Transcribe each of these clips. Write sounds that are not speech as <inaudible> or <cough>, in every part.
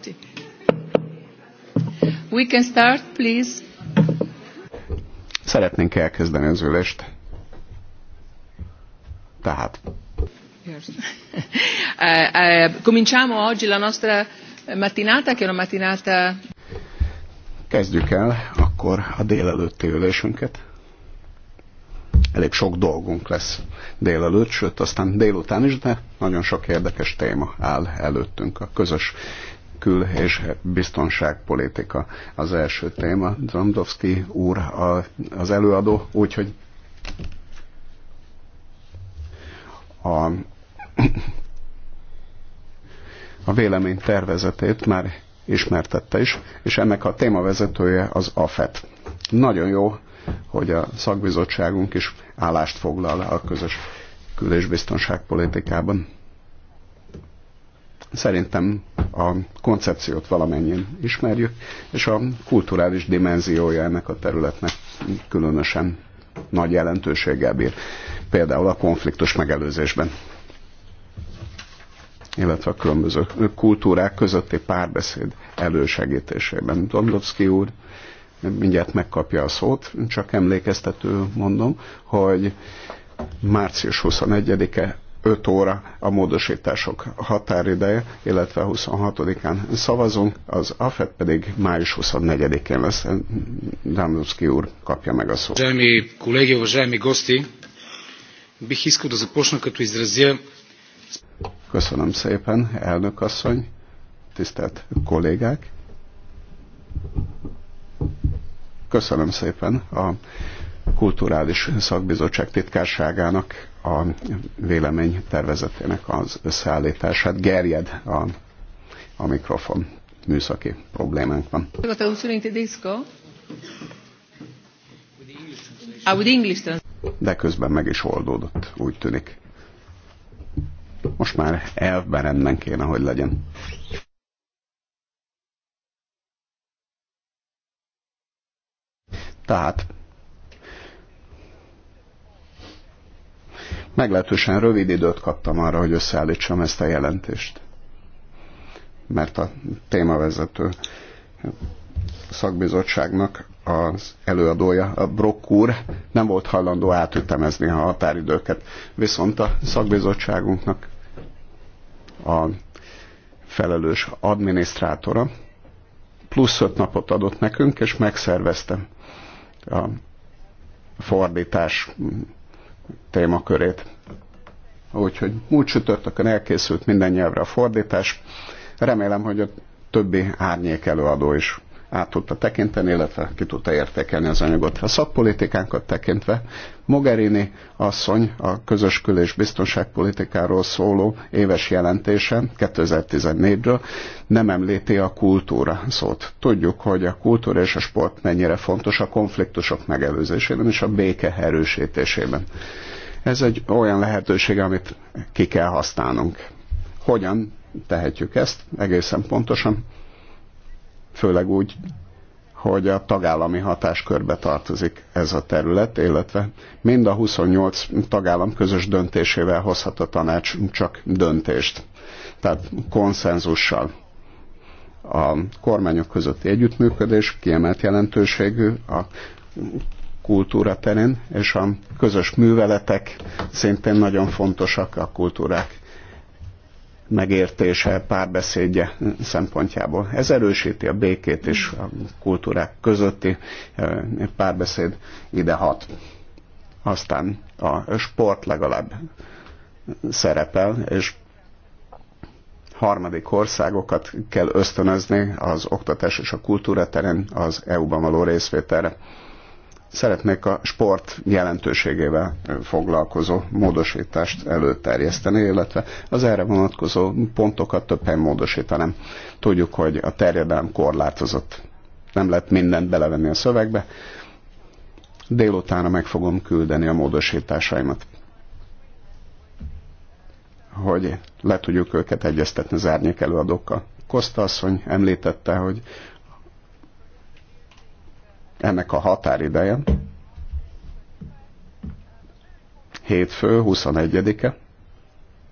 tutti. We can start, please. Szeretnénk elkezdeni az ülést. Tehát. <laughs> Eh, eh, cominciamo oggi la nostra mattinata, che è una mattinata... Kezdjük el akkor a délelőtti ülésünket elég sok dolgunk lesz délelőtt, sőt aztán délután is, de nagyon sok érdekes téma áll előttünk. A közös kül- és biztonságpolitika az első téma. Dramdovski úr a, az előadó, úgyhogy a, a vélemény tervezetét már ismertette is, és ennek a témavezetője az AFET. Nagyon jó, hogy a szakbizottságunk is állást foglal a közös kül- és biztonságpolitikában. Szerintem a koncepciót valamennyien ismerjük, és a kulturális dimenziója ennek a területnek különösen nagy jelentőséggel bír. Például a konfliktus megelőzésben illetve a különböző kultúrák közötti párbeszéd elősegítésében. Dondovszki úr mindjárt megkapja a szót, csak emlékeztető mondom, hogy március 21-e 5 óra a módosítások határideje, illetve 26-án szavazunk, az AFET pedig május 24-én lesz. Dámdowski úr kapja meg a szót. Zsámi kollégia, zsámi gosti, bih искал да започна като Köszönöm szépen, elnök asszony, tisztelt kollégák. Köszönöm szépen a Kulturális Szakbizottság titkárságának a vélemény tervezetének az összeállítását. Gerjed a, a mikrofon műszaki problémánk van. A ah, De közben meg is oldódott, úgy tűnik. Most már elvben rendben kéne, hogy legyen. Tehát Meglehetősen rövid időt kaptam arra, hogy összeállítsam ezt a jelentést. Mert a témavezető szakbizottságnak az előadója, a Brock úr nem volt hajlandó átütemezni a határidőket. Viszont a szakbizottságunknak a felelős adminisztrátora plusz öt napot adott nekünk, és megszerveztem a fordítás témakörét. Úgyhogy múlt csütörtökön elkészült minden nyelvre a fordítás. Remélem, hogy a többi árnyék előadó is át tudta tekinteni, illetve ki tudta értékelni az anyagot. A szakpolitikánkat tekintve Mogherini asszony a közös kül- és biztonságpolitikáról szóló éves jelentése 2014-ről nem említi a kultúra szót. Tudjuk, hogy a kultúra és a sport mennyire fontos a konfliktusok megelőzésében és a béke erősítésében. Ez egy olyan lehetőség, amit ki kell használnunk. Hogyan tehetjük ezt egészen pontosan? főleg úgy, hogy a tagállami hatáskörbe tartozik ez a terület, illetve mind a 28 tagállam közös döntésével hozhat a tanács csak döntést, tehát konszenzussal. A kormányok közötti együttműködés kiemelt jelentőségű a kultúra terén, és a közös műveletek szintén nagyon fontosak a kultúrák megértése, párbeszédje szempontjából. Ez erősíti a békét és a kultúrák közötti párbeszéd ide hat. Aztán a sport legalább szerepel, és harmadik országokat kell ösztönözni az oktatás és a kultúra terén az EU-ban való részvételre szeretnék a sport jelentőségével foglalkozó módosítást előterjeszteni, illetve az erre vonatkozó pontokat több helyen módosítanám. Tudjuk, hogy a terjedelem korlátozott. Nem lehet mindent belevenni a szövegbe. Délutánra meg fogom küldeni a módosításaimat hogy le tudjuk őket egyeztetni az árnyék előadókkal. Koszta asszony említette, hogy ennek a határideje hétfő, 21-e,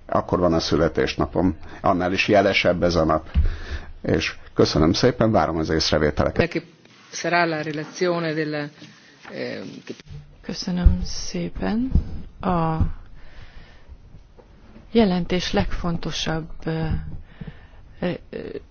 akkor van a születésnapom, annál is jelesebb ez a nap. És köszönöm szépen, várom az észrevételeket. Eh, köszönöm szépen. A jelentés legfontosabb eh,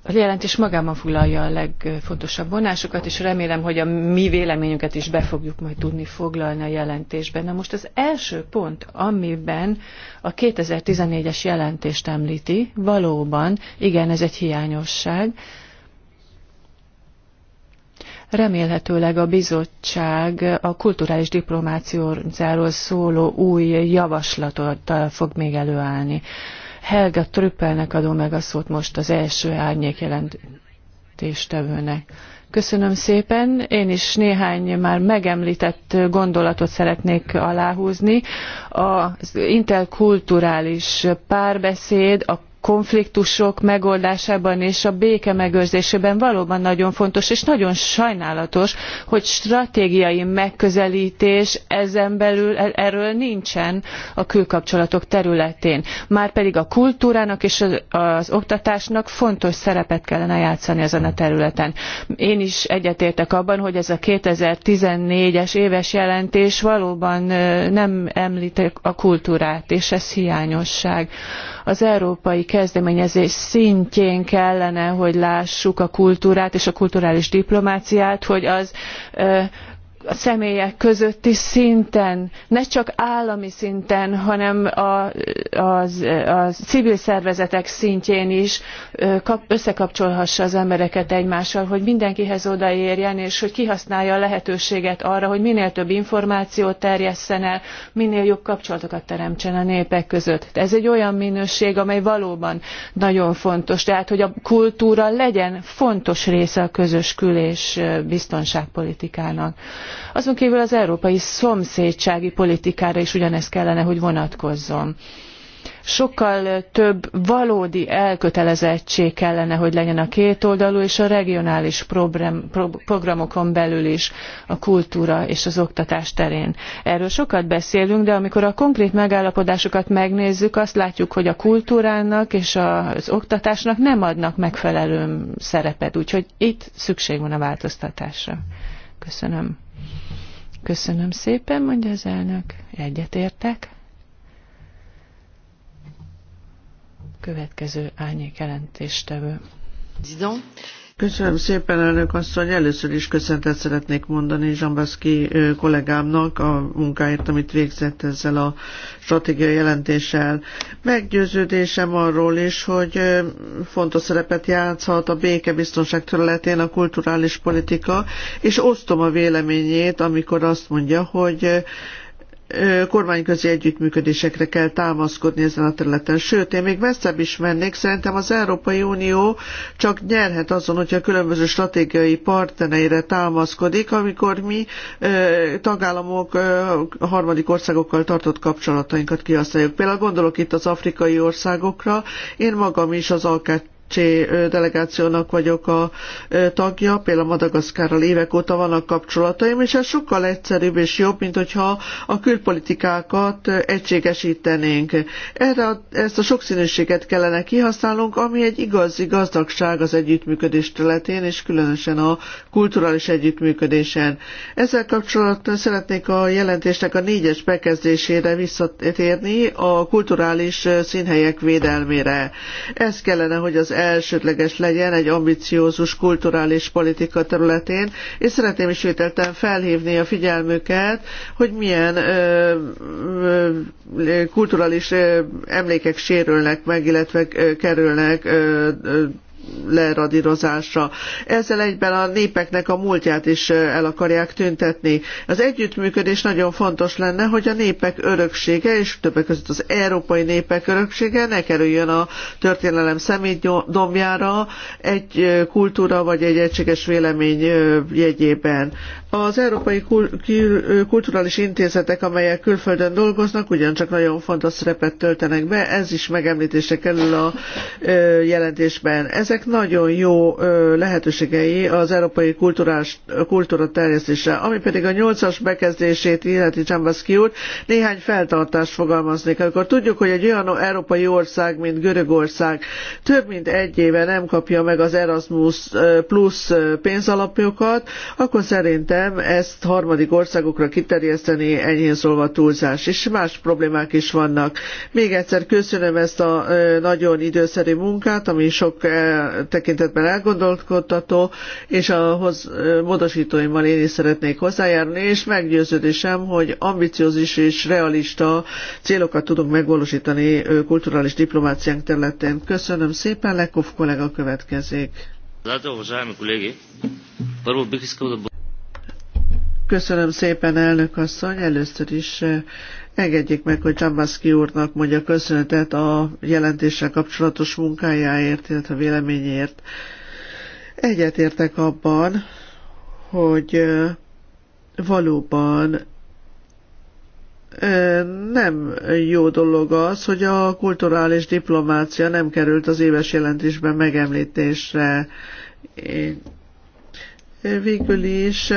a jelentés magában foglalja a legfontosabb vonásokat, és remélem, hogy a mi véleményünket is be fogjuk majd tudni foglalni a jelentésben. Na most az első pont, amiben a 2014-es jelentést említi, valóban, igen, ez egy hiányosság, Remélhetőleg a bizottság a kulturális diplomációzáról szóló új javaslatot fog még előállni. Helga Trüppelnek adom meg a szót most az első árnyék jelentéstevőnek. Köszönöm szépen. Én is néhány már megemlített gondolatot szeretnék aláhúzni. Az interkulturális párbeszéd, a konfliktusok megoldásában és a béke megőrzésében valóban nagyon fontos, és nagyon sajnálatos, hogy stratégiai megközeltés ezen belül e- erről nincsen a külkapcsolatok területén. Márpedig a kultúrának és az, az oktatásnak fontos szerepet kellene játszani ezen a területen. Én is egyetértek abban, hogy ez a 2014-es éves jelentés valóban nem említi a kultúrát, és ez hiányosság. Az európai kezdeményezés szintjén kellene, hogy lássuk a kultúrát és a kulturális diplomáciát, hogy az a személyek közötti szinten, ne csak állami szinten, hanem a, a civil szervezetek szintjén is kap, összekapcsolhassa az embereket egymással, hogy mindenkihez odaérjen, és hogy kihasználja a lehetőséget arra, hogy minél több információt terjesszen el, minél jobb kapcsolatokat teremtsen a népek között. Ez egy olyan minőség, amely valóban nagyon fontos. Tehát, hogy a kultúra legyen fontos része a közös kül- és biztonságpolitikának. Azon kívül az európai szomszédsági politikára is ugyanezt kellene, hogy vonatkozzon sokkal több valódi elkötelezettség kellene, hogy legyen a kétoldalú és a regionális program, programokon belül is a kultúra és az oktatás terén. Erről sokat beszélünk, de amikor a konkrét megállapodásokat megnézzük, azt látjuk, hogy a kultúrának és az oktatásnak nem adnak megfelelő szerepet, úgyhogy itt szükség van a változtatásra. Köszönöm. Köszönöm szépen, mondja az elnök. Egyetértek. Következő árnyék jelentéstevő. Köszönöm szépen, elnök asszony. Először is köszöntet szeretnék mondani Zsambaszki kollégámnak a munkáért, amit végzett ezzel a stratégiai jelentéssel. Meggyőződésem arról is, hogy fontos szerepet játszhat a békebiztonság területén a kulturális politika, és osztom a véleményét, amikor azt mondja, hogy kormányközi együttműködésekre kell támaszkodni ezen a területen. Sőt, én még messzebb is mennék, szerintem az Európai Unió csak nyerhet azon, hogyha különböző stratégiai partnereire támaszkodik, amikor mi tagállamok harmadik országokkal tartott kapcsolatainkat kihasználjuk. Például gondolok itt az afrikai országokra, én magam is az alkát Csé delegációnak vagyok a tagja, például Madagaszkárral évek óta vannak kapcsolataim, és ez sokkal egyszerűbb és jobb, mint hogyha a külpolitikákat egységesítenénk. Erre a, ezt a sokszínűséget kellene kihasználnunk, ami egy igazi gazdagság az együttműködés területén, és különösen a kulturális együttműködésen. Ezzel kapcsolatban szeretnék a jelentésnek a négyes bekezdésére visszatérni, a kulturális színhelyek védelmére. Ez kellene, hogy az elsődleges legyen egy ambiciózus kulturális politika területén, és szeretném ismételten felhívni a figyelmüket, hogy milyen ö, ö, kulturális ö, emlékek sérülnek meg, illetve ö, kerülnek ö, ö, leradírozásra. Ezzel egyben a népeknek a múltját is el akarják tüntetni. Az együttműködés nagyon fontos lenne, hogy a népek öröksége, és többek között az európai népek öröksége ne kerüljön a történelem szemét dombjára egy kultúra vagy egy egységes vélemény jegyében. Az európai kulturális intézetek, amelyek külföldön dolgoznak, ugyancsak nagyon fontos szerepet töltenek be, ez is megemlítése kerül a jelentésben. Ezek ezek nagyon jó lehetőségei az európai kulturás, kultúra terjesztése. Ami pedig a nyolcas bekezdését illeti Csambaszki úr, néhány feltartást fogalmaznék. Akkor tudjuk, hogy egy olyan európai ország, mint Görögország több mint egy éve nem kapja meg az Erasmus plusz pénzalapjokat, akkor szerintem ezt harmadik országokra kiterjeszteni enyhén szólva túlzás, és más problémák is vannak. Még egyszer köszönöm ezt a nagyon időszerű munkát, ami sok tekintetben elgondolkodtató, és a módosítóimmal én is szeretnék hozzájárulni, és meggyőződésem, hogy ambiciózis és realista célokat tudunk megvalósítani kulturális diplomáciánk területén. Köszönöm szépen, Lekov kollega következik. Köszönöm szépen, elnök asszony. Először is Engedjék meg, hogy Csambaszki úrnak mondja köszönetet a jelentéssel kapcsolatos munkájáért, illetve véleményért. Egyetértek abban, hogy valóban nem jó dolog az, hogy a kulturális diplomácia nem került az éves jelentésben megemlítésre. Végül is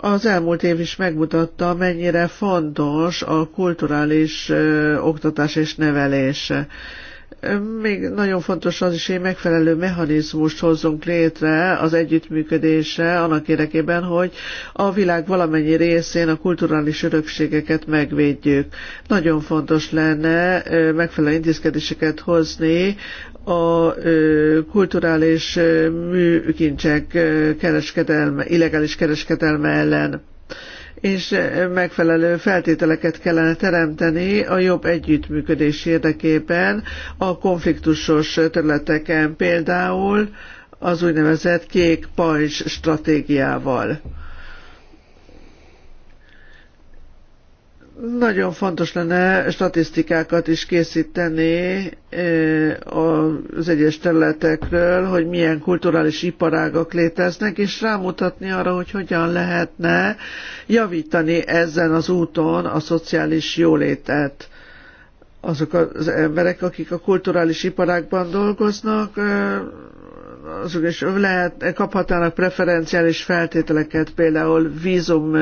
Az elmúlt év is megmutatta, mennyire fontos a kulturális ö, oktatás és nevelés. Még nagyon fontos az is, hogy megfelelő mechanizmust hozzunk létre az együttműködése, annak érdekében, hogy a világ valamennyi részén a kulturális örökségeket megvédjük. Nagyon fontos lenne megfelelő intézkedéseket hozni a kulturális műkincsek kereskedelme, illegális kereskedelme ellen és megfelelő feltételeket kellene teremteni a jobb együttműködés érdekében a konfliktusos területeken, például az úgynevezett kék pajzs stratégiával. Nagyon fontos lenne statisztikákat is készíteni az egyes területekről, hogy milyen kulturális iparágak léteznek, és rámutatni arra, hogy hogyan lehetne javítani ezen az úton a szociális jólétet. Azok az emberek, akik a kulturális iparágban dolgoznak, azok is lehet, kaphatnának preferenciális feltételeket, például vízum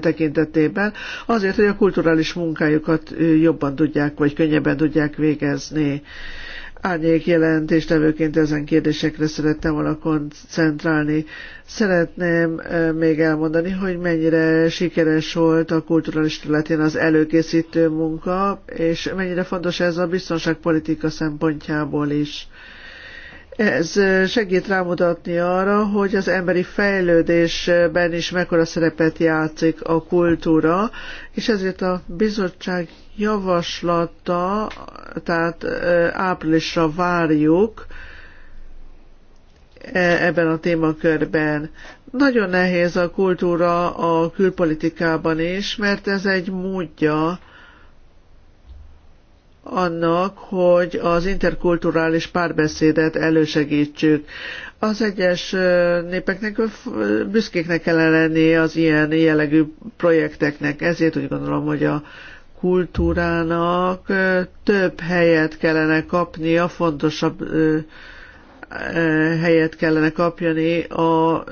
tekintetében, azért, hogy a kulturális munkájukat jobban tudják, vagy könnyebben tudják végezni. Árnyék jelentéstevőként ezen kérdésekre szerettem volna koncentrálni. Szeretném még elmondani, hogy mennyire sikeres volt a kulturális területén az előkészítő munka, és mennyire fontos ez a biztonságpolitika szempontjából is. Ez segít rámutatni arra, hogy az emberi fejlődésben is mekkora szerepet játszik a kultúra, és ezért a bizottság javaslata, tehát áprilisra várjuk e, ebben a témakörben. Nagyon nehéz a kultúra a külpolitikában is, mert ez egy módja, annak, hogy az interkulturális párbeszédet elősegítsük. Az egyes népeknek büszkéknek kellene lenni az ilyen jellegű projekteknek, ezért úgy gondolom, hogy a kultúrának több helyet kellene kapni, a fontosabb helyet kellene kapjani a,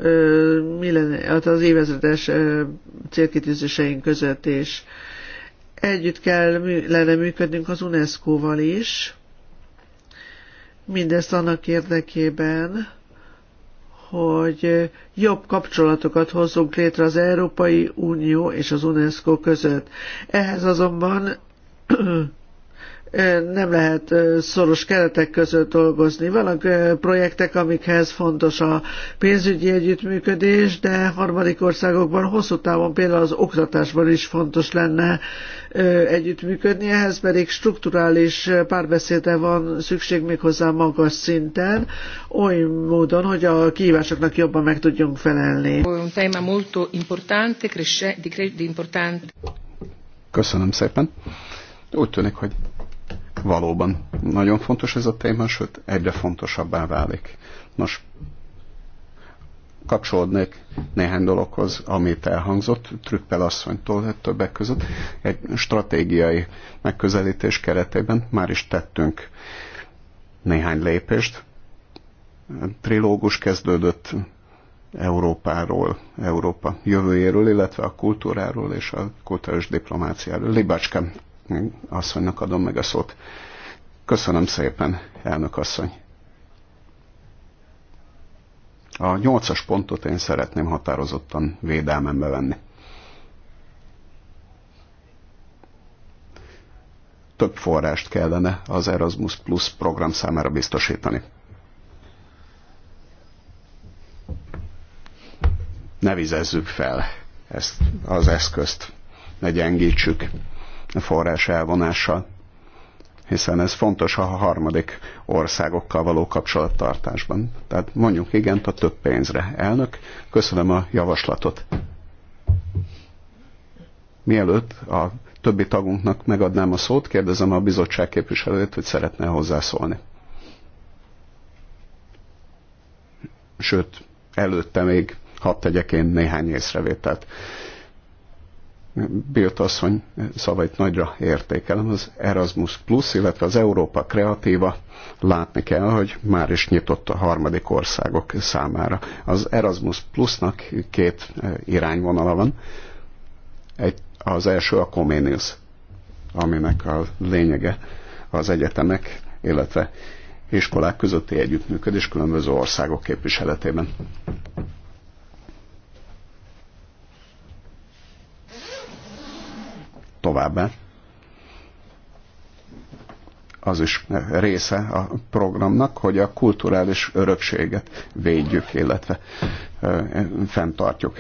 hát az évezredes célkitűzéseink között is. Együtt kellene működnünk az UNESCO-val is, mindezt annak érdekében, hogy jobb kapcsolatokat hozzunk létre az Európai Unió és az UNESCO között. Ehhez azonban nem lehet szoros keretek között dolgozni. Vannak projektek, amikhez fontos a pénzügyi együttműködés, de harmadik országokban hosszú távon például az oktatásban is fontos lenne együttműködni, ehhez pedig strukturális párbeszédre van szükség méghozzá magas szinten, oly módon, hogy a kihívásoknak jobban meg tudjunk felelni. Köszönöm szépen. Úgy tűnik, hogy valóban nagyon fontos ez a téma, sőt egyre fontosabbá válik. Nos, kapcsolódnék néhány dologhoz, amit elhangzott Trüppel asszonytól többek között. Egy stratégiai megközelítés keretében már is tettünk néhány lépést. Trilógus kezdődött Európáról, Európa jövőjéről, illetve a kultúráról és a kultúrás diplomáciáról. Libácska Köszönöm asszonynak adom meg a szót. Köszönöm szépen, elnök asszony. A nyolcas pontot én szeretném határozottan védelmembe venni. Több forrást kellene az Erasmus Plus program számára biztosítani. Ne vizezzük fel ezt az eszközt, ne gyengítsük forrás elvonással, hiszen ez fontos a harmadik országokkal való kapcsolattartásban. Tehát mondjuk igen, a több pénzre. Elnök, köszönöm a javaslatot. Mielőtt a többi tagunknak megadnám a szót, kérdezem a bizottság képviselőjét, hogy szeretne hozzászólni. Sőt, előtte még hadd tegyek én néhány észrevételt. Bilt asszony szavait nagyra értékelem, az Erasmus Plus, illetve az Európa Kreatíva látni kell, hogy már is nyitott a harmadik országok számára. Az Erasmus Plusnak két e, irányvonala van. Egy, az első a Comenius, aminek a lényege az egyetemek, illetve iskolák közötti együttműködés különböző országok képviseletében. Továbbá az is része a programnak, hogy a kulturális örökséget védjük, illetve fenntartjuk.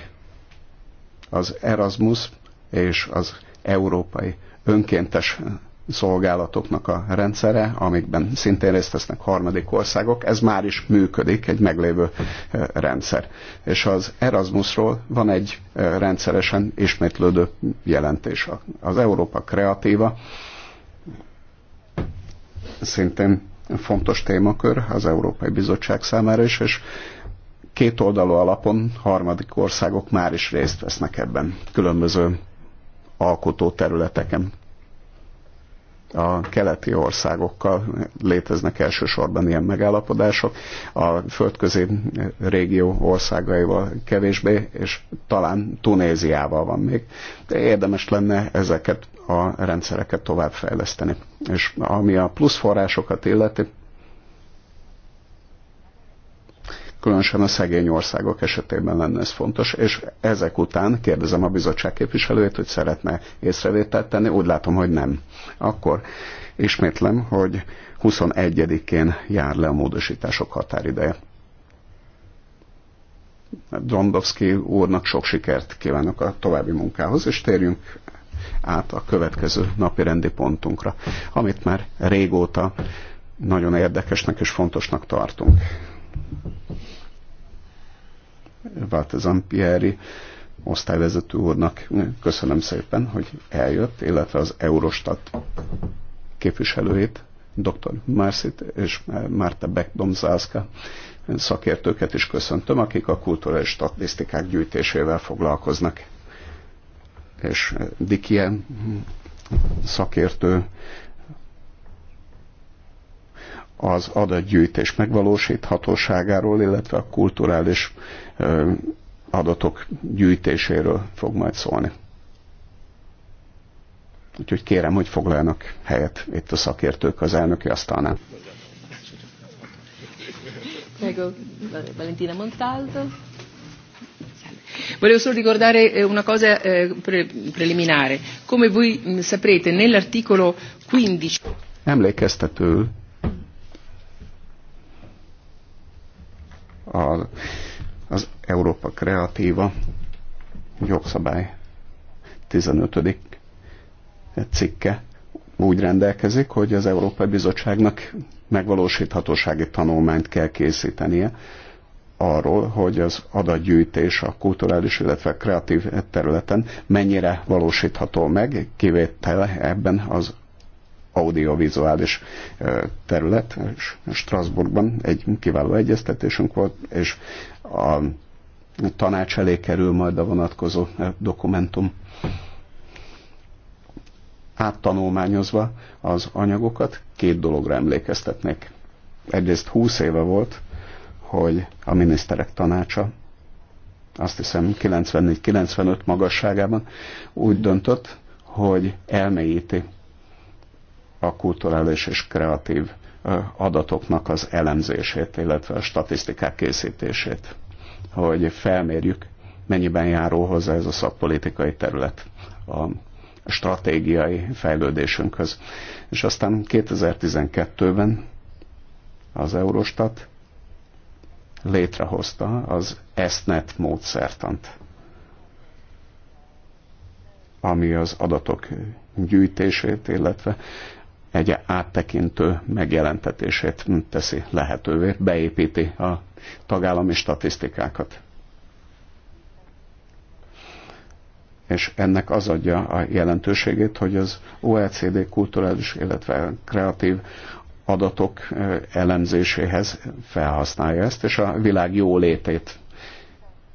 Az Erasmus és az európai önkéntes szolgálatoknak a rendszere, amikben szintén részt vesznek harmadik országok, ez már is működik, egy meglévő rendszer. És az Erasmusról van egy rendszeresen ismétlődő jelentés. Az Európa Kreatíva szintén fontos témakör az Európai Bizottság számára is, és két oldalú alapon harmadik országok már is részt vesznek ebben különböző alkotó területeken a keleti országokkal léteznek elsősorban ilyen megállapodások, a földközi régió országaival kevésbé, és talán Tunéziával van még. De érdemes lenne ezeket a rendszereket továbbfejleszteni. És ami a plusz forrásokat illeti, Különösen a szegény országok esetében lenne ez fontos, és ezek után kérdezem a bizottság képviselőjét, hogy szeretne észrevételt tenni, úgy látom, hogy nem. Akkor ismétlem, hogy 21-én jár le a módosítások határideje. Drondowski úrnak sok sikert kívánok a további munkához, és térjünk át a következő napi rendi pontunkra, amit már régóta nagyon érdekesnek és fontosnak tartunk. Váltezan Pieri osztályvezető úrnak köszönöm szépen, hogy eljött, illetve az Eurostat képviselőjét, dr. Marcit és Márta Beck Domzászka szakértőket is köszöntöm, akik a kulturális statisztikák gyűjtésével foglalkoznak. És Dikien szakértő az adatgyűjtés megvalósíthatóságáról, illetve a kulturális adatok gyűjtéséről fog majd szólni. Úgyhogy kérem, hogy foglaljanak helyet itt a szakértők az elnöki asztalnál. Valentina Montalto. Volevo solo ricordare eh, una cosa eh, pre- preliminare. Come voi mm, saprete, nell'articolo 15... Emlékeztetőül a, az Európa Kreatíva jogszabály 15. cikke úgy rendelkezik, hogy az Európai Bizottságnak megvalósíthatósági tanulmányt kell készítenie arról, hogy az adatgyűjtés a kulturális, illetve kreatív területen mennyire valósítható meg, kivétel ebben az audiovizuális terület. és Strasbourgban egy kiváló egyeztetésünk volt, és a tanács elé kerül majd a vonatkozó dokumentum áttanulmányozva az anyagokat, két dologra emlékeztetnék. Egyrészt 20 éve volt, hogy a miniszterek tanácsa, azt hiszem 94-95 magasságában úgy döntött, hogy elmélyíti a kulturális és kreatív adatoknak az elemzését, illetve a statisztikák készítését, hogy felmérjük, mennyiben járó hozzá ez a szakpolitikai terület a stratégiai fejlődésünkhöz. És aztán 2012-ben az Eurostat létrehozta az ESNET módszertant, ami az adatok gyűjtését, illetve egy áttekintő megjelentetését teszi lehetővé, beépíti a tagállami statisztikákat. És ennek az adja a jelentőségét, hogy az OECD kulturális, illetve kreatív adatok elemzéséhez felhasználja ezt, és a világ jólétét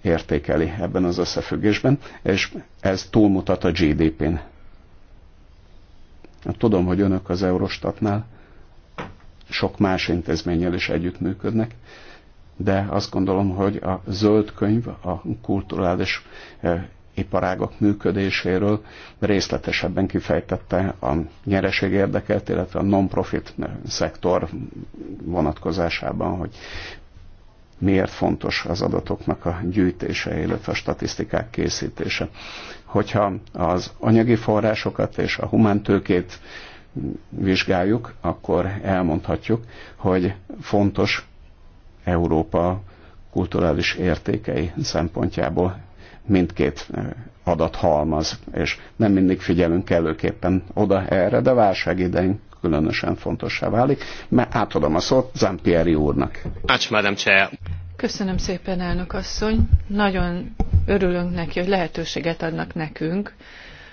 értékeli ebben az összefüggésben, és ez túlmutat a GDP-n Tudom, hogy önök az Eurostatnál sok más intézménnyel is együttműködnek, de azt gondolom, hogy a zöld könyv a kulturális eh, iparágok működéséről részletesebben kifejtette a nyereség érdekelt, illetve a non-profit eh, szektor vonatkozásában, hogy miért fontos az adatoknak a gyűjtése, illetve a statisztikák készítése. Hogyha az anyagi forrásokat és a humántőkét vizsgáljuk, akkor elmondhatjuk, hogy fontos Európa kulturális értékei szempontjából mindkét eh, adathalmaz, és nem mindig figyelünk előképpen oda erre, de válság idején különösen fontossá válik, mert átadom a szót Zampieri úrnak. Köszönöm szépen, elnök asszony. Nagyon örülünk neki, hogy lehetőséget adnak nekünk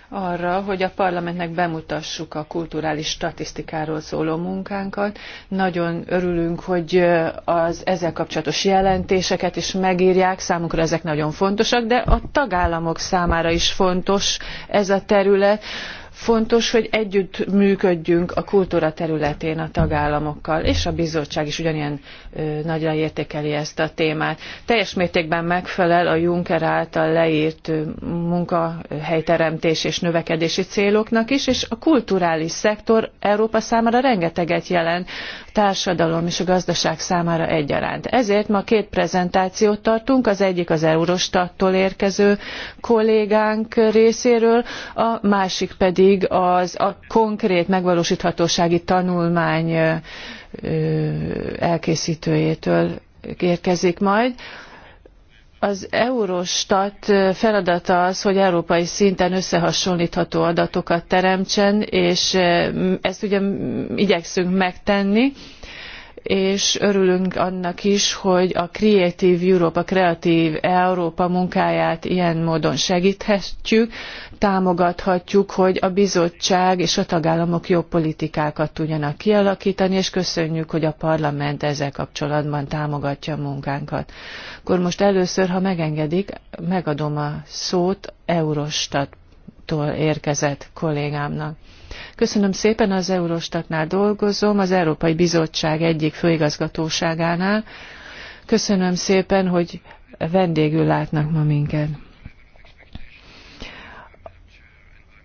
arra, hogy a parlamentnek bemutassuk a kulturális statisztikáról szóló munkánkat. Nagyon örülünk, hogy az ezzel kapcsolatos jelentéseket is megírják, számunkra ezek nagyon fontosak, de a tagállamok számára is fontos ez a terület Fontos, hogy együtt működjünk a kultúra területén a tagállamokkal, és a bizottság is ugyanilyen nagyra értékeli ezt a témát. Teljes mértékben megfelel a Juncker által leírt munkahelyteremtés és növekedési céloknak is, és a kulturális szektor Európa számára rengeteget jelent, a társadalom és a gazdaság számára egyaránt. Ezért ma két prezentációt tartunk, az egyik az Eurostattól érkező kollégánk részéről, a másik pedig pedig az a konkrét megvalósíthatósági tanulmány elkészítőjétől érkezik majd az Eurostat feladata az, hogy európai szinten összehasonlítható adatokat teremtsen, és ezt ugye igyekszünk megtenni és örülünk annak is, hogy a Creative Europe, a Kreatív Európa munkáját ilyen módon segíthetjük, támogathatjuk, hogy a bizottság és a tagállamok jobb politikákat tudjanak kialakítani, és köszönjük, hogy a parlament ezzel kapcsolatban támogatja a munkánkat. Akkor most először, ha megengedik, megadom a szót Eurósta-tól érkezett kollégámnak. Köszönöm szépen, az Eurostatnál dolgozom, az Európai Bizottság egyik főigazgatóságánál. Köszönöm szépen, hogy vendégül látnak ma minket.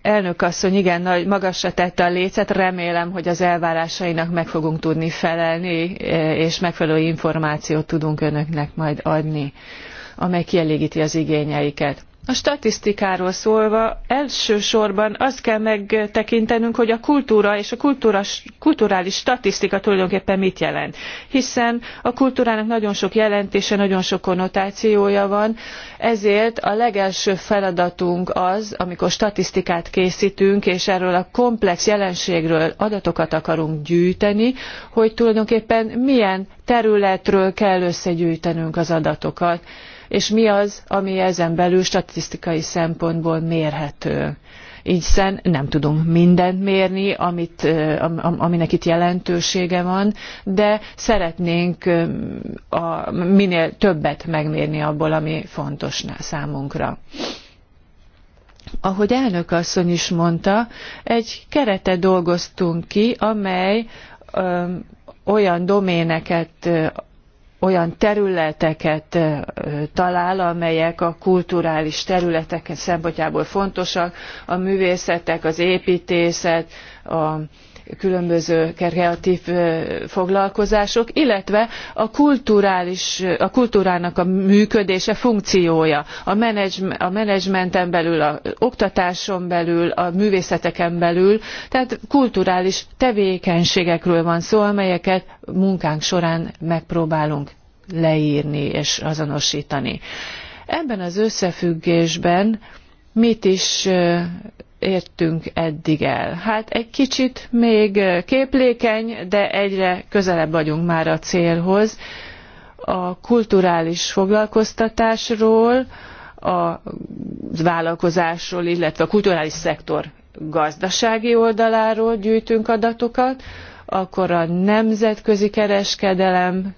Elnök asszony, igen, nagy, magasra tette a lécet, remélem, hogy az elvárásainak meg fogunk tudni felelni, eh, és megfelelő információt tudunk önöknek majd adni, amely kielégíti az igényeiket. A statisztikáról szólva elsősorban azt kell megtekintenünk, hogy a kultúra és a kultúra, kulturális statisztika tulajdonképpen mit jelent. Hiszen a kultúrának nagyon sok jelentése, nagyon sok konnotációja van, ezért a legelső feladatunk az, amikor statisztikát készítünk, és erről a komplex jelenségről adatokat akarunk gyűjteni, hogy tulajdonképpen milyen területről kell összegyűjtenünk az adatokat és mi az, ami ezen belül statisztikai szempontból mérhető hiszen nem tudunk mindent mérni, amit, aminek itt jelentősége van, de szeretnénk a, minél többet megmérni abból, ami fontos számunkra. Ahogy elnök asszony is mondta, egy keretet dolgoztunk ki, amely olyan doméneket olyan területeket talál, amelyek a kulturális területek szempontjából fontosak, a művészetek, az építészet, a különböző kreatív foglalkozások, illetve a, kulturális, a kultúrának a működése, funkciója, a, menedzsme, a menedzsmenten belül, a oktatáson belül, a művészeteken belül, tehát kulturális tevékenységekről van szó, amelyeket munkánk során megpróbálunk leírni és azonosítani. Ebben az összefüggésben mit is értünk eddig el. Hát egy kicsit még képlékeny, de egyre közelebb vagyunk már a célhoz. A kulturális foglalkoztatásról, a vállalkozásról, illetve a kulturális szektor gazdasági oldaláról gyűjtünk adatokat, akkor a nemzetközi kereskedelem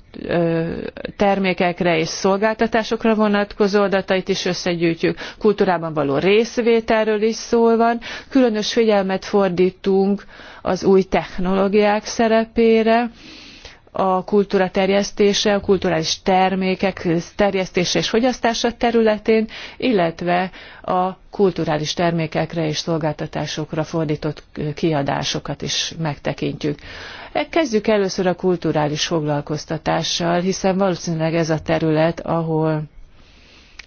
termékekre és szolgáltatásokra vonatkozó adatait is összegyűjtjük. Kultúrában való részvételről is szól van. Különös figyelmet fordítunk az új technológiák szerepére a kultúra terjesztése, a kulturális termékek terjesztése és fogyasztása területén, illetve a kulturális termékekre és szolgáltatásokra fordított kiadásokat is megtekintjük. Kezdjük először a kulturális foglalkoztatással, hiszen valószínűleg ez a terület, ahol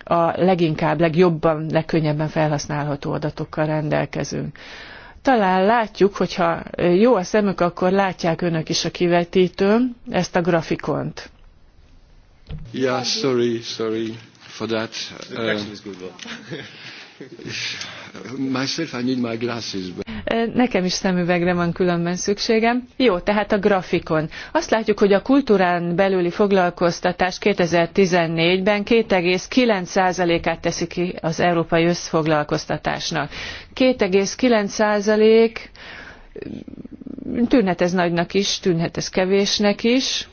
a leginkább, legjobban, legkönnyebben felhasználható adatokkal rendelkezünk talán látjuk, hogyha jó a szemük, akkor látják önök is a kivetítőn ezt a grafikont. Yeah, sorry, sorry for that. Uh, Myself, I need my glasses. Nekem is szemüvegre van különben szükségem. Jó, tehát a grafikon. Azt látjuk, hogy a kultúrán belüli foglalkoztatás 2014-ben 2,9%-át teszi ki az európai összfoglalkoztatásnak. 2,9% mm, tűnhet ez nagynak is, tűnhet ez kevésnek is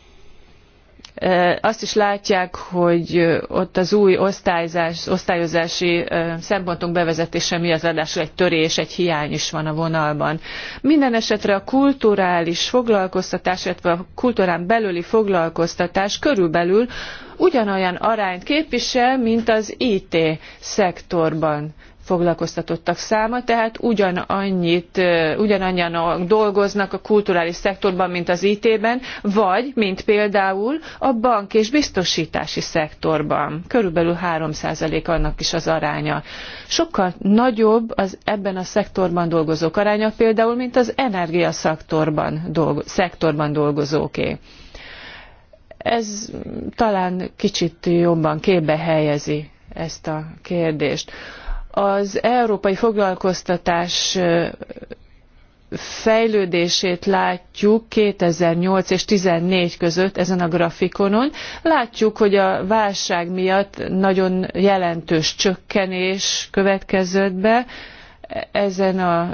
azt is látják, hogy ott az új osztályzás, osztályozási szempontunk bevezetése miatt ráadásul egy törés, egy hiány is van a vonalban. Minden esetre a kulturális foglalkoztatás, illetve a kultúrán belüli foglalkoztatás körülbelül ugyanolyan arányt képvisel, mint az IT szektorban foglalkoztatottak száma, tehát ugyanannyit, ugyanannyian dolgoznak a kulturális szektorban, mint az IT-ben, vagy, mint például a bank és biztosítási szektorban. Körülbelül 3% annak is az aránya. Sokkal nagyobb az ebben a szektorban dolgozók aránya például, mint az energiaszektorban dolgo- szektorban dolgozóké. Ez talán kicsit jobban képbe helyezi ezt a kérdést az európai foglalkoztatás fejlődését látjuk 2008 és 2014 között ezen a grafikonon. Látjuk, hogy a válság miatt nagyon jelentős csökkenés következett be ezen, a,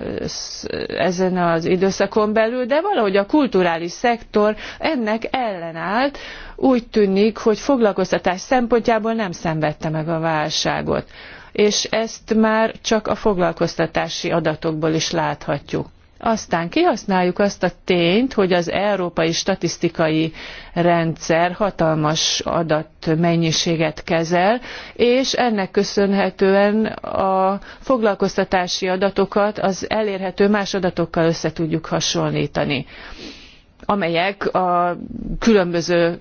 ezen az időszakon belül, de valahogy a kulturális szektor ennek ellenállt, úgy tűnik, hogy foglalkoztatás szempontjából nem szenvedte meg a válságot és ezt már csak a foglalkoztatási adatokból is láthatjuk. Aztán kihasználjuk azt a tényt, hogy az európai statisztikai rendszer hatalmas adatmennyiséget kezel, és ennek köszönhetően a foglalkoztatási adatokat az elérhető más adatokkal össze tudjuk hasonlítani amelyek a különböző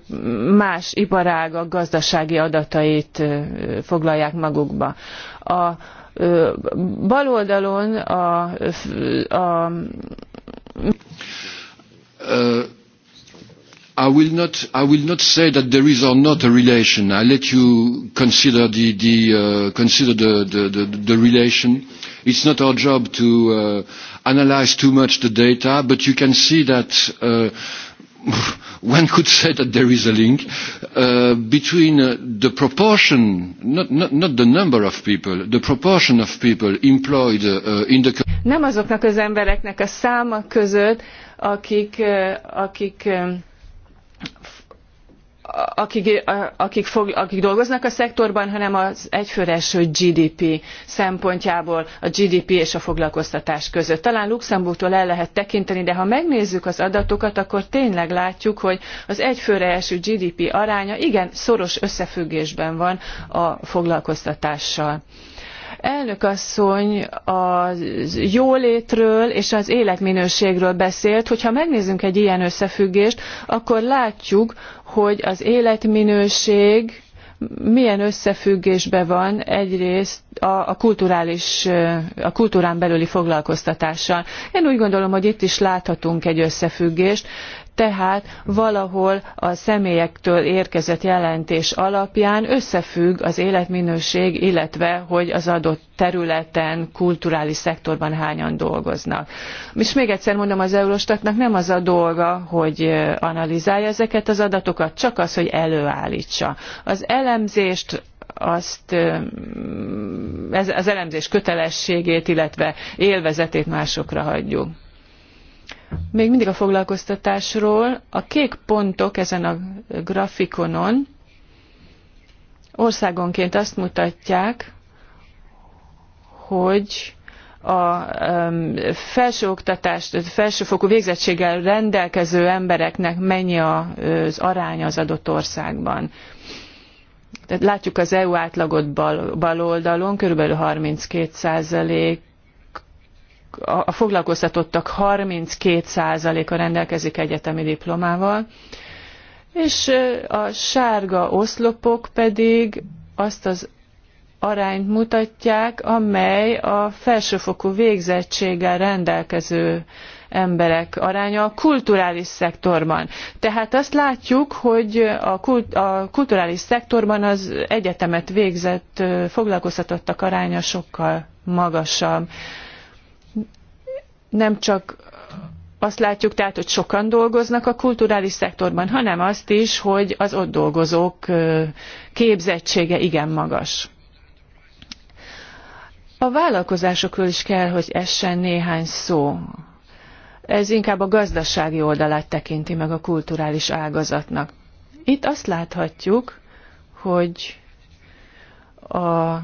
más iparágak gazdasági adatait foglalják magukba. A bal oldalon a, a uh, I will not I will not say that there is or not a relation. I let you consider the, the uh, consider the, the, the, the relation It's not our job to uh, analyze too much the data, but you can see that uh, <laughs> one could say that there is a link uh, between uh, the proportion, not, not, not the number of people, the proportion of people employed uh, uh in the... Nem azoknak az embereknek a száma között, akik, uh, akik um, akik, akik, fog, akik dolgoznak a szektorban, hanem az egyfőre eső GDP szempontjából a GDP és a foglalkoztatás között. Talán Luxemburgtól el lehet tekinteni, de ha megnézzük az adatokat, akkor tényleg látjuk, hogy az egyfőre eső GDP aránya igen szoros összefüggésben van a foglalkoztatással. Elnök asszony a jólétről és az életminőségről beszélt, hogyha megnézzünk egy ilyen összefüggést, akkor látjuk, hogy az életminőség milyen összefüggésben van egyrészt a, a, kulturális, a kultúrán belüli foglalkoztatással. Én úgy gondolom, hogy itt is láthatunk egy összefüggést, tehát valahol a személyektől érkezett jelentés alapján összefügg az életminőség, illetve hogy az adott területen, kulturális szektorban hányan dolgoznak. És még egyszer mondom, az Eurostatnak nem az a dolga, hogy analizálja ezeket az adatokat, csak az, hogy előállítsa. Az elemzést azt ez, az elemzés kötelességét, illetve élvezetét másokra hagyjuk. Még mindig a foglalkoztatásról. A kék pontok ezen a grafikonon országonként azt mutatják, hogy a felsőoktatást, felsőfokú végzettséggel rendelkező embereknek mennyi az aránya az adott országban. Tehát látjuk az EU átlagot bal, bal oldalon, körülbelül 32 százalék a foglalkoztatottak 32%-a rendelkezik egyetemi diplomával, és a sárga oszlopok pedig azt az arányt mutatják, amely a felsőfokú végzettséggel rendelkező emberek aránya a kulturális szektorban. Tehát azt látjuk, hogy a, kult, a kulturális szektorban az egyetemet végzett foglalkoztatottak aránya sokkal magasabb nem csak azt látjuk tehát, hogy sokan dolgoznak a kulturális szektorban, hanem azt is, hogy az ott dolgozók képzettsége igen magas. A vállalkozásokról is kell, hogy essen néhány szó. Ez inkább a gazdasági oldalát tekinti meg a kulturális ágazatnak. Itt azt láthatjuk, hogy a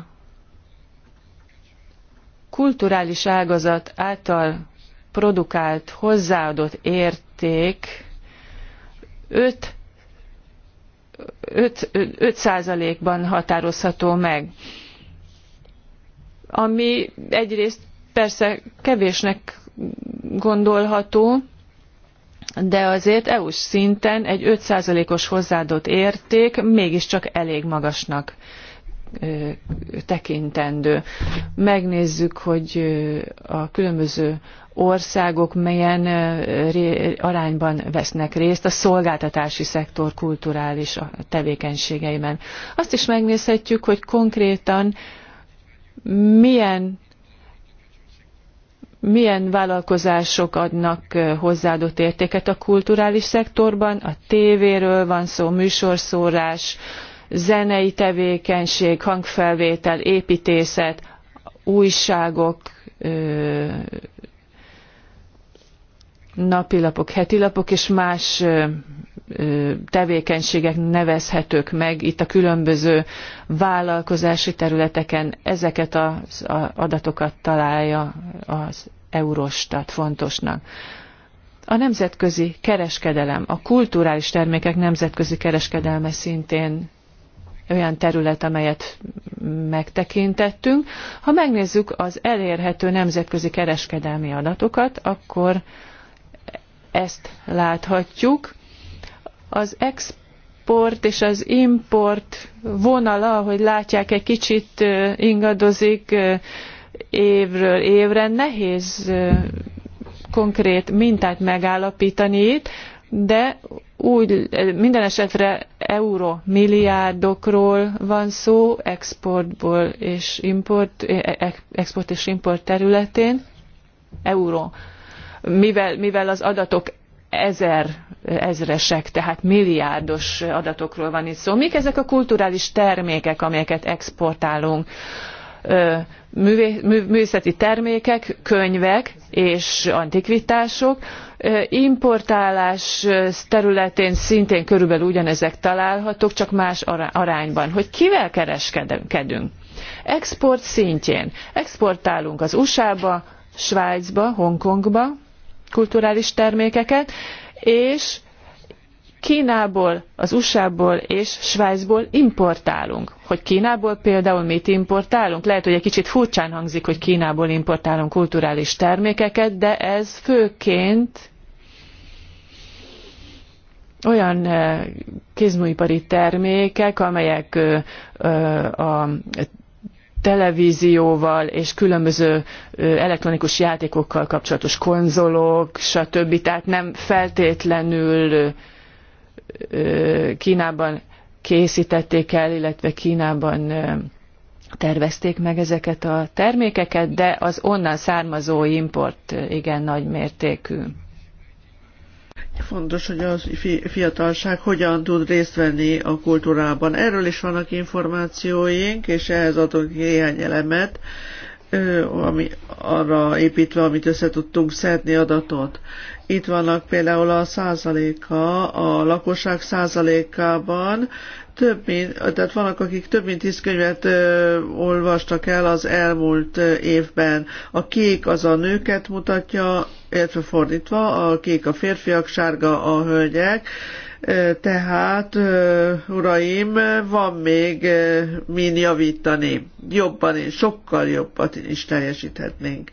kulturális ágazat által produkált hozzáadott érték 5 5 határozható meg. Ami egyrészt persze kevésnek gondolható, de azért EU-s szinten egy 5%-os hozzáadott érték mégiscsak elég magasnak tekintendő. Megnézzük, hogy a különböző országok melyen arányban vesznek részt a szolgáltatási szektor kulturális tevékenységeiben. Azt is megnézhetjük, hogy konkrétan milyen milyen vállalkozások adnak hozzáadott értéket a kulturális szektorban. A tévéről van szó, műsorszórás, zenei tevékenység, hangfelvétel, építészet, újságok, napilapok, hetilapok és más tevékenységek nevezhetők meg itt a különböző vállalkozási területeken. Ezeket az adatokat találja az Eurostat fontosnak. A nemzetközi kereskedelem, a kulturális termékek nemzetközi kereskedelme szintén olyan terület, amelyet megtekintettünk. Ha megnézzük az elérhető nemzetközi kereskedelmi adatokat, akkor ezt láthatjuk. Az export és az import vonala, ahogy látják, egy kicsit ingadozik évről évre. Nehéz konkrét mintát megállapítani itt, de úgy minden esetre euró milliárdokról van szó exportból és import, e, e, export és import területén. Euró mivel, mivel az adatok ezer, ezresek, tehát milliárdos adatokról van itt szó. Mik ezek a kulturális termékek, amelyeket exportálunk? művészeti termékek, könyvek és antikvitások. Importálás területén szintén körülbelül ugyanezek találhatók, csak más arányban. Hogy kivel kereskedünk? Export szintjén. Exportálunk az USA-ba, Svájcba, Hongkongba, kulturális termékeket, és Kínából, az USA-ból és Svájcból importálunk. Hogy Kínából például mit importálunk? Lehet, hogy egy kicsit furcsán hangzik, hogy Kínából importálunk kulturális termékeket, de ez főként olyan eh, kézműipari termékek, amelyek eh, eh, a televízióval és különböző elektronikus játékokkal kapcsolatos konzolok, stb. Tehát nem feltétlenül Kínában készítették el, illetve Kínában tervezték meg ezeket a termékeket, de az onnan származó import igen nagy mértékű. Fontos, hogy az fiatalság hogyan tud részt venni a kultúrában. Erről is vannak információink, és ehhez adunk néhány elemet, ami arra építve, amit össze tudtunk szedni adatot. Itt vannak például a százaléka, a lakosság százalékában több mint, tehát vannak, akik több mint tíz könyvet ö, olvastak el az elmúlt évben. A kék az a nőket mutatja, illetve fordítva, a kék a férfiak, sárga a hölgyek. tehát, uraim, van még ö, min javítani. Jobban és sokkal jobban is teljesíthetnénk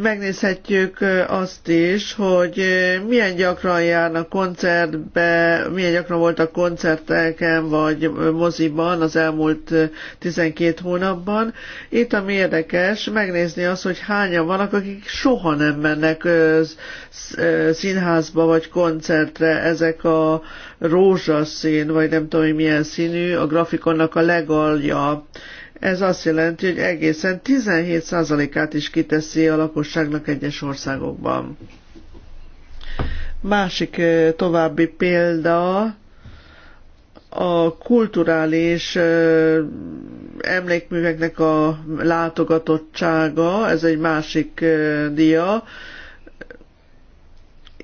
megnézhetjük azt is, hogy milyen gyakran járnak koncertbe, milyen gyakran voltak koncerteken vagy moziban az elmúlt 12 hónapban. Itt ami érdekes, megnézni azt, hogy hányan vannak, akik soha nem mennek színházba vagy koncertre. Ezek a rózsaszín, vagy nem tudom, hogy milyen színű, a grafikonnak a legalja ez azt jelenti, hogy egészen 17%-át is kiteszi a lakosságnak egyes országokban. Másik további példa a kulturális emlékműveknek a látogatottsága, ez egy másik dia,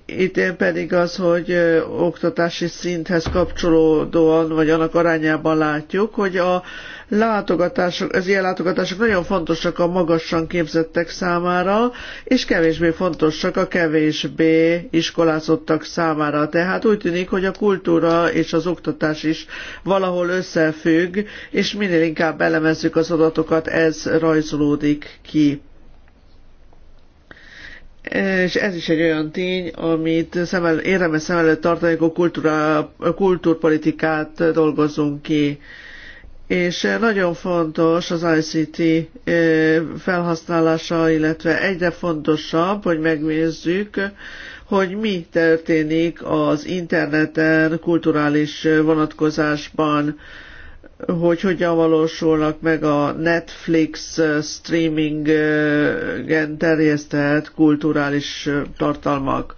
itt pedig az, hogy oktatási szinthez kapcsolódóan, vagy annak arányában látjuk, hogy a látogatások, az ilyen látogatások nagyon fontosak a magasan képzettek számára, és kevésbé fontosak a kevésbé iskolázottak számára. Tehát úgy tűnik, hogy a kultúra és az oktatás is valahol összefügg, és minél inkább elemezzük az adatokat, ez rajzolódik ki. És ez is egy olyan tény, amit szemel, érdemes szem előtt tartani, amikor kultúra, kultúrpolitikát dolgozunk ki. És nagyon fontos az ICT felhasználása, illetve egyre fontosabb, hogy megnézzük, hogy mi történik az interneten, kulturális vonatkozásban hogy hogyan valósulnak meg a Netflix eh, streamingen terjesztett kulturális eh, tartalmak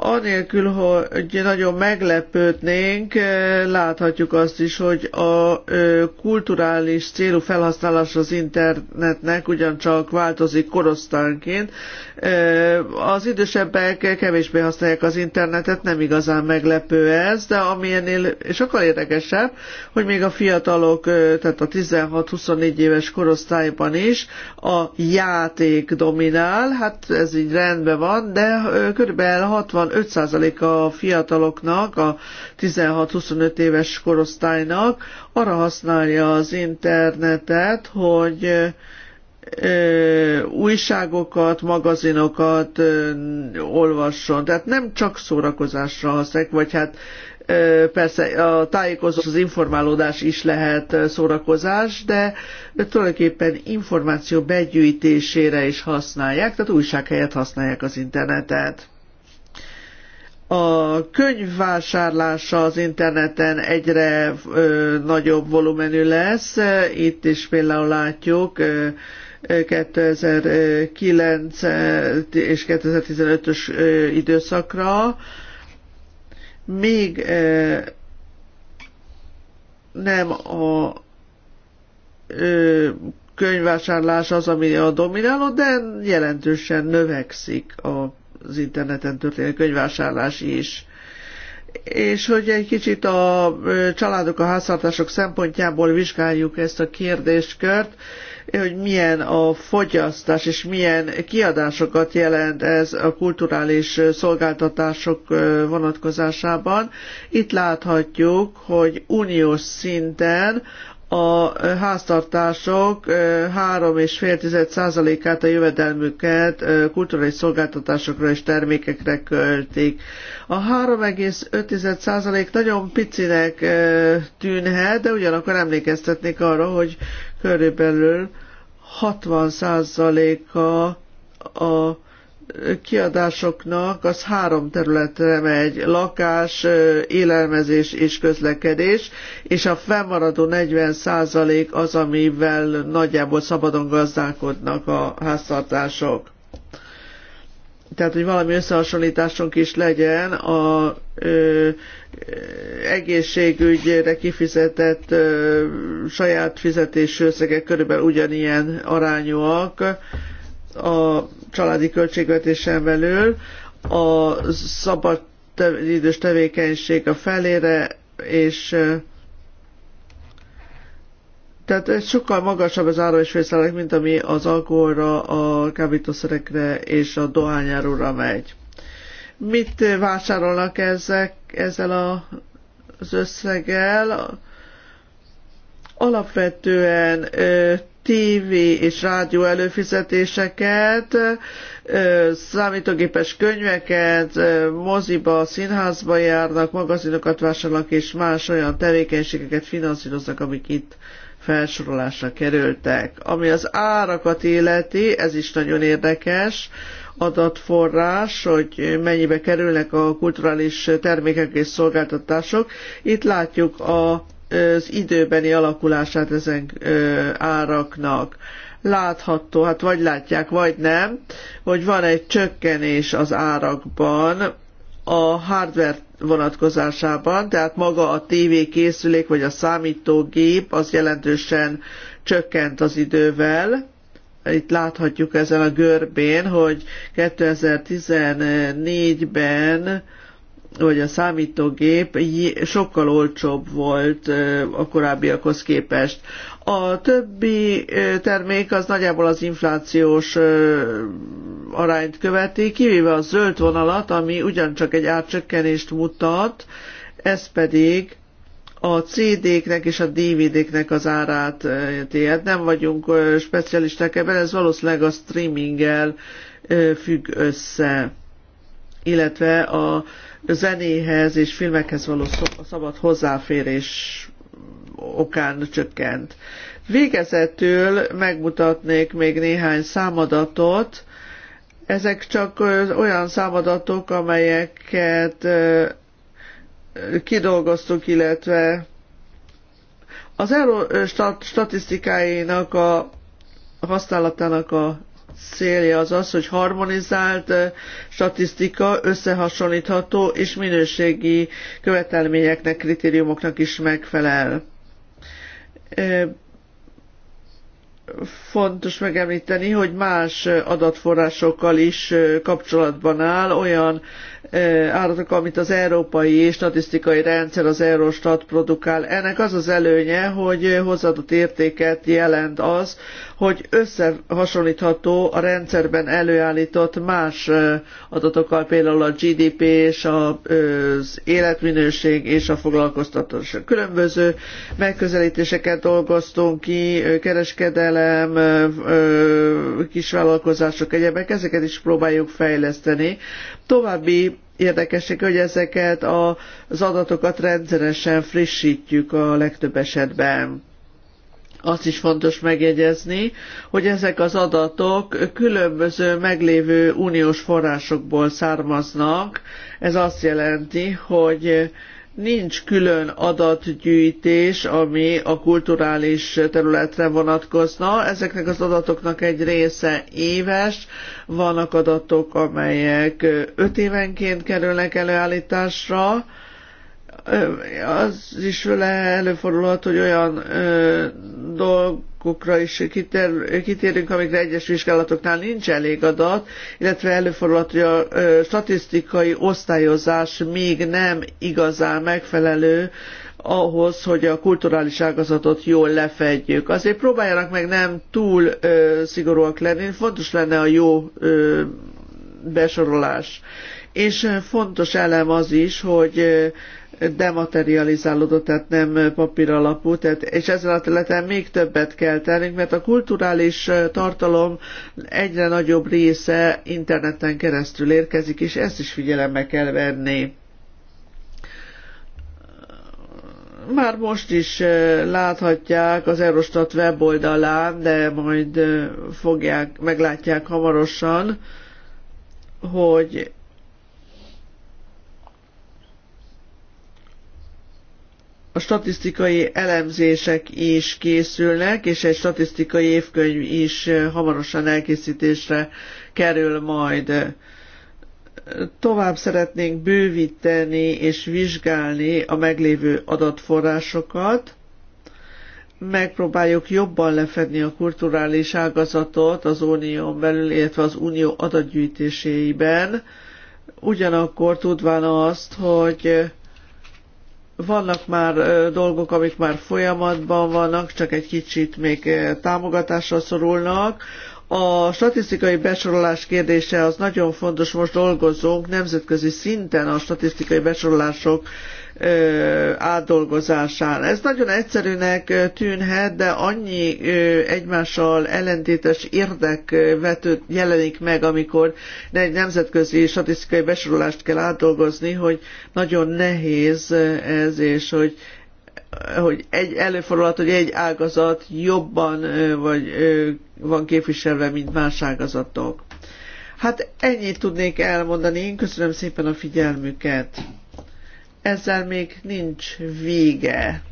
anélkül, hogy nagyon meglepődnénk, eh, láthatjuk azt is, hogy a eh, kulturális célú felhasználás az internetnek ugyancsak változik korosztánként. Eh, az idősebbek kevésbé használják az internetet, nem igazán meglepő ez, de ami ennél sokkal érdekesebb, hogy még a fiatalok, tehát a 16-24 éves korosztályban is a játék dominál, hát ez így rendben van, de körülbelül 60 Európában 5% a fiataloknak, a 16-25 éves korosztálynak arra használja az internetet, hogy újságokat, magazinokat olvasson. Tehát nem csak szórakozásra használják, vagy hát persze a tájékozás, az informálódás is lehet szórakozás, de tulajdonképpen információ begyűjtésére is használják, tehát újság helyett használják az internetet a könyv vásárlása az interneten egyre ö, nagyobb volumenű lesz. Itt is például látjuk ö, 2009 és 2015-ös időszakra. Még ö, nem a ö, könyvvásárlás az, ami a domináló, de jelentősen növekszik a az interneten történő könyvvásárlás is. És hogy egy kicsit a családok, a háztartások szempontjából vizsgáljuk ezt a kérdéskört, hogy milyen a fogyasztás és milyen kiadásokat jelent ez a kulturális szolgáltatások vonatkozásában. Itt láthatjuk, hogy uniós szinten a háztartások 3,5%-át a jövedelmüket kulturális szolgáltatásokra és termékekre költik. A 3,5% nagyon picinek tűnhet, de ugyanakkor emlékeztetnék arra, hogy körülbelül 60%-a a, a kiadásoknak az három területre megy, lakás, élelmezés és közlekedés, és a fennmaradó 40% az, amivel nagyjából szabadon gazdálkodnak a háztartások. Tehát, hogy valami összehasonlításunk is legyen, a ö, egészségügyre kifizetett ö, saját fizetésű összegek körülbelül ugyanilyen arányúak, a családi költségvetésen belül, a szabad idős tevékenység a felére, és tehát ez sokkal magasabb az ára és félszállek, mint ami az alkoholra, a kábítószerekre és a dohányárúra megy. Mit vásárolnak ezek, ezzel a, az összeggel? Alapvetően TV és rádió előfizetéseket, számítógépes könyveket, moziba, színházba járnak, magazinokat vásárolnak és más olyan tevékenységeket finanszíroznak, amik itt felsorolásra kerültek. Ami az árakat illeti, ez is nagyon érdekes adatforrás, hogy mennyibe kerülnek a kulturális termékek és szolgáltatások. Itt látjuk a az időbeni alakulását ezen áraknak. Látható, hát vagy látják, vagy nem, hogy van egy csökkenés az árakban a hardware vonatkozásában, tehát maga a TV készülék vagy a számítógép az jelentősen csökkent az idővel. Itt láthatjuk ezen a görbén, hogy 2014-ben hogy a számítógép sokkal olcsóbb volt a korábbiakhoz képest. A többi termék az nagyjából az inflációs arányt követi, kivéve a zöld vonalat, ami ugyancsak egy átcsökkenést mutat, ez pedig a CD-knek és a DVD-knek az árát téhet. Nem vagyunk specialisták ebben, ez valószínűleg a streaminggel függ össze, illetve a zenéhez és filmekhez való szabad hozzáférés okán csökkent. Végezetül megmutatnék még néhány számadatot. Ezek csak olyan számadatok, amelyeket kidolgoztuk, illetve az euró statisztikáinak a használatának a célja az az, hogy harmonizált statisztika összehasonlítható és minőségi követelményeknek, kritériumoknak is megfelel fontos megemlíteni, hogy más adatforrásokkal is kapcsolatban áll, olyan állatok, amit az európai statisztikai rendszer, az Eurostat produkál. Ennek az az előnye, hogy hozzáadott értéket jelent az, hogy összehasonlítható a rendszerben előállított más adatokkal, például a GDP és az életminőség és a foglalkoztatás. Különböző megközelítéseket dolgoztunk ki, kereskedelem, kisvállalkozások, egyebek, ezeket is próbáljuk fejleszteni. További érdekesség, hogy ezeket az adatokat rendszeresen frissítjük a legtöbb esetben azt is fontos megjegyezni, hogy ezek az adatok különböző meglévő uniós forrásokból származnak. Ez azt jelenti, hogy nincs külön adatgyűjtés, ami a kulturális területre vonatkozna. Ezeknek az adatoknak egy része éves, vannak adatok, amelyek öt évenként kerülnek előállításra, az is vele előfordulhat, hogy olyan ö, dolgokra is kiter, kitérünk, amikre egyes vizsgálatoknál nincs elég adat, illetve előfordulhat, hogy a ö, statisztikai osztályozás még nem igazán megfelelő ahhoz, hogy a kulturális ágazatot jól lefedjük. Azért próbáljanak meg nem túl ö, szigorúak lenni, fontos lenne a jó ö, besorolás. És fontos elem az is, hogy ö, dematerializálódott, tehát nem papír alapú, tehát, és ezen a területen még többet kell tennünk, mert a kulturális tartalom egyre nagyobb része interneten keresztül érkezik, és ezt is figyelembe kell venni. Már most is láthatják az Eurostat weboldalán, de majd fogják, meglátják hamarosan, hogy a statisztikai elemzések is készülnek, és egy statisztikai évkönyv is hamarosan elkészítésre kerül majd. Tovább szeretnénk bővíteni és vizsgálni a meglévő adatforrásokat, megpróbáljuk jobban lefedni a kulturális ágazatot az unión belül, illetve az unió adatgyűjtéseiben, ugyanakkor tudván azt, hogy vannak már dolgok, amik már folyamatban vannak, csak egy kicsit még támogatásra szorulnak. A statisztikai besorolás kérdése az nagyon fontos, most dolgozunk nemzetközi szinten a statisztikai besorolások átdolgozásán. Ez nagyon egyszerűnek tűnhet, de annyi egymással ellentétes érdek jelenik meg, amikor egy nemzetközi statisztikai besorolást kell átdolgozni, hogy nagyon nehéz ez, és hogy hogy egy előfordulhat, hogy egy ágazat jobban vagy van képviselve, mint más ágazatok. Hát ennyit tudnék elmondani. Én köszönöm szépen a figyelmüket ezzel még nincs vége.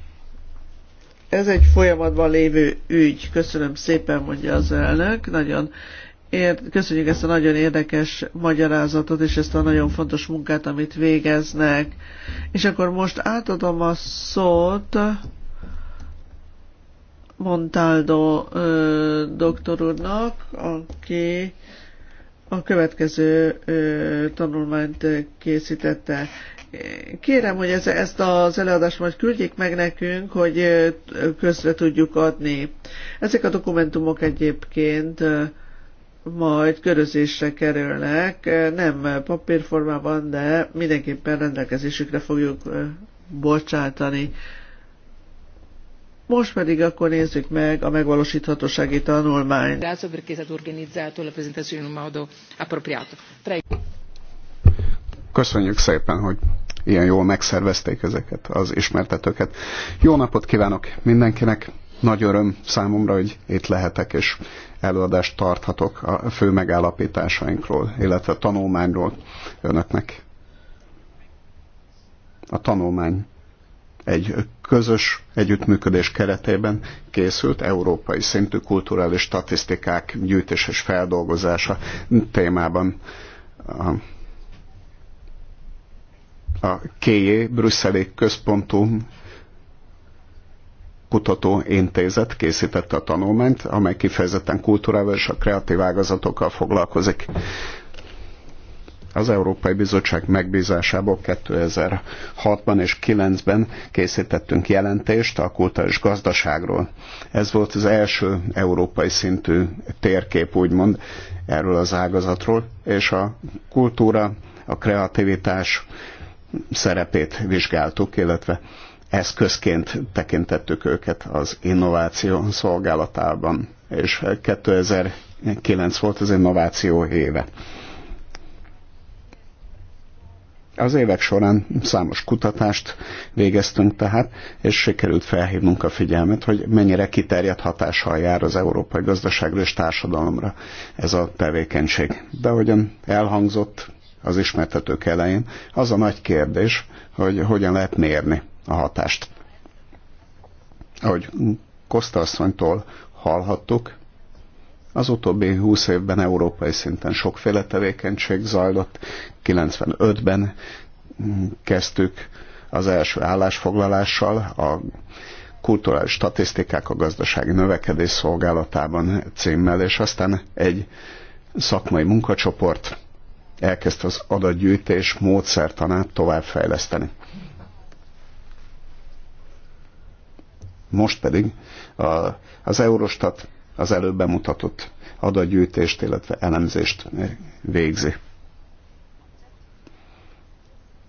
Ez egy folyamatban lévő ügy. Köszönöm szépen, mondja az elnök. Nagyon ér- köszönjük ezt a nagyon érdekes magyarázatot, és ezt a nagyon fontos munkát, amit végeznek. És akkor most átadom a szót Montaldo ö, doktor úrnak, aki a következő ö, tanulmányt készítette. Kérem, hogy ez, ezt az előadást majd küldjék meg nekünk, hogy közre tudjuk adni. Ezek a dokumentumok egyébként majd körözésre kerülnek, nem papírformában, de mindenképpen rendelkezésükre fogjuk bocsátani. Most pedig akkor nézzük meg a megvalósíthatósági tanulmányt. Köszönjük szépen, hogy ilyen jól megszervezték ezeket az ismertetőket. Jó napot kívánok mindenkinek! Nagy öröm számomra, hogy itt lehetek, és előadást tarthatok a fő megállapításainkról, illetve a tanulmányról önöknek. A tanulmány egy közös együttműködés keretében készült európai szintű kulturális statisztikák gyűjtés és feldolgozása témában a KJ brüsszeli központú Intézet készítette a tanulmányt, amely kifejezetten kultúrával és a kreatív ágazatokkal foglalkozik. Az Európai Bizottság megbízásából 2006-ban és 2009-ben készítettünk jelentést a kultúrás gazdaságról. Ez volt az első európai szintű térkép, úgymond, erről az ágazatról, és a kultúra, a kreativitás, szerepét vizsgáltuk, illetve eszközként tekintettük őket az innováció szolgálatában, és 2009 volt az innováció éve. Az évek során számos kutatást végeztünk tehát, és sikerült felhívnunk a figyelmet, hogy mennyire kiterjedt hatással jár az európai gazdaságra és társadalomra ez a tevékenység. De ahogyan elhangzott, az ismertetők elején, az a nagy kérdés, hogy hogyan lehet mérni a hatást. Ahogy Koszta asszonytól hallhattuk, az utóbbi 20 évben európai szinten sokféle tevékenység zajlott. 95-ben kezdtük az első állásfoglalással a kulturális statisztikák a gazdasági növekedés szolgálatában címmel, és aztán egy szakmai munkacsoport elkezdte az adatgyűjtés módszertanát továbbfejleszteni. Most pedig a, az Eurostat az előbb bemutatott adatgyűjtést, illetve elemzést végzi.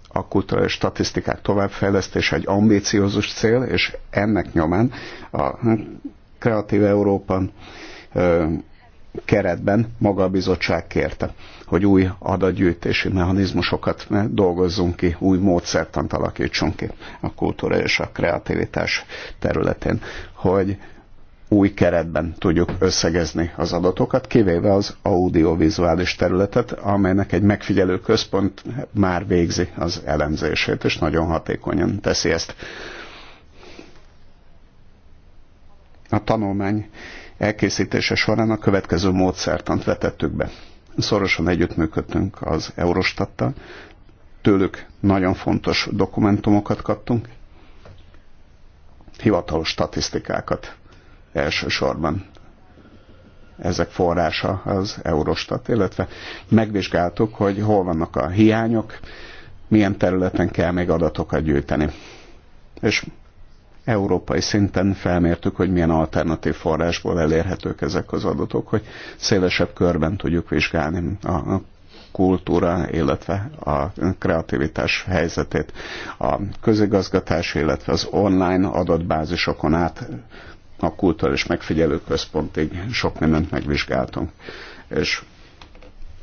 A kulturális statisztikák továbbfejlesztése egy ambíciózus cél, és ennek nyomán a Kreatív Európa keretben maga a bizottság kérte, hogy új adatgyűjtési mechanizmusokat dolgozzunk ki, új módszertant alakítsunk ki a kultúra és a kreativitás területén, hogy új keretben tudjuk összegezni az adatokat, kivéve az audiovizuális területet, amelynek egy megfigyelő központ már végzi az elemzését, és nagyon hatékonyan teszi ezt. A tanulmány elkészítése során a következő módszertant vetettük be. Szorosan együttműködtünk az Eurostattal, tőlük nagyon fontos dokumentumokat kaptunk, hivatalos statisztikákat elsősorban. Ezek forrása az Eurostat, illetve megvizsgáltuk, hogy hol vannak a hiányok, milyen területen kell még adatokat gyűjteni. És európai szinten felmértük, hogy milyen alternatív forrásból elérhetők ezek az adatok, hogy szélesebb körben tudjuk vizsgálni a kultúra, illetve a kreativitás helyzetét. A közigazgatás, illetve az online adatbázisokon át a kulturális megfigyelő központig sok mindent megvizsgáltunk. És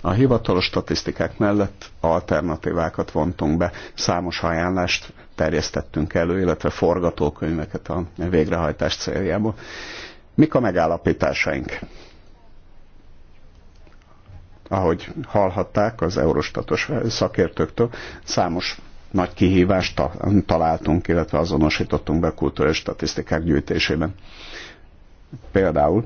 a hivatalos statisztikák mellett alternatívákat vontunk be, számos ajánlást terjesztettünk elő, illetve forgatókönyveket a végrehajtás céljából. Mik a megállapításaink? Ahogy hallhatták az eurostatos szakértőktől, számos nagy kihívást találtunk, illetve azonosítottunk be kultúrás statisztikák gyűjtésében. Például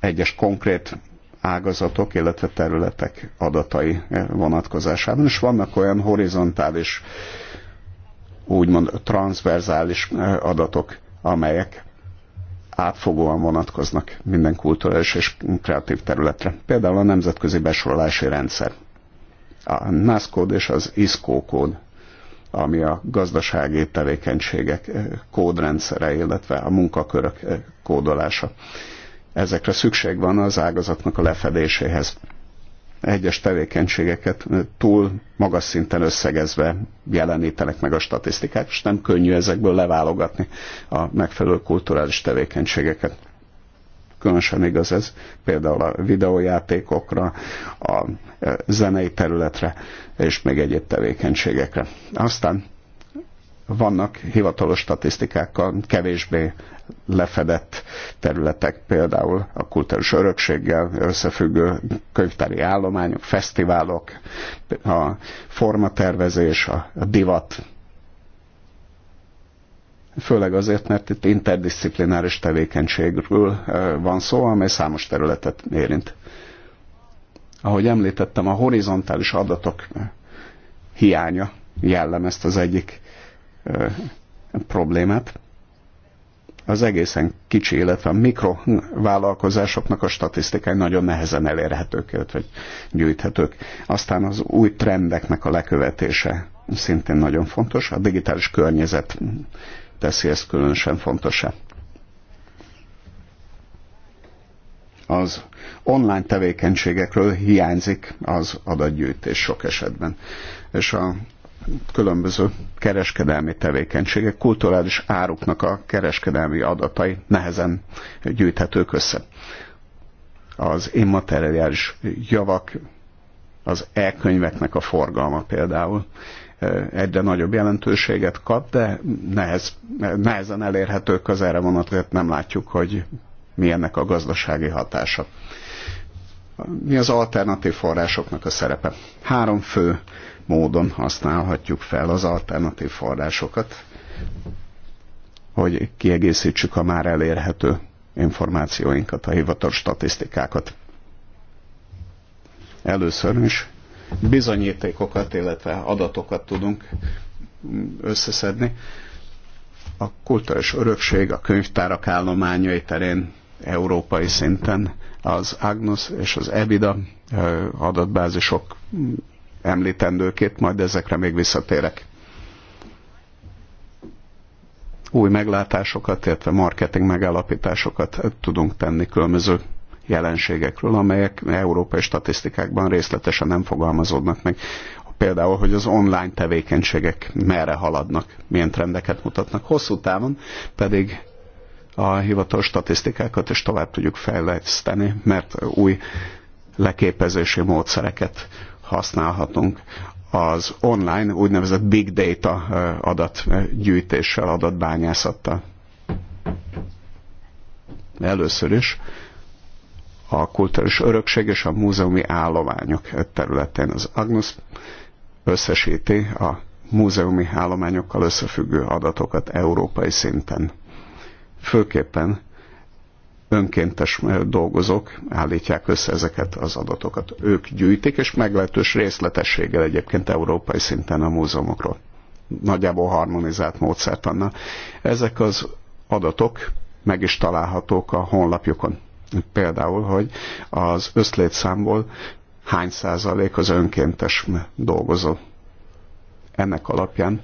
egyes konkrét ágazatok, illetve területek adatai eh, vonatkozásában, és vannak olyan horizontális úgymond transzverzális eh, adatok, amelyek átfogóan vonatkoznak minden kulturális és kreatív területre. Például a nemzetközi besorolási rendszer, a NASZ kód és az ISCO kód, ami a gazdasági tevékenységek eh, kódrendszere, illetve a munkakörök eh, kódolása. Ezekre szükség van az ágazatnak a lefedéséhez egyes tevékenységeket túl magas szinten összegezve jelenítenek meg a statisztikák, és nem könnyű ezekből leválogatni a megfelelő kulturális tevékenységeket. Különösen igaz ez például a videójátékokra, a e, zenei területre, és még egyéb tevékenységekre. Aztán vannak hivatalos statisztikákkal kevésbé lefedett területek, például a kultúrás örökséggel összefüggő könyvtári állományok, fesztiválok, a formatervezés, a divat. Főleg azért, mert itt interdisziplináris tevékenységről van szó, amely számos területet érint. Ahogy említettem, a horizontális adatok hiánya jellemezte az egyik problémát, az egészen kicsi, illetve a mikrovállalkozásoknak a statisztikái nagyon nehezen elérhetők, illetve gyűjthetők. Aztán az új trendeknek a lekövetése szintén nagyon fontos. A digitális környezet teszi ezt különösen fontosá. Az online tevékenységekről hiányzik az adatgyűjtés sok esetben. És a különböző kereskedelmi tevékenységek, kulturális áruknak a kereskedelmi adatai nehezen gyűjthetők össze. Az immateriális javak, az e-könyveknek a forgalma például egyre nagyobb jelentőséget kap, de nehez, nehezen elérhetők az erre vonatkozott, nem látjuk, hogy mi ennek a gazdasági hatása. Mi az alternatív forrásoknak a szerepe? Három fő módon használhatjuk fel az alternatív forrásokat, hogy kiegészítsük a már elérhető információinkat, a hivatalos statisztikákat. Először is bizonyítékokat, illetve adatokat tudunk összeszedni. A kultúrás örökség, a könyvtárak állományai terén európai szinten az Agnus és az EBIDA adatbázisok említendőkét, majd ezekre még visszatérek. Új meglátásokat, illetve marketing megállapításokat tudunk tenni különböző jelenségekről, amelyek európai statisztikákban részletesen nem fogalmazódnak meg. Például, hogy az online tevékenységek merre haladnak, milyen trendeket mutatnak. Hosszú távon pedig a hivatalos statisztikákat is tovább tudjuk fejleszteni, mert új leképezési módszereket használhatunk az online úgynevezett big data adatgyűjtéssel, adatbányászattal. Először is a kulturális örökség és a múzeumi állományok területén az Agnus összesíti a múzeumi állományokkal összefüggő adatokat európai szinten. Főképpen önkéntes eh, dolgozók állítják össze ezeket az adatokat. Ők gyűjtik, és meglehetős részletességgel egyébként európai szinten a múzeumokról. Nagyjából harmonizált módszert annál. Ezek az adatok meg is találhatók a honlapjukon. Például, hogy az összlétszámból hány százalék az önkéntes dolgozó. Ennek alapján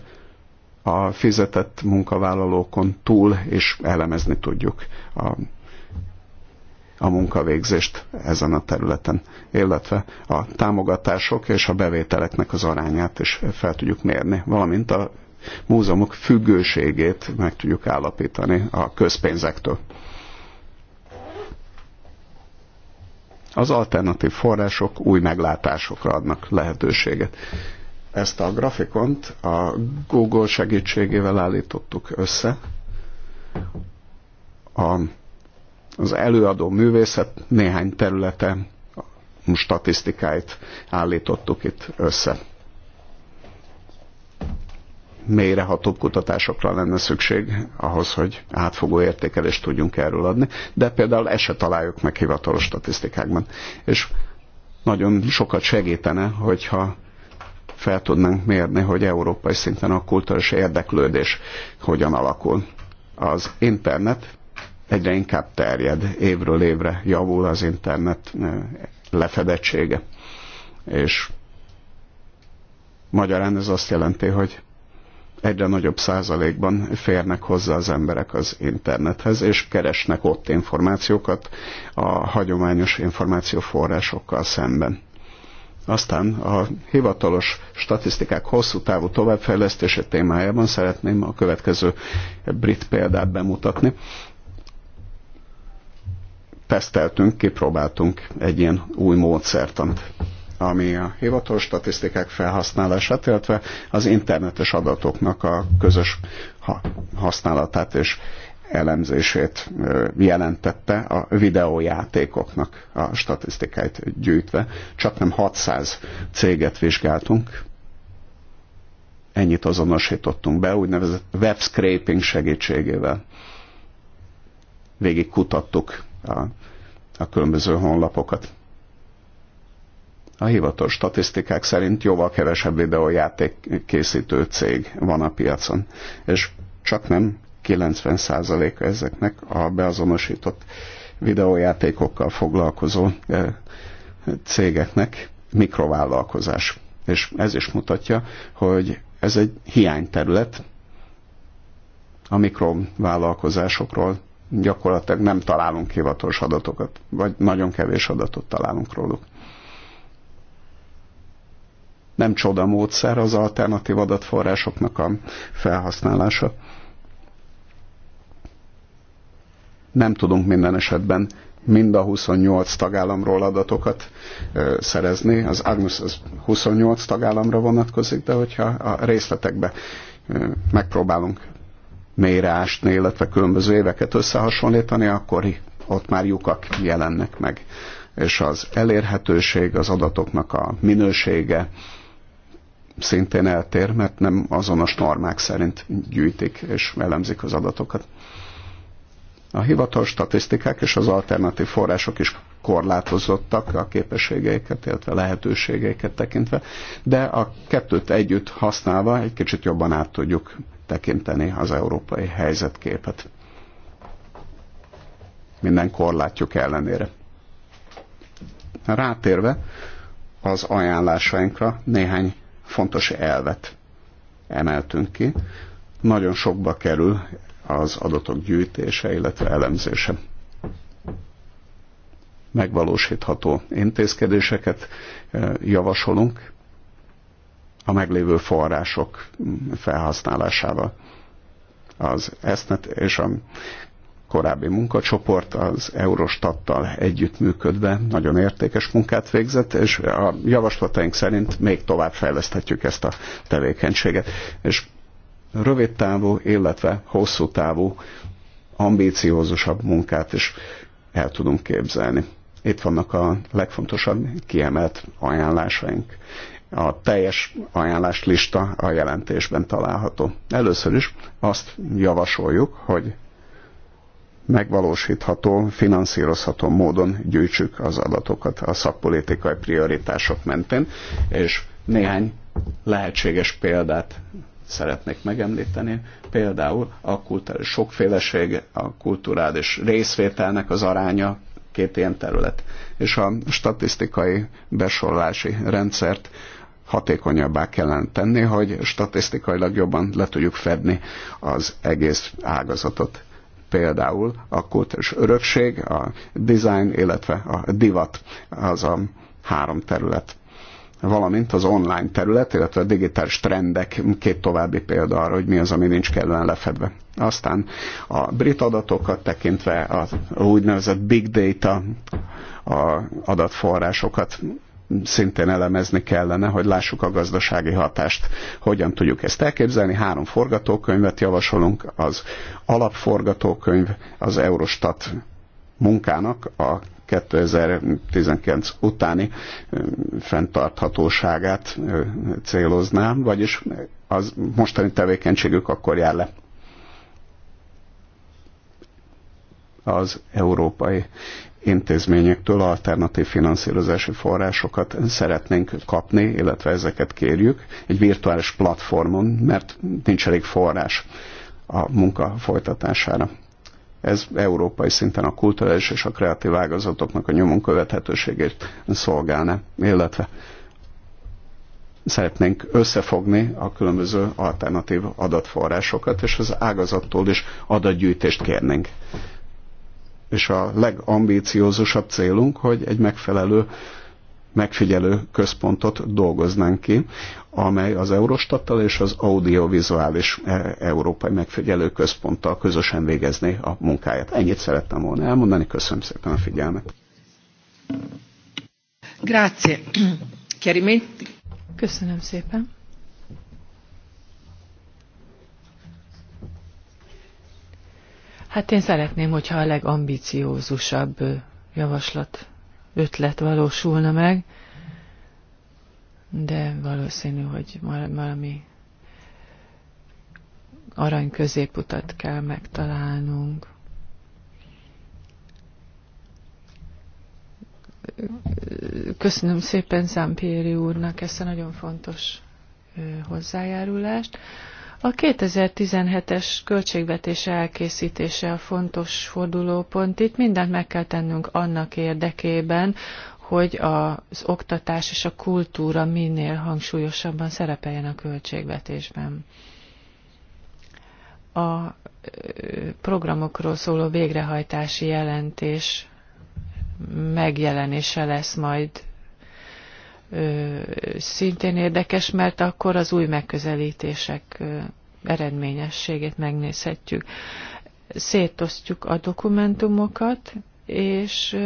a fizetett munkavállalókon túl és elemezni tudjuk a a munkavégzést ezen a területen, illetve a támogatások és a bevételeknek az arányát is fel tudjuk mérni, valamint a múzeumok függőségét meg tudjuk állapítani a közpénzektől. Az alternatív források új meglátásokra adnak lehetőséget. Ezt a grafikont a Google segítségével állítottuk össze. A az előadó művészet néhány területe statisztikáit állítottuk itt össze. Mélyrehatóbb kutatásokra lenne szükség ahhoz, hogy átfogó értékelést tudjunk erről adni, de például ezt se találjuk meg hivatalos statisztikákban. És nagyon sokat segítene, hogyha fel tudnánk mérni, hogy európai szinten a kultúrás érdeklődés hogyan alakul. Az internet egyre inkább terjed, évről évre javul az internet lefedettsége. És magyarán ez azt jelenti, hogy egyre nagyobb százalékban férnek hozzá az emberek az internethez, és keresnek ott információkat a hagyományos információforrásokkal szemben. Aztán a hivatalos statisztikák hosszú távú továbbfejlesztése témájában szeretném a következő brit példát bemutatni teszteltünk, kipróbáltunk egy ilyen új módszertant ami a hivatalos statisztikák felhasználását, illetve az internetes adatoknak a közös használatát és elemzését jelentette a videójátékoknak a statisztikáit gyűjtve. Csak nem 600 céget vizsgáltunk, ennyit azonosítottunk be, úgynevezett web scraping segítségével. Végig kutattuk a, a különböző honlapokat. A hivatalos statisztikák szerint jóval kevesebb videójáték készítő cég van a piacon, és csak nem 90%-a ezeknek a beazonosított videójátékokkal foglalkozó e, cégeknek mikrovállalkozás. És ez is mutatja, hogy ez egy hiányterület, a mikrovállalkozásokról gyakorlatilag nem találunk hivatalos adatokat, vagy nagyon kevés adatot találunk róluk. Nem csoda módszer az alternatív adatforrásoknak a felhasználása. Nem tudunk minden esetben mind a 28 tagállamról adatokat ö, szerezni. Az Agnus az 28 tagállamra vonatkozik, de hogyha a részletekbe ö, megpróbálunk mélyreásni, illetve különböző éveket összehasonlítani, akkor ott már lyukak jelennek meg. És az elérhetőség, az adatoknak a minősége szintén eltér, mert nem azonos normák szerint gyűjtik és elemzik az adatokat. A hivatalos statisztikák és az alternatív források is korlátozottak a képességeiket, illetve lehetőségeiket tekintve, de a kettőt együtt használva egy kicsit jobban át tudjuk áttekinteni az európai helyzetképet. Minden korlátjuk ellenére. Rátérve az ajánlásainkra néhány fontos elvet emeltünk ki. Nagyon sokba kerül az adatok gyűjtése, illetve elemzése. Megvalósítható intézkedéseket eh, javasolunk, a meglévő források felhasználásával. Az ESZNET és a korábbi munkacsoport az Eurostattal együttműködve nagyon értékes munkát végzett, és a javaslataink szerint még tovább fejleszthetjük ezt a tevékenységet. És rövid távú, illetve hosszú távú, ambíciózusabb munkát is el tudunk képzelni. Itt vannak a legfontosabb kiemelt ajánlásaink, a teljes ajánláslista a jelentésben található. Először is azt javasoljuk, hogy megvalósítható, finanszírozható módon gyűjtsük az adatokat a szakpolitikai prioritások mentén, és néhány lehetséges példát szeretnék megemlíteni, például a kulturális sokféleség, a kulturális részvételnek az aránya, két ilyen terület, és a statisztikai besorolási rendszert hatékonyabbá kellene tenni, hogy statisztikailag jobban le tudjuk fedni az egész ágazatot. Például a kultúrs örökség, a design, illetve a divat, az a három terület valamint az online terület, illetve a digitális trendek két további példa arra, hogy mi az, ami nincs kellően lefedve. Aztán a brit adatokat tekintve az úgynevezett big data a adatforrásokat szintén elemezni kellene, hogy lássuk a gazdasági hatást. Hogyan tudjuk ezt elképzelni? Három forgatókönyvet javasolunk, az alapforgatókönyv, az Eurostat munkának a 2019 utáni fenntarthatóságát céloznám, vagyis az mostani tevékenységük akkor jár le. az európai intézményektől alternatív finanszírozási forrásokat szeretnénk kapni, illetve ezeket kérjük egy virtuális platformon, mert nincs elég forrás a munka folytatására. Ez európai szinten a kulturális és a kreatív ágazatoknak a nyomon követhetőségét szolgálna, illetve szeretnénk összefogni a különböző alternatív adatforrásokat, és az ágazattól is adatgyűjtést kérnénk és a legambíciózusabb célunk, hogy egy megfelelő megfigyelő központot dolgoznánk ki, amely az Eurostattal és az audiovizuális e, európai megfigyelő központtal közösen végezné a munkáját. Ennyit szerettem volna elmondani, köszönöm szépen a figyelmet. Grazie. Köszönöm szépen. Hát én szeretném, hogyha a legambiciózusabb javaslat, ötlet valósulna meg, de valószínű, hogy valami arany középutat kell megtalálnunk. Köszönöm szépen Zampieri úrnak ezt a nagyon fontos hozzájárulást. A 2017-es költségvetés elkészítése a fontos fordulópont. Itt mindent meg kell tennünk annak érdekében, hogy az oktatás és a kultúra minél hangsúlyosabban szerepeljen a költségvetésben. A programokról szóló végrehajtási jelentés megjelenése lesz majd szintén érdekes, mert akkor az új megközelítések eredményességét megnézhetjük. Szétosztjuk a dokumentumokat, és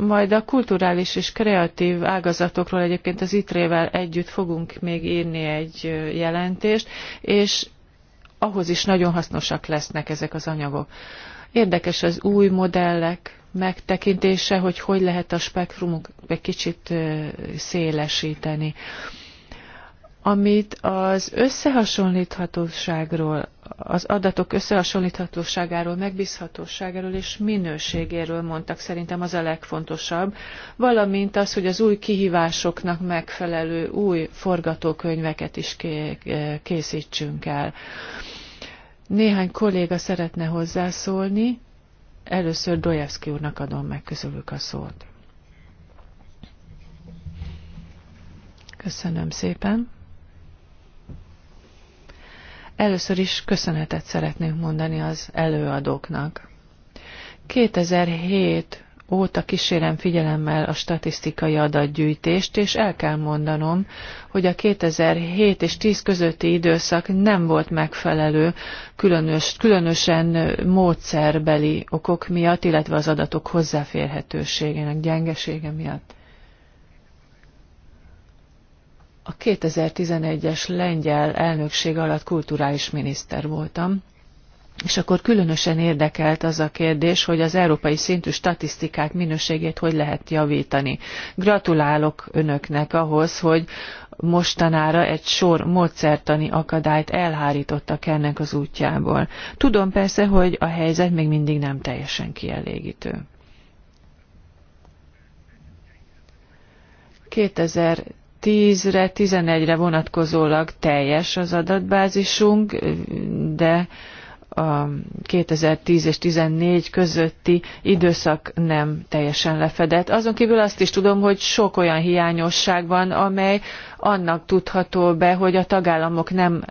majd a kulturális és kreatív ágazatokról egyébként az ITRE-vel együtt fogunk még írni egy jelentést, és ahhoz is nagyon hasznosak lesznek ezek az anyagok. Érdekes az új modellek megtekintése, hogy hogy lehet a spektrumok egy kicsit szélesíteni. Amit az összehasonlíthatóságról, az adatok összehasonlíthatóságáról, megbízhatóságáról és minőségéről mondtak, szerintem az a legfontosabb, valamint az, hogy az új kihívásoknak megfelelő új forgatókönyveket is készítsünk el. Néhány kolléga szeretne hozzászólni. Először Dojevszki úrnak adom meg közülük a szót. Köszönöm szépen. Először is köszönetet szeretnénk mondani az előadóknak. 2007 óta kísérem figyelemmel a statisztikai adatgyűjtést, és el kell mondanom, hogy a 2007 és 10 közötti időszak nem volt megfelelő, különös, különösen módszerbeli okok miatt, illetve az adatok hozzáférhetőségének gyengesége miatt. A 2011-es lengyel elnökség alatt kulturális miniszter voltam, és akkor különösen érdekelt az a kérdés, hogy az európai szintű statisztikák minőségét hogy lehet javítani. Gratulálok önöknek ahhoz, hogy mostanára egy sor módszertani akadályt elhárítottak ennek az útjából. Tudom persze, hogy a helyzet még mindig nem teljesen kielégítő. 2010 re 11-re vonatkozólag teljes az adatbázisunk, de a 2010 és 14 közötti időszak nem teljesen lefedett. Azon kívül azt is tudom, hogy sok olyan hiányosság van, amely annak tudható be, hogy a tagállamok nem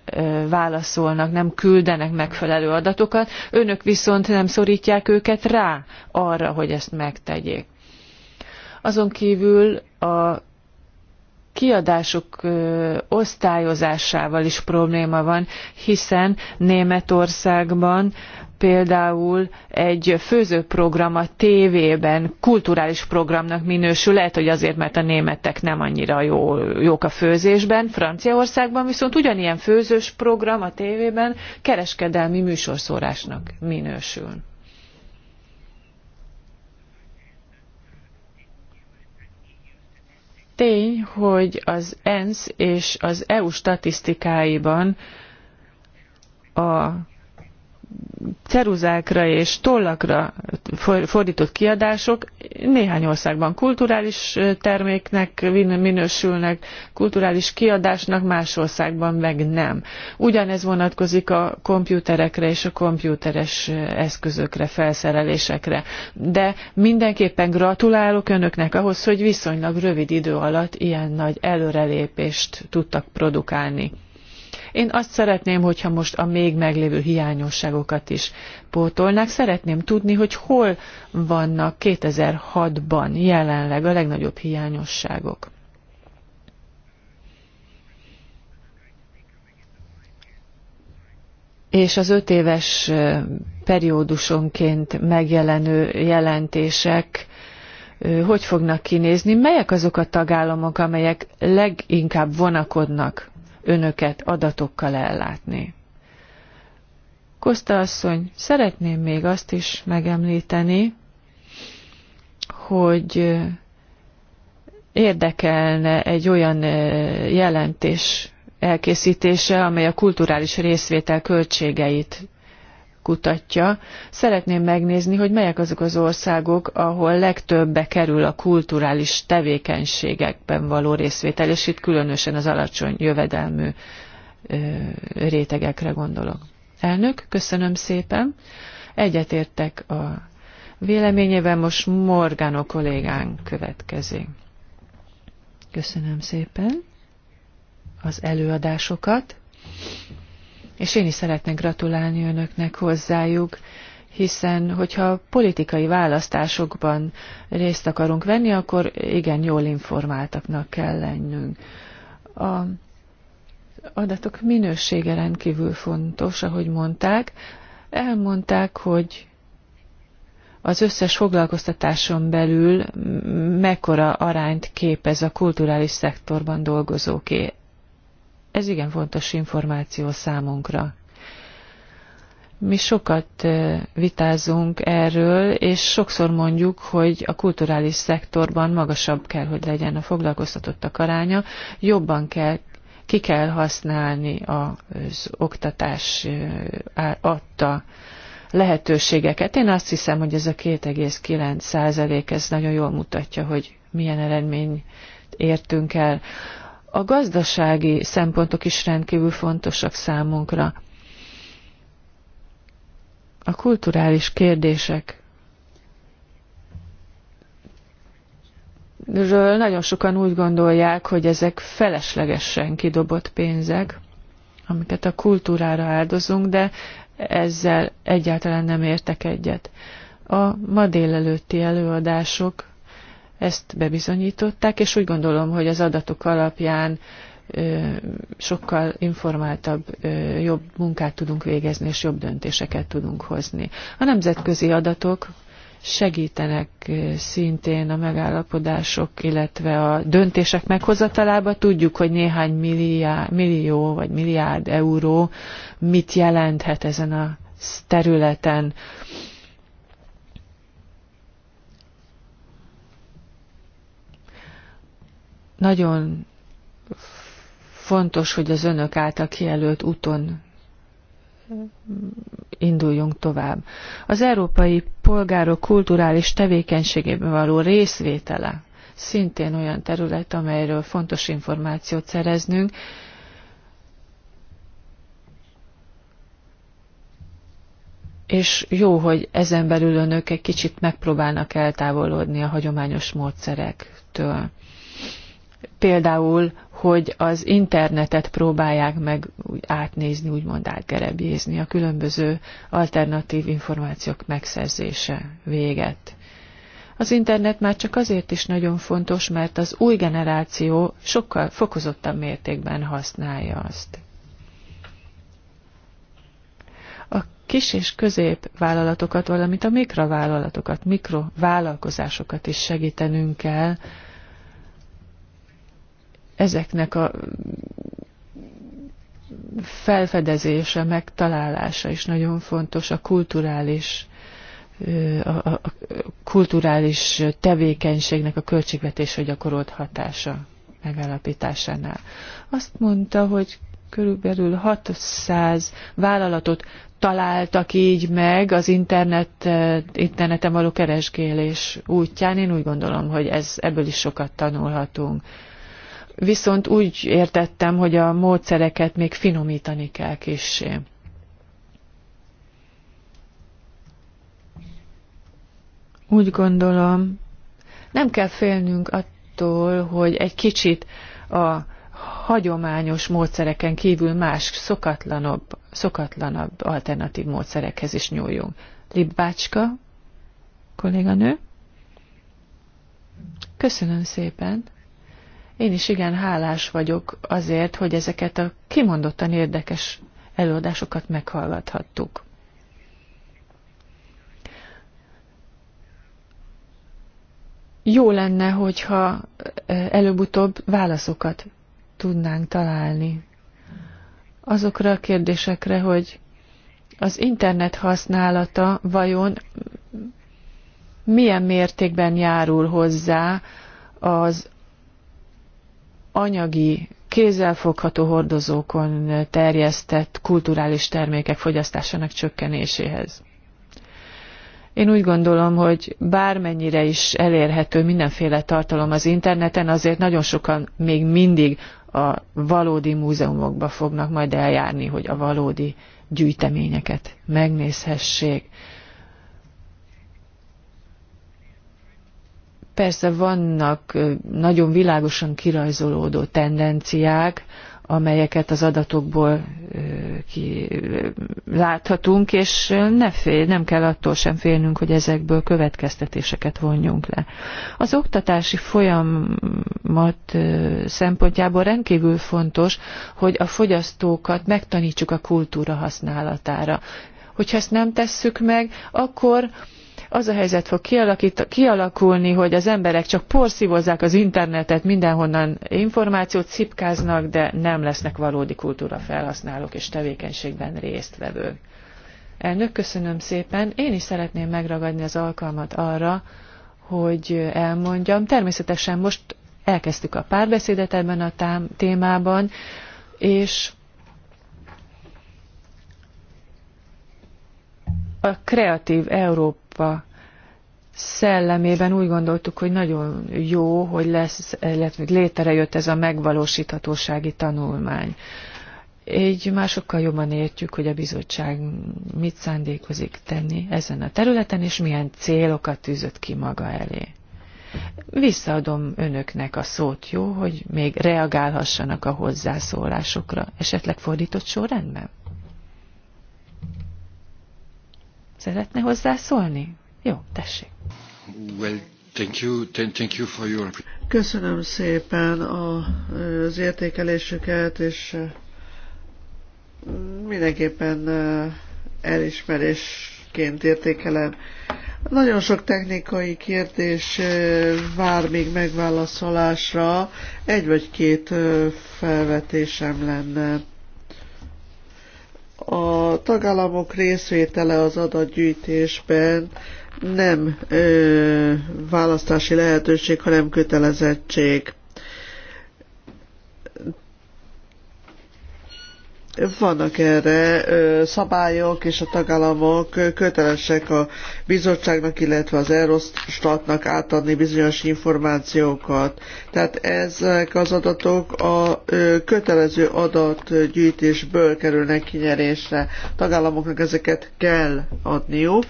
válaszolnak, nem küldenek megfelelő adatokat, önök viszont nem szorítják őket rá arra, hogy ezt megtegyék. Azon kívül a kiadások osztályozásával is probléma van, hiszen Németországban például egy főzőprogram a tévében kulturális programnak minősül, lehet, hogy azért, mert a németek nem annyira jó, jók a főzésben. Franciaországban viszont ugyanilyen főzős program a tévében kereskedelmi műsorszórásnak minősül. Tény, hogy az ENSZ és az EU statisztikáiban a ceruzákra és tollakra fordított kiadások néhány országban kulturális terméknek minősülnek, kulturális kiadásnak, más országban meg nem. Ugyanez vonatkozik a komputerekre és a komputeres eszközökre, felszerelésekre. De mindenképpen gratulálok önöknek ahhoz, hogy viszonylag rövid idő alatt ilyen nagy előrelépést tudtak produkálni. Én azt szeretném, hogyha most a még meglévő hiányosságokat is pótolnák. Szeretném tudni, hogy hol vannak 2006-ban jelenleg a legnagyobb hiányosságok. és az öt éves periódusonként megjelenő jelentések hogy fognak kinézni, melyek azok a tagállamok, amelyek leginkább vonakodnak önöket adatokkal ellátni. Kosta asszony, szeretném még azt is megemlíteni, hogy érdekelne egy olyan jelentés elkészítése, amely a kulturális részvétel költségeit kutatja. Szeretném megnézni, hogy melyek azok az országok, ahol legtöbbbe kerül a kulturális tevékenységekben való részvétel, és itt különösen az alacsony jövedelmű rétegekre gondolok. Elnök, köszönöm szépen. Egyetértek a véleményével, most Morgano kollégánk következik. Köszönöm szépen az előadásokat és én is szeretnék gratulálni önöknek hozzájuk, hiszen hogyha politikai választásokban részt akarunk venni, akkor igen, jól informáltaknak kell lennünk. A adatok minősége rendkívül fontos, ahogy mondták. Elmondták, hogy az összes foglalkoztatáson belül mekkora arányt képez a kulturális szektorban dolgozóké. Ez igen fontos információ számunkra. Mi sokat vitázunk erről, és sokszor mondjuk, hogy a kulturális szektorban magasabb kell, hogy legyen a foglalkoztatottak aránya, jobban kell, ki kell használni az oktatás adta lehetőségeket. Én azt hiszem, hogy ez a 2,9 százalék, ez nagyon jól mutatja, hogy milyen eredmény értünk el a gazdasági szempontok is rendkívül fontosak számunkra. A kulturális kérdések ről nagyon sokan úgy gondolják, hogy ezek feleslegesen kidobott pénzek, amiket a kultúrára áldozunk, de ezzel egyáltalán nem értek egyet. A ma délelőtti előadások ezt bebizonyították, és úgy gondolom, hogy az adatok alapján sokkal informáltabb, jobb munkát tudunk végezni, és jobb döntéseket tudunk hozni. A nemzetközi adatok segítenek szintén a megállapodások, illetve a döntések meghozatalába. Tudjuk, hogy néhány milliá, millió vagy milliárd euró mit jelenthet ezen a területen Nagyon fontos, hogy az önök által kijelölt úton induljunk tovább. Az európai polgárok kulturális tevékenységében való részvétele szintén olyan terület, amelyről fontos információt szereznünk, és jó, hogy ezen belül önök egy kicsit megpróbálnak eltávolodni a hagyományos módszerektől például, hogy az internetet próbálják meg úgy átnézni, úgymond átgerebjézni a különböző alternatív információk megszerzése véget. Az internet már csak azért is nagyon fontos, mert az új generáció sokkal fokozottabb mértékben használja azt. A kis és vállalatokat valamint a mikrovállalatokat, mikrovállalkozásokat is segítenünk kell, ezeknek a felfedezése, megtalálása is nagyon fontos, a kulturális a, kulturális tevékenységnek a költségvetésre gyakorolt hatása megállapításánál. Azt mondta, hogy körülbelül 600 vállalatot találtak így meg az internet, interneten való keresgélés útján. Én úgy gondolom, hogy ez, ebből is sokat tanulhatunk viszont úgy értettem, hogy a módszereket még finomítani kell kissé. Úgy gondolom, nem kell félnünk attól, hogy egy kicsit a hagyományos módszereken kívül más, szokatlanabb, szokatlanabb alternatív módszerekhez is nyúljunk. Libbácska, kolléganő. Köszönöm szépen. Én is igen hálás vagyok azért, hogy ezeket a kimondottan érdekes előadásokat meghallgathattuk. Jó lenne, hogyha előbb-utóbb válaszokat tudnánk találni azokra a kérdésekre, hogy az internet használata vajon milyen mértékben járul hozzá az anyagi, kézzelfogható hordozókon terjesztett kulturális termékek fogyasztásának csökkenéséhez. Én úgy gondolom, hogy bármennyire is elérhető mindenféle tartalom az interneten, azért nagyon sokan még mindig a valódi múzeumokba fognak majd eljárni, hogy a valódi gyűjteményeket megnézhessék. Persze vannak nagyon világosan kirajzolódó tendenciák, amelyeket az adatokból ki, láthatunk, és ne fél, nem kell attól sem félnünk, hogy ezekből következtetéseket vonjunk le. Az oktatási folyamat szempontjából rendkívül fontos, hogy a fogyasztókat megtanítsuk a kultúra használatára. Hogyha ezt nem tesszük meg, akkor az a helyzet fog kialakulni, hogy az emberek csak porszívozzák az internetet, mindenhonnan információt szipkáznak, de nem lesznek valódi kultúra felhasználók és tevékenységben résztvevők. Elnök, köszönöm szépen. Én is szeretném megragadni az alkalmat arra, hogy elmondjam. Természetesen most elkezdtük a párbeszédet ebben a tám- témában, és a Kreatív Európa apa szellemében úgy gondoltuk, hogy nagyon jó, hogy lesz, illetve létrejött ez a megvalósíthatósági tanulmány. Így már sokkal jobban értjük, hogy a bizottság mit szándékozik tenni ezen a területen, és milyen célokat tűzött ki maga elé. Visszaadom önöknek a szót, jó, hogy még reagálhassanak a hozzászólásokra, esetleg fordított sorrendben? Szeretne hozzászólni? Jó, tessék. Well, thank you, thank you for your... Köszönöm szépen az értékelésüket, és mindenképpen elismerésként értékelem. Nagyon sok technikai kérdés vár még megválaszolásra. Egy vagy két felvetésem lenne a tagállamok részvétele az adatgyűjtésben nem ö, választási lehetőség, hanem kötelezettség. Vannak erre szabályok, és a tagállamok kötelesek a bizottságnak, illetve az Eurostatnak átadni bizonyos információkat. Tehát ezek az adatok a kötelező adatgyűjtésből kerülnek kinyerésre. A tagállamoknak ezeket kell adniuk.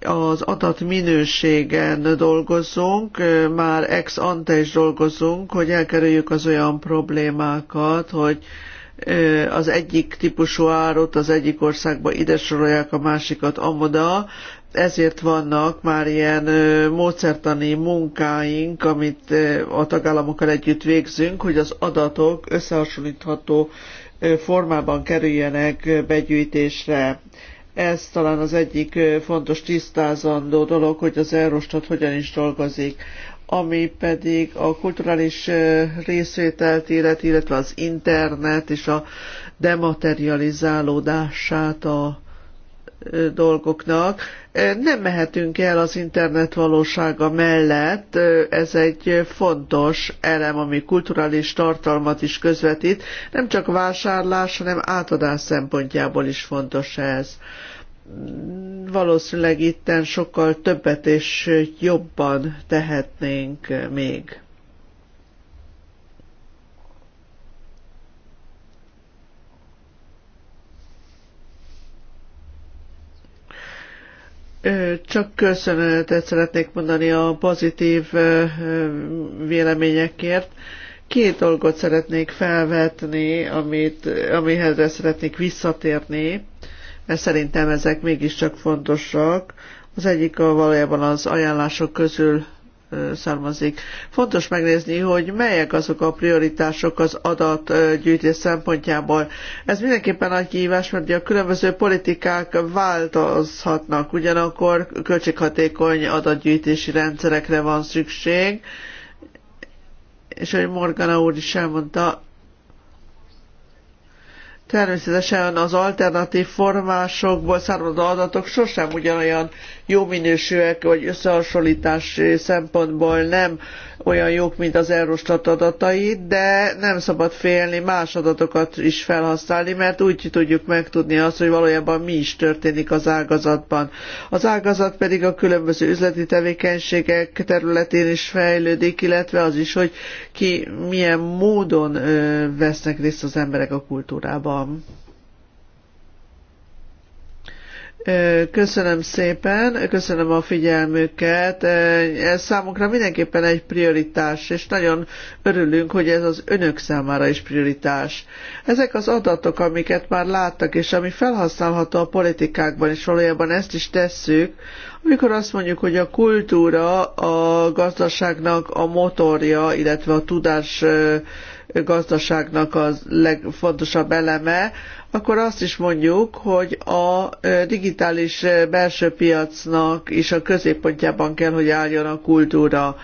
Az adatminőségen dolgozunk, már ex ante is dolgozunk, hogy elkerüljük az olyan problémákat, hogy az egyik típusú árut az egyik országba ide sorolják, a másikat amoda, ezért vannak már ilyen módszertani munkáink, amit a tagállamokkal együtt végzünk, hogy az adatok összehasonlítható formában kerüljenek begyűjtésre. Ez talán az egyik fontos tisztázandó dolog, hogy az Eurostat hogyan is dolgozik ami pedig a kulturális részvételt illeti, illetve az internet és a dematerializálódását a dolgoknak. Nem mehetünk el az internet valósága mellett, ez egy fontos elem, ami kulturális tartalmat is közvetít, nem csak vásárlás, hanem átadás szempontjából is fontos ez valószínűleg itten sokkal többet és jobban tehetnénk még. Csak köszönetet szeretnék mondani a pozitív véleményekért. Két dolgot szeretnék felvetni, amit, amihez szeretnék visszatérni mert szerintem ezek mégiscsak fontosak. Az egyik a valójában az ajánlások közül származik. Fontos megnézni, hogy melyek azok a prioritások az adatgyűjtés szempontjából. Ez mindenképpen nagy kihívás, mert a különböző politikák változhatnak, ugyanakkor költséghatékony adatgyűjtési rendszerekre van szükség, és hogy Morgana úr is elmondta, Természetesen az alternatív forrásokból származó adatok sosem ugyanolyan jó minősűek, vagy összehasonlítás szempontból nem olyan jók, mint az Eurostat adatai, de nem szabad félni más adatokat is felhasználni, mert úgy tudjuk megtudni azt, hogy valójában mi is történik az ágazatban. Az ágazat pedig a különböző üzleti tevékenységek területén is fejlődik, illetve az is, hogy ki milyen módon vesznek részt az emberek a kultúrában. Köszönöm szépen, köszönöm a figyelmüket. Ez számunkra mindenképpen egy prioritás, és nagyon örülünk, hogy ez az önök számára is prioritás. Ezek az adatok, amiket már láttak, és ami felhasználható a politikákban, és valójában ezt is tesszük, amikor azt mondjuk, hogy a kultúra a gazdaságnak a motorja, illetve a tudás gazdaságnak a legfontosabb eleme, akkor azt is mondjuk, hogy a digitális belső piacnak is a középpontjában kell, hogy álljon a kultúra.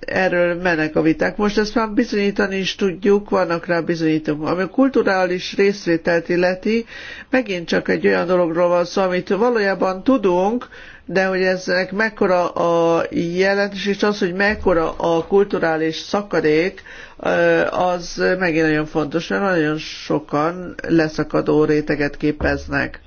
Erről mennek a viták. Most ezt már bizonyítani is tudjuk, vannak rá bizonyítók. Ami a kulturális részvételt illeti, megint csak egy olyan dologról van szó, amit valójában tudunk, de hogy eznek mekkora a jelentés, és az, hogy mekkora a kulturális szakadék, az megint nagyon fontos, mert nagyon sokan leszakadó réteget képeznek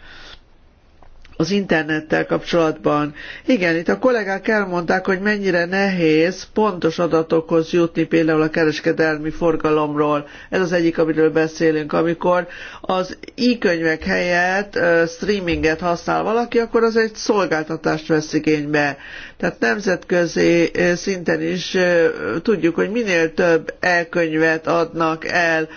az internettel kapcsolatban. Igen, itt a kollégák elmondták, hogy mennyire nehéz pontos adatokhoz jutni például a kereskedelmi forgalomról. Ez az egyik, amiről beszélünk. Amikor az e-könyvek helyett streaminget használ valaki, akkor az egy szolgáltatást vesz igénybe. Tehát nemzetközi szinten is tudjuk, hogy minél több e-könyvet adnak el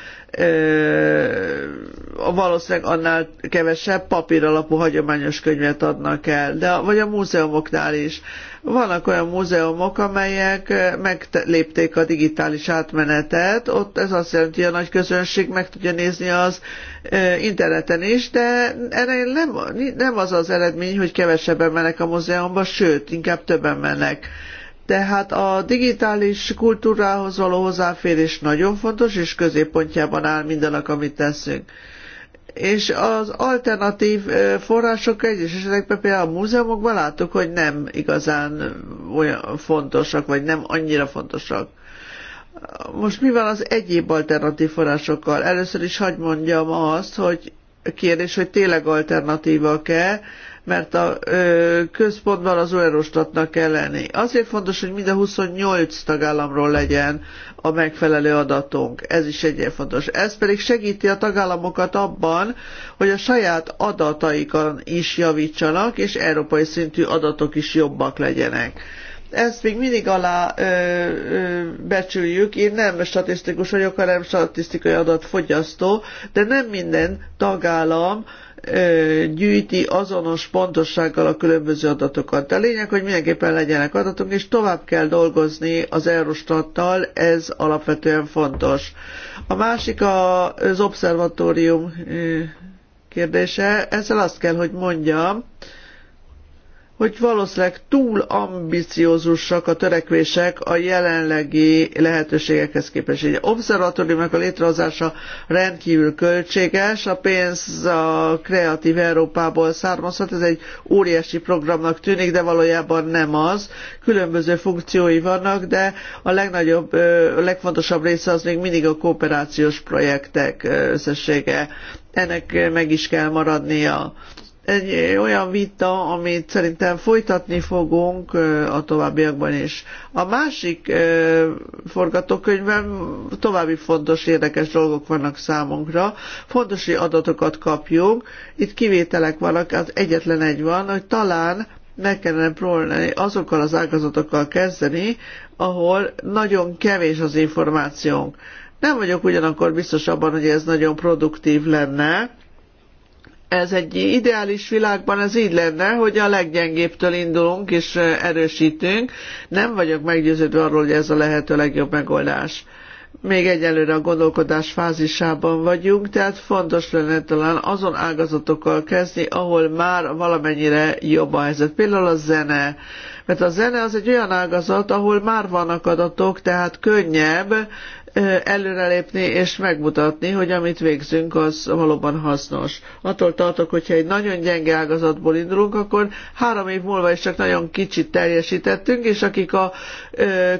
valószínűleg annál kevesebb papír alapú hagyományos könyvet adnak el, de vagy a múzeumoknál is. Vannak olyan múzeumok, amelyek meglépték a digitális átmenetet, ott ez azt jelenti, hogy a nagy közönség meg tudja nézni az interneten is, de erre nem, nem az az eredmény, hogy kevesebben mennek a múzeumban, sőt, inkább többen mennek tehát a digitális kultúrához való hozzáférés nagyon fontos, és középpontjában áll mindenek amit teszünk. És az alternatív források egyes esetekben például a múzeumokban láttuk, hogy nem igazán olyan fontosak, vagy nem annyira fontosak. Most mi van az egyéb alternatív forrásokkal? Először is hagyd mondjam azt, hogy kérdés, hogy tényleg alternatívak-e, mert a ö, központban az Eurostatnak kell lenni. Azért fontos, hogy mind a 28 tagállamról legyen a megfelelő adatunk. Ez is egy fontos. Ez pedig segíti a tagállamokat abban, hogy a saját adataikon is javítsanak, és európai szintű adatok is jobbak legyenek ezt még mindig alá ö, ö, becsüljük. Én nem statisztikus vagyok, hanem statisztikai adatfogyasztó, de nem minden tagállam gyűjti azonos pontossággal a különböző adatokat. De a lényeg, hogy mindenképpen legyenek adatok, és tovább kell dolgozni az Eurostattal, ez alapvetően fontos. A másik az observatórium kérdése, ezzel azt kell, hogy mondjam, hogy valószínűleg túl ambiciózusak a törekvések a jelenlegi lehetőségekhez képest. Egy obszervatóriumnak a létrehozása rendkívül költséges, a pénz a kreatív Európából származhat, ez egy óriási programnak tűnik, de valójában nem az. Különböző funkciói vannak, de a legnagyobb, a legfontosabb része az még mindig a kooperációs projektek összessége. Ennek meg is kell maradnia egy olyan vita, amit szerintem folytatni fogunk a továbbiakban is. A másik forgatókönyvben további fontos, érdekes dolgok vannak számunkra. Fontos, hogy adatokat kapjunk. Itt kivételek vannak, az hát egyetlen egy van, hogy talán meg kellene próbálni azokkal az ágazatokkal kezdeni, ahol nagyon kevés az információnk. Nem vagyok ugyanakkor biztos abban, hogy ez nagyon produktív lenne, ez egy ideális világban ez így lenne, hogy a leggyengébbtől indulunk és erősítünk. Nem vagyok meggyőződve arról, hogy ez a lehető legjobb megoldás. Még egyelőre a gondolkodás fázisában vagyunk, tehát fontos lenne talán azon ágazatokkal kezdni, ahol már valamennyire jobb a helyzet. Például a zene. Mert a zene az egy olyan ágazat, ahol már vannak adatok, tehát könnyebb előrelépni és megmutatni, hogy amit végzünk, az valóban hasznos. Attól tartok, hogyha egy nagyon gyenge ágazatból indulunk, akkor három év múlva is csak nagyon kicsit teljesítettünk, és akik a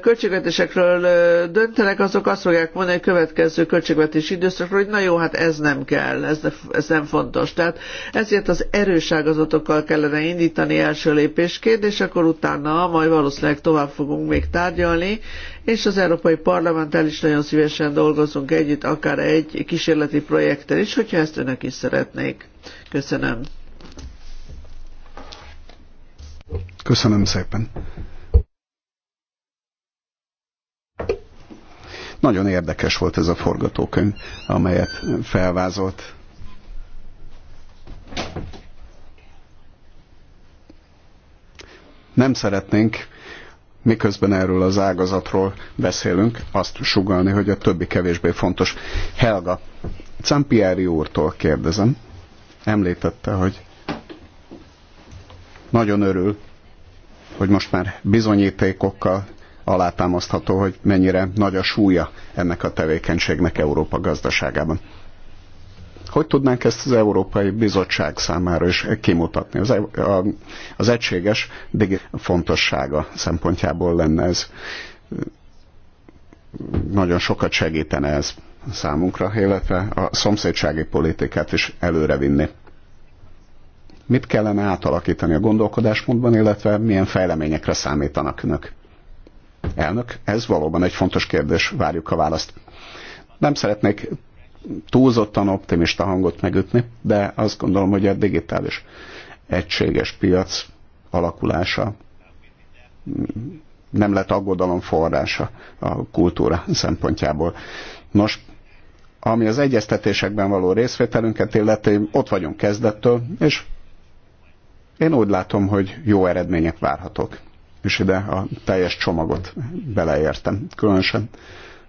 költségvetésekről döntenek, azok azt fogják mondani a következő költségvetési időszakról, hogy na jó, hát ez nem kell, ez, ne, ez nem fontos. Tehát ezért az erős ágazatokkal kellene indítani első lépésként, és akkor utána majd valószínűleg tovább fogunk még tárgyalni, és az Európai Parlamenttel is nagyon szívesen dolgozunk együtt, akár egy kísérleti projekttel is, hogyha ezt önök is szeretnék. Köszönöm. Köszönöm szépen. Nagyon érdekes volt ez a forgatókönyv, amelyet felvázolt. Nem szeretnénk, miközben erről az ágazatról beszélünk, azt sugalni, hogy a többi kevésbé fontos. Helga, Campieri úrtól kérdezem, említette, hogy nagyon örül, hogy most már bizonyítékokkal alátámasztható, hogy mennyire nagy a súlya ennek a tevékenységnek Európa gazdaságában. Hogy tudnánk ezt az Európai Bizottság számára is kimutatni? Az, e- a, az egységes digi fontossága szempontjából lenne ez. Nagyon sokat segítene ez számunkra, illetve a szomszédsági politikát is előrevinni mit kellene átalakítani a gondolkodásmódban, illetve milyen fejleményekre számítanak önök? Elnök, ez valóban egy fontos kérdés, várjuk a választ. Nem szeretnék túlzottan optimista hangot megütni, de azt gondolom, hogy a digitális egységes piac alakulása mm, nem lett aggodalom forrása a kultúra szempontjából. Nos, ami az egyeztetésekben való részvételünket illeti, ott vagyunk kezdettől, és én úgy látom, hogy jó eredmények várhatók és ide a teljes csomagot beleértem. Különösen,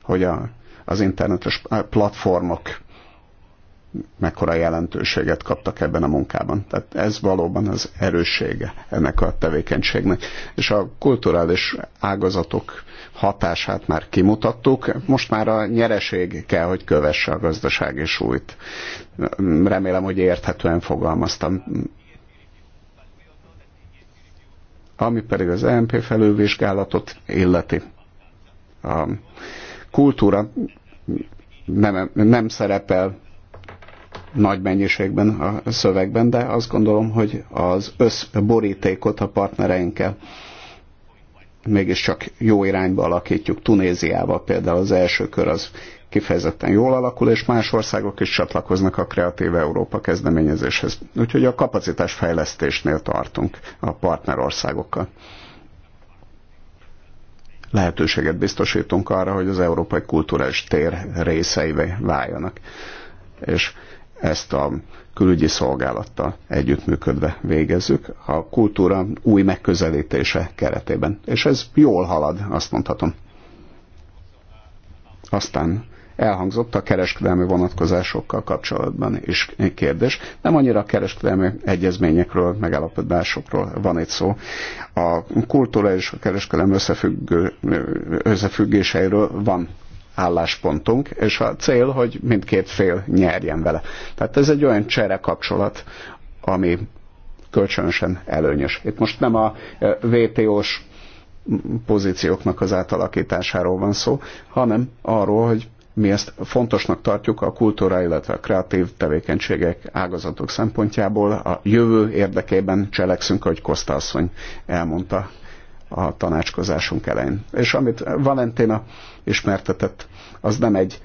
hogy a, az internetes platformok mekkora jelentőséget kaptak ebben a munkában. Tehát ez valóban az erőssége ennek a tevékenységnek. És a kulturális ágazatok hatását már kimutattuk, most már a nyereség kell, hogy kövesse a gazdasági súlyt. Remélem, hogy érthetően fogalmaztam ami pedig az MP e felülvizsgálatot illeti. A kultúra nem, nem szerepel nagy mennyiségben a szövegben, de azt gondolom, hogy az összborítékot a partnereinkkel mégiscsak jó irányba alakítjuk. Tunéziával például az első kör az kifejezetten jól alakul, és más országok is csatlakoznak a Kreatív Európa kezdeményezéshez. Úgyhogy a kapacitásfejlesztésnél tartunk a partnerországokkal. Lehetőséget biztosítunk arra, hogy az európai kulturális tér részeivé váljanak. És ezt a külügyi szolgálattal együttműködve végezzük a kultúra új megközelítése keretében. És ez jól halad, azt mondhatom. Aztán Elhangzott a kereskedelmi vonatkozásokkal kapcsolatban is kérdés. Nem annyira a kereskedelmi egyezményekről, megállapodásokról van itt szó. A kultúra és a kereskedelem összefüggéseiről van álláspontunk, és a cél, hogy mindkét fél nyerjen vele. Tehát ez egy olyan csere kapcsolat, ami kölcsönösen előnyös. Itt most nem a e, VTO-s pozícióknak az átalakításáról van szó, hanem arról, hogy mi ezt fontosnak tartjuk a kultúra, illetve a kreatív tevékenységek ágazatok szempontjából. A jövő érdekében cselekszünk, ahogy Kosta asszony elmondta a tanácskozásunk elején. És amit Valentina ismertetett, az nem egy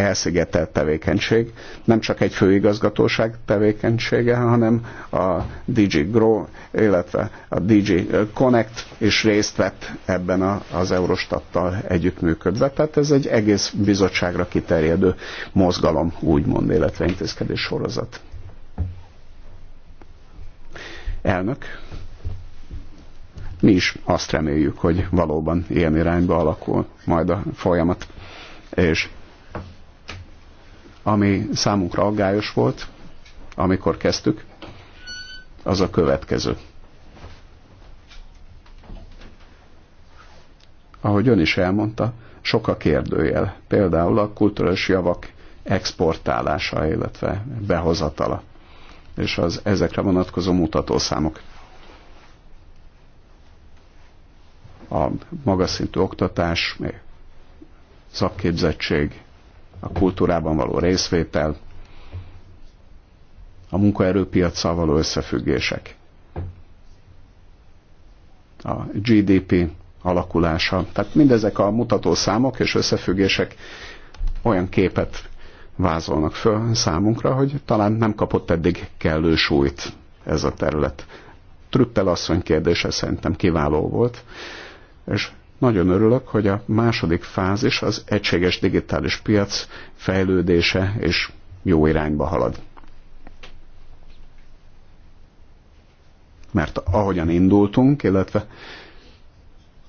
elszigetelt tevékenység, nem csak egy főigazgatóság tevékenysége, hanem a DG Grow, illetve a DG Connect is részt vett ebben az Eurostattal együttműködve. Tehát ez egy egész bizottságra kiterjedő mozgalom, úgymond, illetve intézkedés sorozat. Elnök, mi is azt reméljük, hogy valóban ilyen irányba alakul majd a folyamat, és ami számunkra aggályos volt, amikor kezdtük, az a következő. Ahogy ön is elmondta, sok a kérdőjel, például a kulturális javak exportálása, illetve behozatala, és az ezekre vonatkozó mutatószámok. A magas szintű oktatás, szakképzettség, a kultúrában való részvétel, a munkaerőpiacsal való összefüggések, a GDP alakulása. Tehát mindezek a mutatószámok és összefüggések olyan képet vázolnak föl számunkra, hogy talán nem kapott eddig kellő súlyt ez a terület. Trüppel asszony kérdése szerintem kiváló volt, és nagyon örülök, hogy a második fázis az egységes digitális piac fejlődése és jó irányba halad. Mert ahogyan indultunk, illetve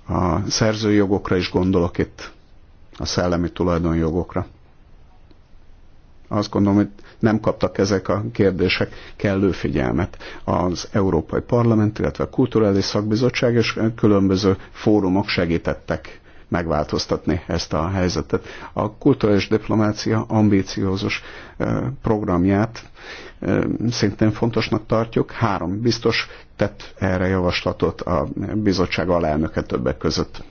a szerzőjogokra is gondolok itt, a szellemi tulajdonjogokra. Azt gondolom, hogy nem kaptak ezek a kérdések kellő figyelmet az Európai Parlament, illetve a Kulturális Szakbizottság és különböző fórumok segítettek megváltoztatni ezt a helyzetet. A kulturális diplomácia ambíciózus eh, programját eh, szintén fontosnak tartjuk. Három biztos tett erre javaslatot a bizottság alelnöke többek között.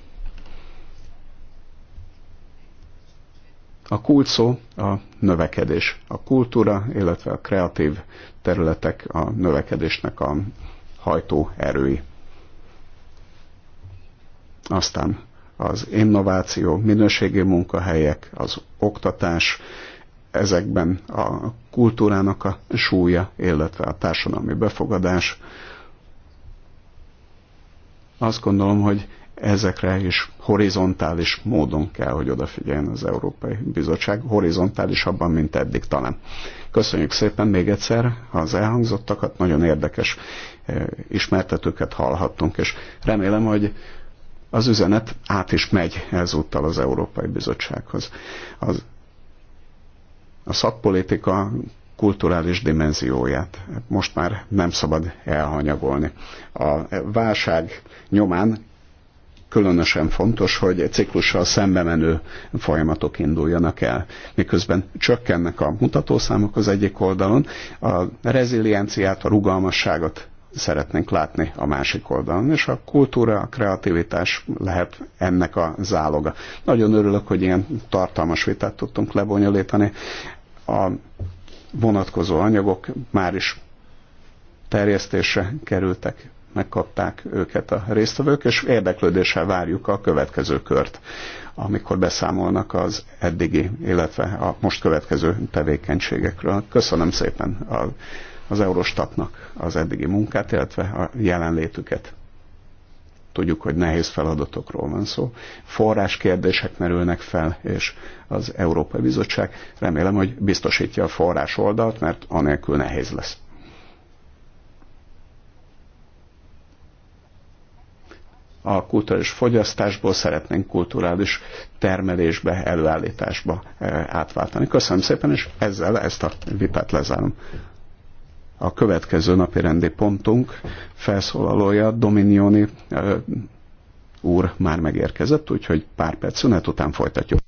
A kult szó a növekedés. A kultúra, illetve a kreatív területek a növekedésnek a hajtó erői. Aztán az innováció, minőségi munkahelyek, az oktatás, ezekben a kultúrának a súlya, illetve a társadalmi befogadás. Azt gondolom, hogy ezekre is horizontális módon kell, hogy odafigyeljen az Európai Bizottság, horizontálisabban, mint eddig talán. Köszönjük szépen még egyszer az elhangzottakat, nagyon érdekes eh, ismertetőket hallhattunk, és remélem, hogy az üzenet át is megy ezúttal az Európai Bizottsághoz. Az, a szakpolitika kulturális dimenzióját most már nem szabad elhanyagolni. A válság nyomán különösen fontos, hogy ciklussal szembe menő folyamatok induljanak el. Miközben csökkennek a mutatószámok az egyik oldalon, a rezilienciát, a rugalmasságot szeretnénk látni a másik oldalon, és a kultúra, a kreativitás lehet ennek a záloga. Nagyon örülök, hogy ilyen tartalmas vitát tudtunk lebonyolítani. A vonatkozó anyagok már is terjesztésre kerültek, megkapták őket a résztvevők, és érdeklődéssel várjuk a következő kört, amikor beszámolnak az eddigi, illetve a most következő tevékenységekről. Köszönöm szépen a, az Eurostatnak az eddigi munkát, illetve a jelenlétüket. Tudjuk, hogy nehéz feladatokról van szó. Forrás kérdések merülnek fel, és az Európai Bizottság remélem, hogy biztosítja a forrás oldalt, mert anélkül nehéz lesz. a kulturális fogyasztásból szeretnénk kulturális termelésbe, előállításba eh, átváltani. Köszönöm szépen, és ezzel ezt a vitát lezárom. A következő napi rendi pontunk felszólalója Dominioni eh, úr már megérkezett, úgyhogy pár perc szünet után folytatjuk.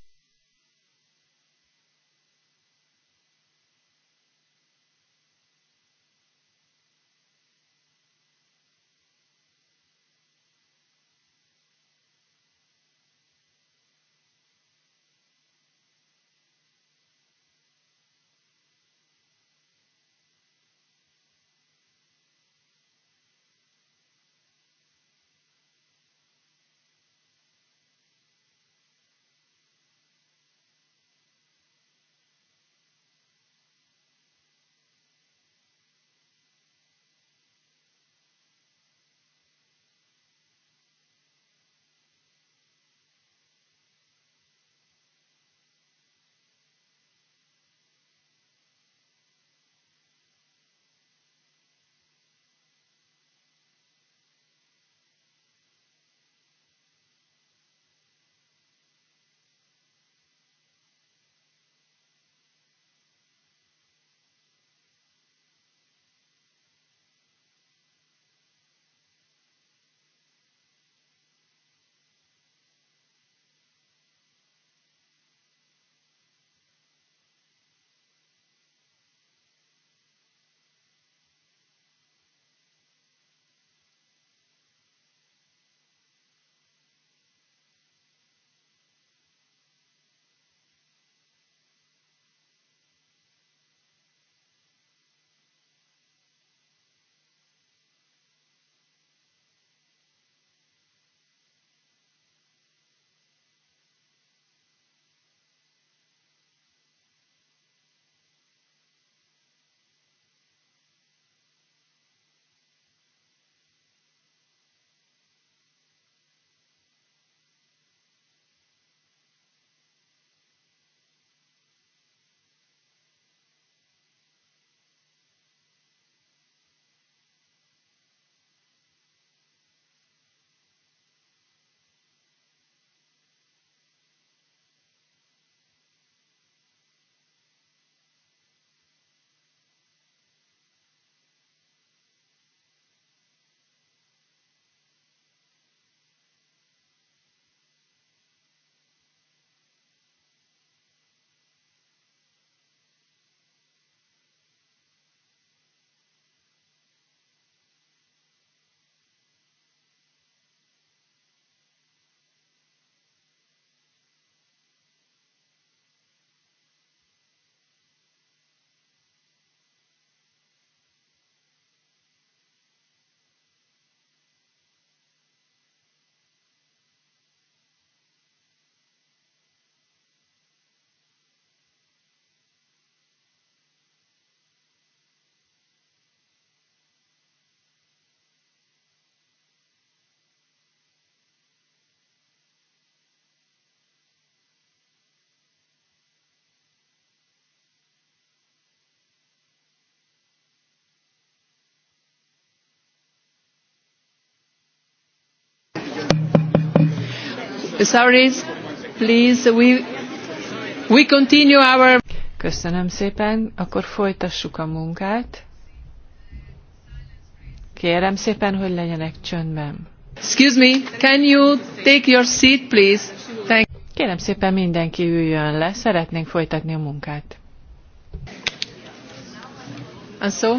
Sorry, please, we, we continue our... Köszönöm szépen, akkor folytassuk a munkát. Kérem szépen, hogy legyenek csöndben. Excuse me, can you take your seat, please? Thank Kérem szépen mindenki üljön le, szeretnénk folytatni a munkát. And so?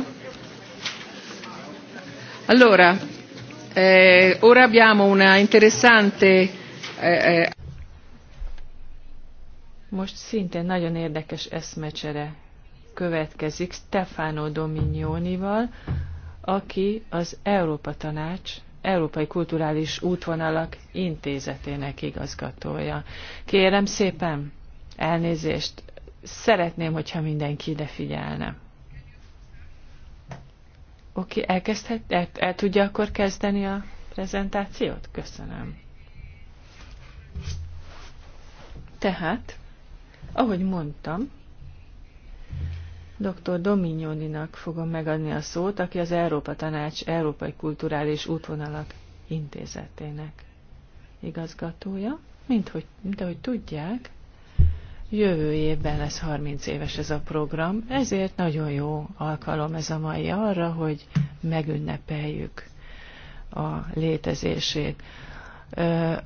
Allora, eh, ora abbiamo una interessante most szintén nagyon érdekes eszmecsere következik Stefano Dominionival, aki az Európa Tanács Európai Kulturális Útvonalak Intézetének igazgatója. Kérem szépen, elnézést, szeretném, hogyha mindenki ide figyelne. Oké, elkezdhet, el, el tudja akkor kezdeni a prezentációt? Köszönöm. Tehát, ahogy mondtam, dr. Dominioninak fogom megadni a szót, aki az Európa Tanács Európai Kulturális Útvonalak Intézetének igazgatója. Mint hogy, mint ahogy tudják, jövő évben lesz 30 éves ez a program, ezért nagyon jó alkalom ez a mai arra, hogy megünnepeljük a létezését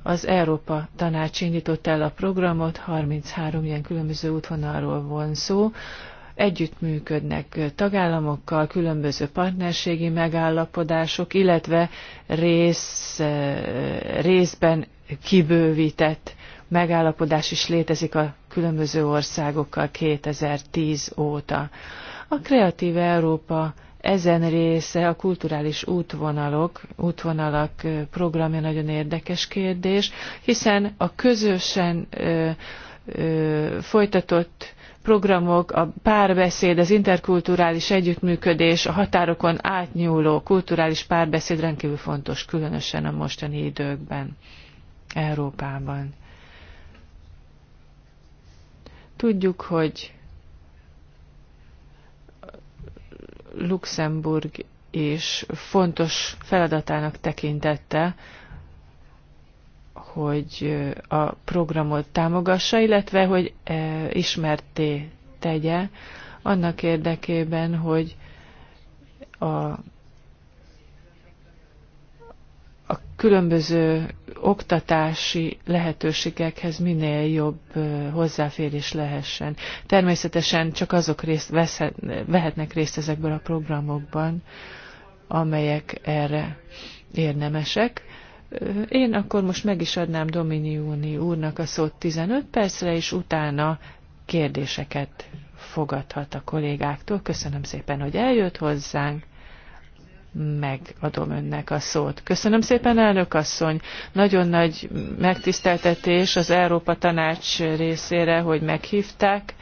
az Európa Tanács indított el a programot, 33 ilyen különböző útvonalról van szó, együttműködnek tagállamokkal, különböző partnerségi megállapodások, illetve rész, részben kibővített megállapodás is létezik a különböző országokkal 2010 óta. A Kreatív Európa ezen része a kulturális útvonalok, útvonalak programja nagyon érdekes kérdés, hiszen a közösen ö, ö, folytatott programok, a párbeszéd, az interkulturális együttműködés, a határokon átnyúló kulturális párbeszéd rendkívül fontos, különösen a mostani időkben, Európában. Tudjuk, hogy Luxemburg és fontos feladatának tekintette, hogy a programot támogassa, illetve hogy e, ismerté tegye annak érdekében, hogy a a különböző oktatási lehetőségekhez minél jobb hozzáférés lehessen. Természetesen csak azok részt veszhet, vehetnek részt ezekből a programokban, amelyek erre érdemesek. Én akkor most meg is adnám Dominiuni úrnak a szót 15 percre, és utána kérdéseket fogadhat a kollégáktól. Köszönöm szépen, hogy eljött hozzánk megadom önnek a szót. Köszönöm szépen, elnök asszony. Nagyon nagy megtiszteltetés az Európa Tanács részére, hogy meghívták,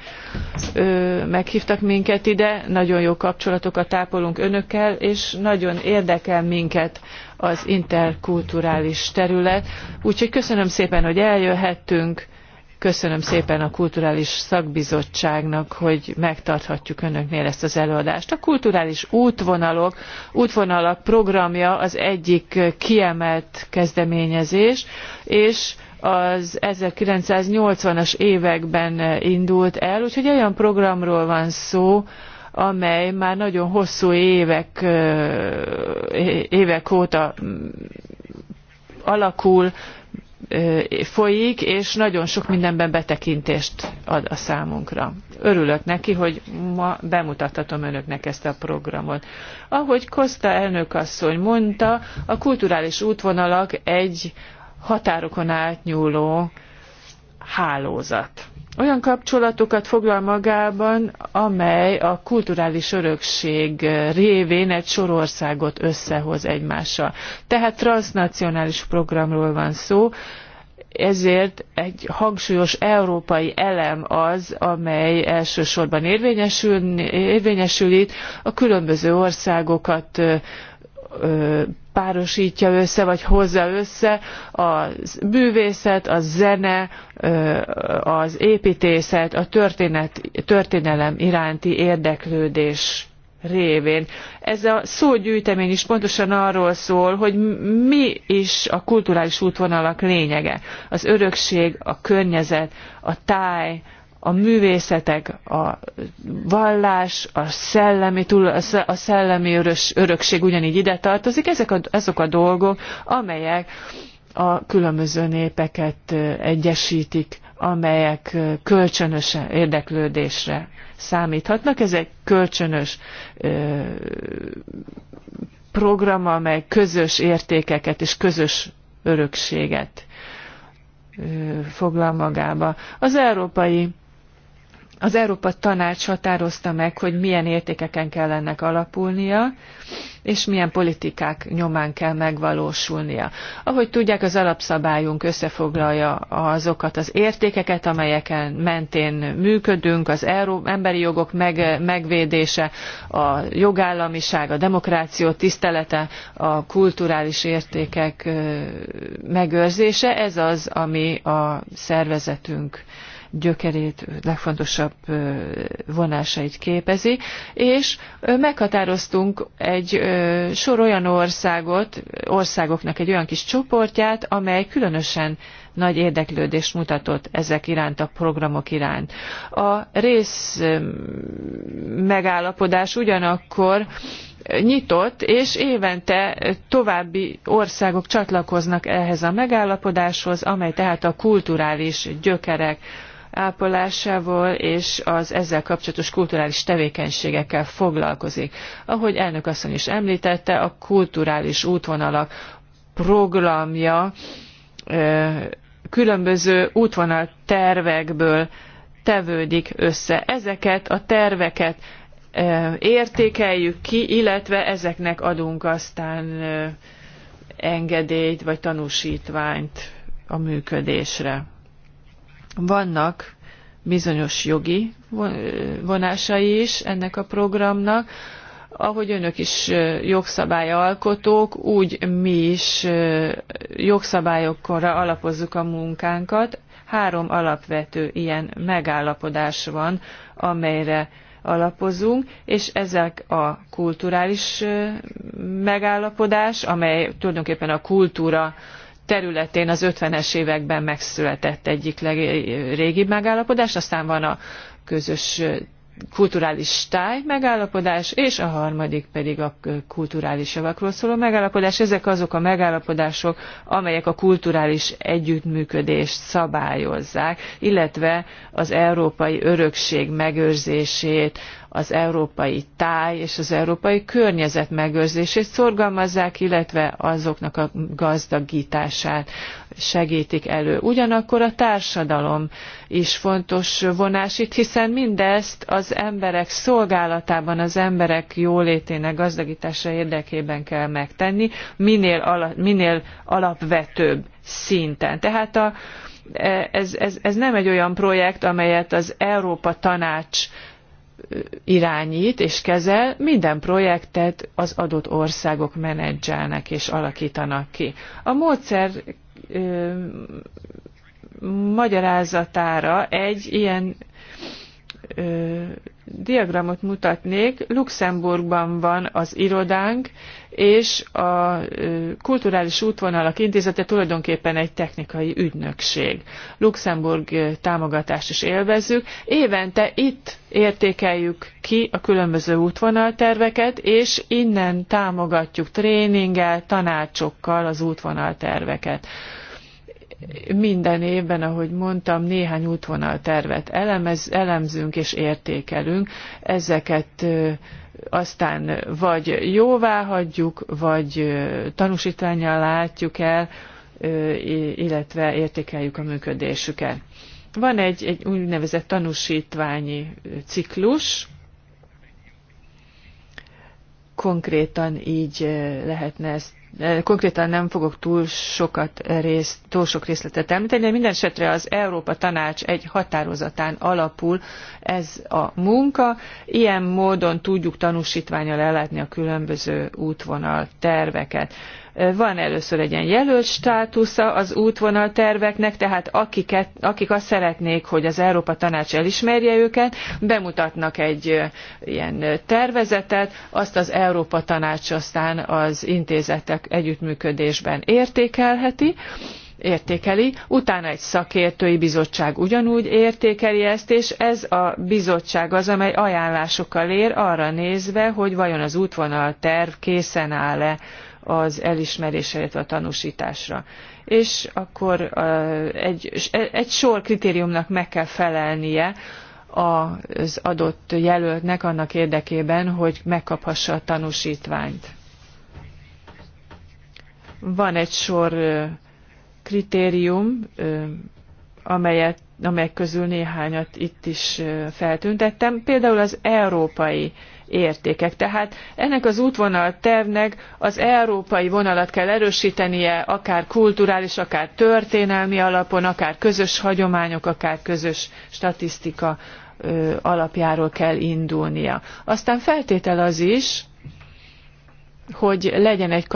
ö, meghívtak minket ide. Nagyon jó kapcsolatokat tápolunk önökkel, és nagyon érdekel minket az interkulturális terület. Úgyhogy köszönöm szépen, hogy eljöhettünk Köszönöm szépen a Kulturális Szakbizottságnak, hogy megtarthatjuk önöknél ezt az előadást. A kulturális útvonalok, útvonalak programja az egyik kiemelt kezdeményezés, és az 1980-as években indult el, úgyhogy olyan programról van szó, amely már nagyon hosszú évek, évek óta alakul, folyik, és nagyon sok mindenben betekintést ad a számunkra. Örülök neki, hogy ma bemutathatom önöknek ezt a programot. Ahogy Kosta elnökasszony mondta, a kulturális útvonalak egy határokon átnyúló hálózat olyan kapcsolatokat foglal magában, amely a kulturális örökség révén egy sor országot összehoz egymással. Tehát transnacionális programról van szó, ezért egy hangsúlyos európai elem az, amely elsősorban érvényesül, érvényesül itt, a különböző országokat párosítja össze, vagy hozza össze a művészet, a zene, az építészet, a történet, történelem iránti érdeklődés révén. Ez a szógyűjtemény is pontosan arról szól, hogy mi is a kulturális útvonalak lényege. Az örökség, a környezet, a táj, a művészetek, a vallás, a szellemi, túl, a szellemi örös, örökség ugyanígy ide tartozik. Ezek a, azok a dolgok, amelyek a különböző népeket egyesítik, amelyek kölcsönös érdeklődésre számíthatnak. Ez egy kölcsönös ö, program, amely közös értékeket és közös örökséget foglal magába. Az európai az Európa Tanács határozta meg, hogy milyen értékeken kell ennek alapulnia, és milyen politikák nyomán kell megvalósulnia. Ahogy tudják, az alapszabályunk összefoglalja azokat az értékeket, amelyeken mentén működünk, az Euró emberi jogok meg, megvédése, a jogállamiság, a demokráció tisztelete, a kulturális értékek megőrzése, ez az, ami a szervezetünk gyökerét, legfontosabb vonásait képezi, és meghatároztunk egy sor olyan országot, országoknak egy olyan kis csoportját, amely különösen nagy érdeklődést mutatott ezek iránt, a programok iránt. A rész megállapodás ugyanakkor nyitott, és évente további országok csatlakoznak ehhez a megállapodáshoz, amely tehát a kulturális gyökerek ápolásával és az ezzel kapcsolatos kulturális tevékenységekkel foglalkozik. Ahogy elnök asszony is említette, a kulturális útvonalak programja különböző útvonal tervekből tevődik össze. Ezeket a terveket értékeljük ki, illetve ezeknek adunk aztán engedélyt vagy tanúsítványt a működésre. Vannak bizonyos jogi vonásai is ennek a programnak, ahogy önök is jogszabályalkotók, úgy mi is jogszabályokra alapozzuk a munkánkat. Három alapvető ilyen megállapodás van, amelyre alapozunk, és ezek a kulturális megállapodás, amely tulajdonképpen a kultúra területén az 50-es években megszületett egyik régi megállapodás, aztán van a közös kulturális táj megállapodás, és a harmadik pedig a kulturális javakról szóló megállapodás. Ezek azok a megállapodások, amelyek a kulturális együttműködést szabályozzák, illetve az európai örökség megőrzését, az európai táj és az európai környezet megőrzését szorgalmazzák, illetve azoknak a gazdagítását segítik elő. Ugyanakkor a társadalom is fontos vonás itt, hiszen mindezt az emberek szolgálatában, az emberek jólétének gazdagítása érdekében kell megtenni, minél, ala, minél alapvetőbb szinten. Tehát a, e, ez, ez, ez nem egy olyan projekt, amelyet az Európa Tanács irányít és kezel, minden projektet az adott országok menedzselnek és alakítanak ki. A módszer ö, magyarázatára egy ilyen diagramot mutatnék. Luxemburgban van az irodánk, és a kulturális útvonalak intézete tulajdonképpen egy technikai ügynökség. Luxemburg támogatást is élvezzük. Évente itt értékeljük ki a különböző útvonalterveket, és innen támogatjuk tréninggel, tanácsokkal az útvonalterveket. terveket minden évben, ahogy mondtam, néhány útvonal tervet elemez, elemzünk és értékelünk. Ezeket aztán vagy jóvá hagyjuk, vagy tanúsítványjal látjuk el, illetve értékeljük a működésüket. Van egy, egy úgynevezett tanúsítványi ciklus, konkrétan így lehetne ezt konkrétan nem fogok túl, sokat rész, túl sok részletet említeni, de minden esetre az Európa Tanács egy határozatán alapul ez a munka. Ilyen módon tudjuk tanúsítványal ellátni a különböző útvonal terveket. Van először egy ilyen jelölt státusza az útvonalterveknek. tehát akiket, akik azt szeretnék, hogy az Európa Tanács elismerje őket, bemutatnak egy ilyen tervezetet, azt az Európa Tanács aztán az intézetek együttműködésben értékelheti értékeli, utána egy szakértői bizottság ugyanúgy értékeli ezt, és ez a bizottság az, amely ajánlásokkal ér arra nézve, hogy vajon az útvonal terv készen áll-e az elismerésre, illetve a tanúsításra. És akkor egy, e, egy sor kritériumnak meg kell felelnie az adott jelöltnek annak érdekében, hogy megkaphassa a tanúsítványt. Van egy sor kritérium, amelyet amelyek közül néhányat itt is feltüntettem, például az európai értékek. Tehát ennek az útvonal tervnek az európai vonalat kell erősítenie, akár kulturális, akár történelmi alapon, akár közös hagyományok, akár közös statisztika alapjáról kell indulnia. Aztán feltétel az is, hogy legyen egy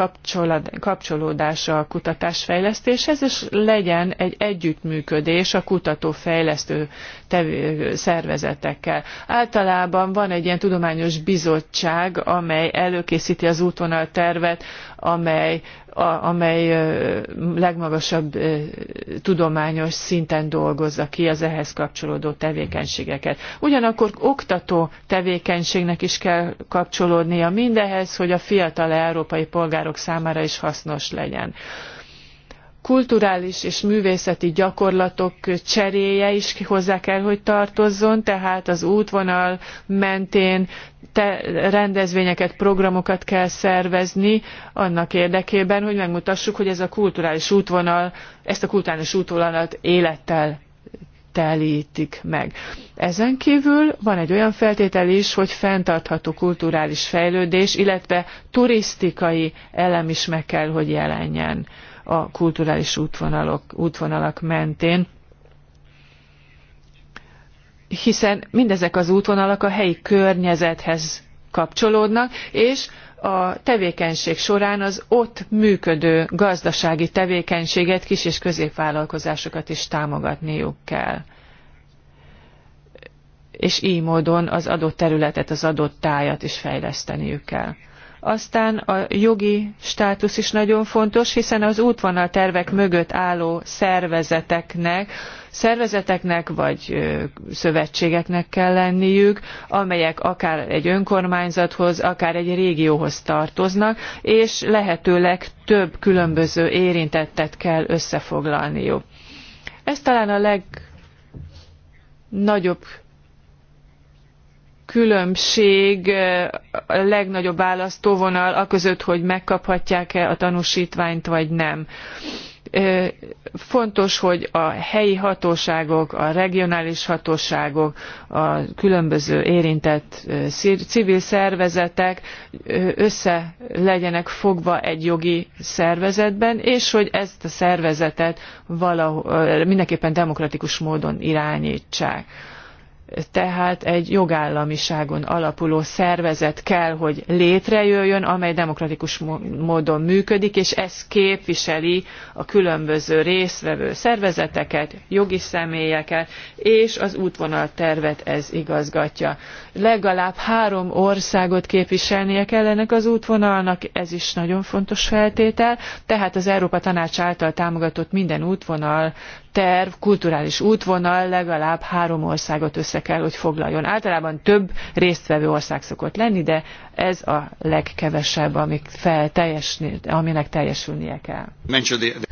kapcsolódása a kutatásfejlesztéshez, és legyen egy együttműködés a kutatófejlesztő szervezetekkel. Általában van egy ilyen tudományos bizottság, amely előkészíti az útvonaltervet amely, a, amely legmagasabb tudományos szinten dolgozza ki az ehhez kapcsolódó tevékenységeket. Ugyanakkor oktató tevékenységnek is kell kapcsolódnia mindehhez, hogy a fiatal európai polgárok számára is hasznos legyen kulturális és művészeti gyakorlatok cseréje is hozzá kell, hogy tartozzon, tehát az útvonal mentén rendezvényeket, programokat kell szervezni annak érdekében, hogy megmutassuk, hogy ez a kulturális útvonal, ezt a kulturális útvonalat élettel telítik meg. Ezen kívül van egy olyan feltétel is, hogy fenntartható kulturális fejlődés, illetve turisztikai elem is meg kell, hogy jelenjen a kulturális útvonalok, útvonalak mentén, hiszen mindezek az útvonalak a helyi környezethez kapcsolódnak, és a tevékenység során az ott működő gazdasági tevékenységet, kis- és középvállalkozásokat is támogatniuk kell. És így módon az adott területet, az adott tájat is fejleszteniük kell. Aztán a jogi státusz is nagyon fontos, hiszen az útvonaltervek mögött álló szervezeteknek, szervezeteknek vagy szövetségeknek kell lenniük, amelyek akár egy önkormányzathoz, akár egy régióhoz tartoznak, és lehetőleg több különböző érintettet kell összefoglalniuk. Ez talán a legnagyobb különbség a legnagyobb választóvonal aközött, hogy megkaphatják-e a tanúsítványt vagy nem. Fontos, hogy a helyi hatóságok, a regionális hatóságok, a különböző érintett civil szervezetek össze legyenek fogva egy jogi szervezetben, és hogy ezt a szervezetet valahol, mindenképpen demokratikus módon irányítsák tehát egy jogállamiságon alapuló szervezet kell, hogy létrejöjjön, amely demokratikus módon működik, és ez képviseli a különböző résztvevő szervezeteket, jogi személyeket, és az útvonaltervet ez igazgatja. Legalább három országot képviselnie kell ennek az útvonalnak, ez is nagyon fontos feltétel, tehát az Európa Tanács által támogatott minden útvonal terv, kulturális útvonal legalább három országot össze kell, hogy foglaljon. Általában több résztvevő ország szokott lenni, de ez a legkevesebb, amik fel, teljes, aminek teljesülnie kell.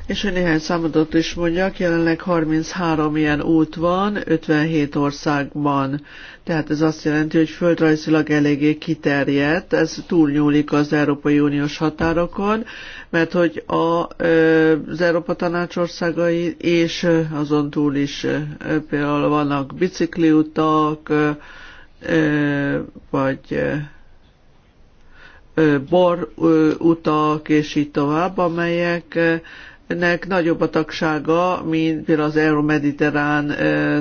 És hogy néhány számadat is mondjak, jelenleg 33 ilyen út van 57 országban. Tehát ez azt jelenti, hogy földrajzilag eléggé kiterjedt, ez túlnyúlik az Európai Uniós határokon, mert hogy a, az Európa Tanács országai és azon túl is például vannak bicikliutak, vagy borutak, és így tovább, amelyek ennek nagyobb a tagsága, mint például az euromediterrán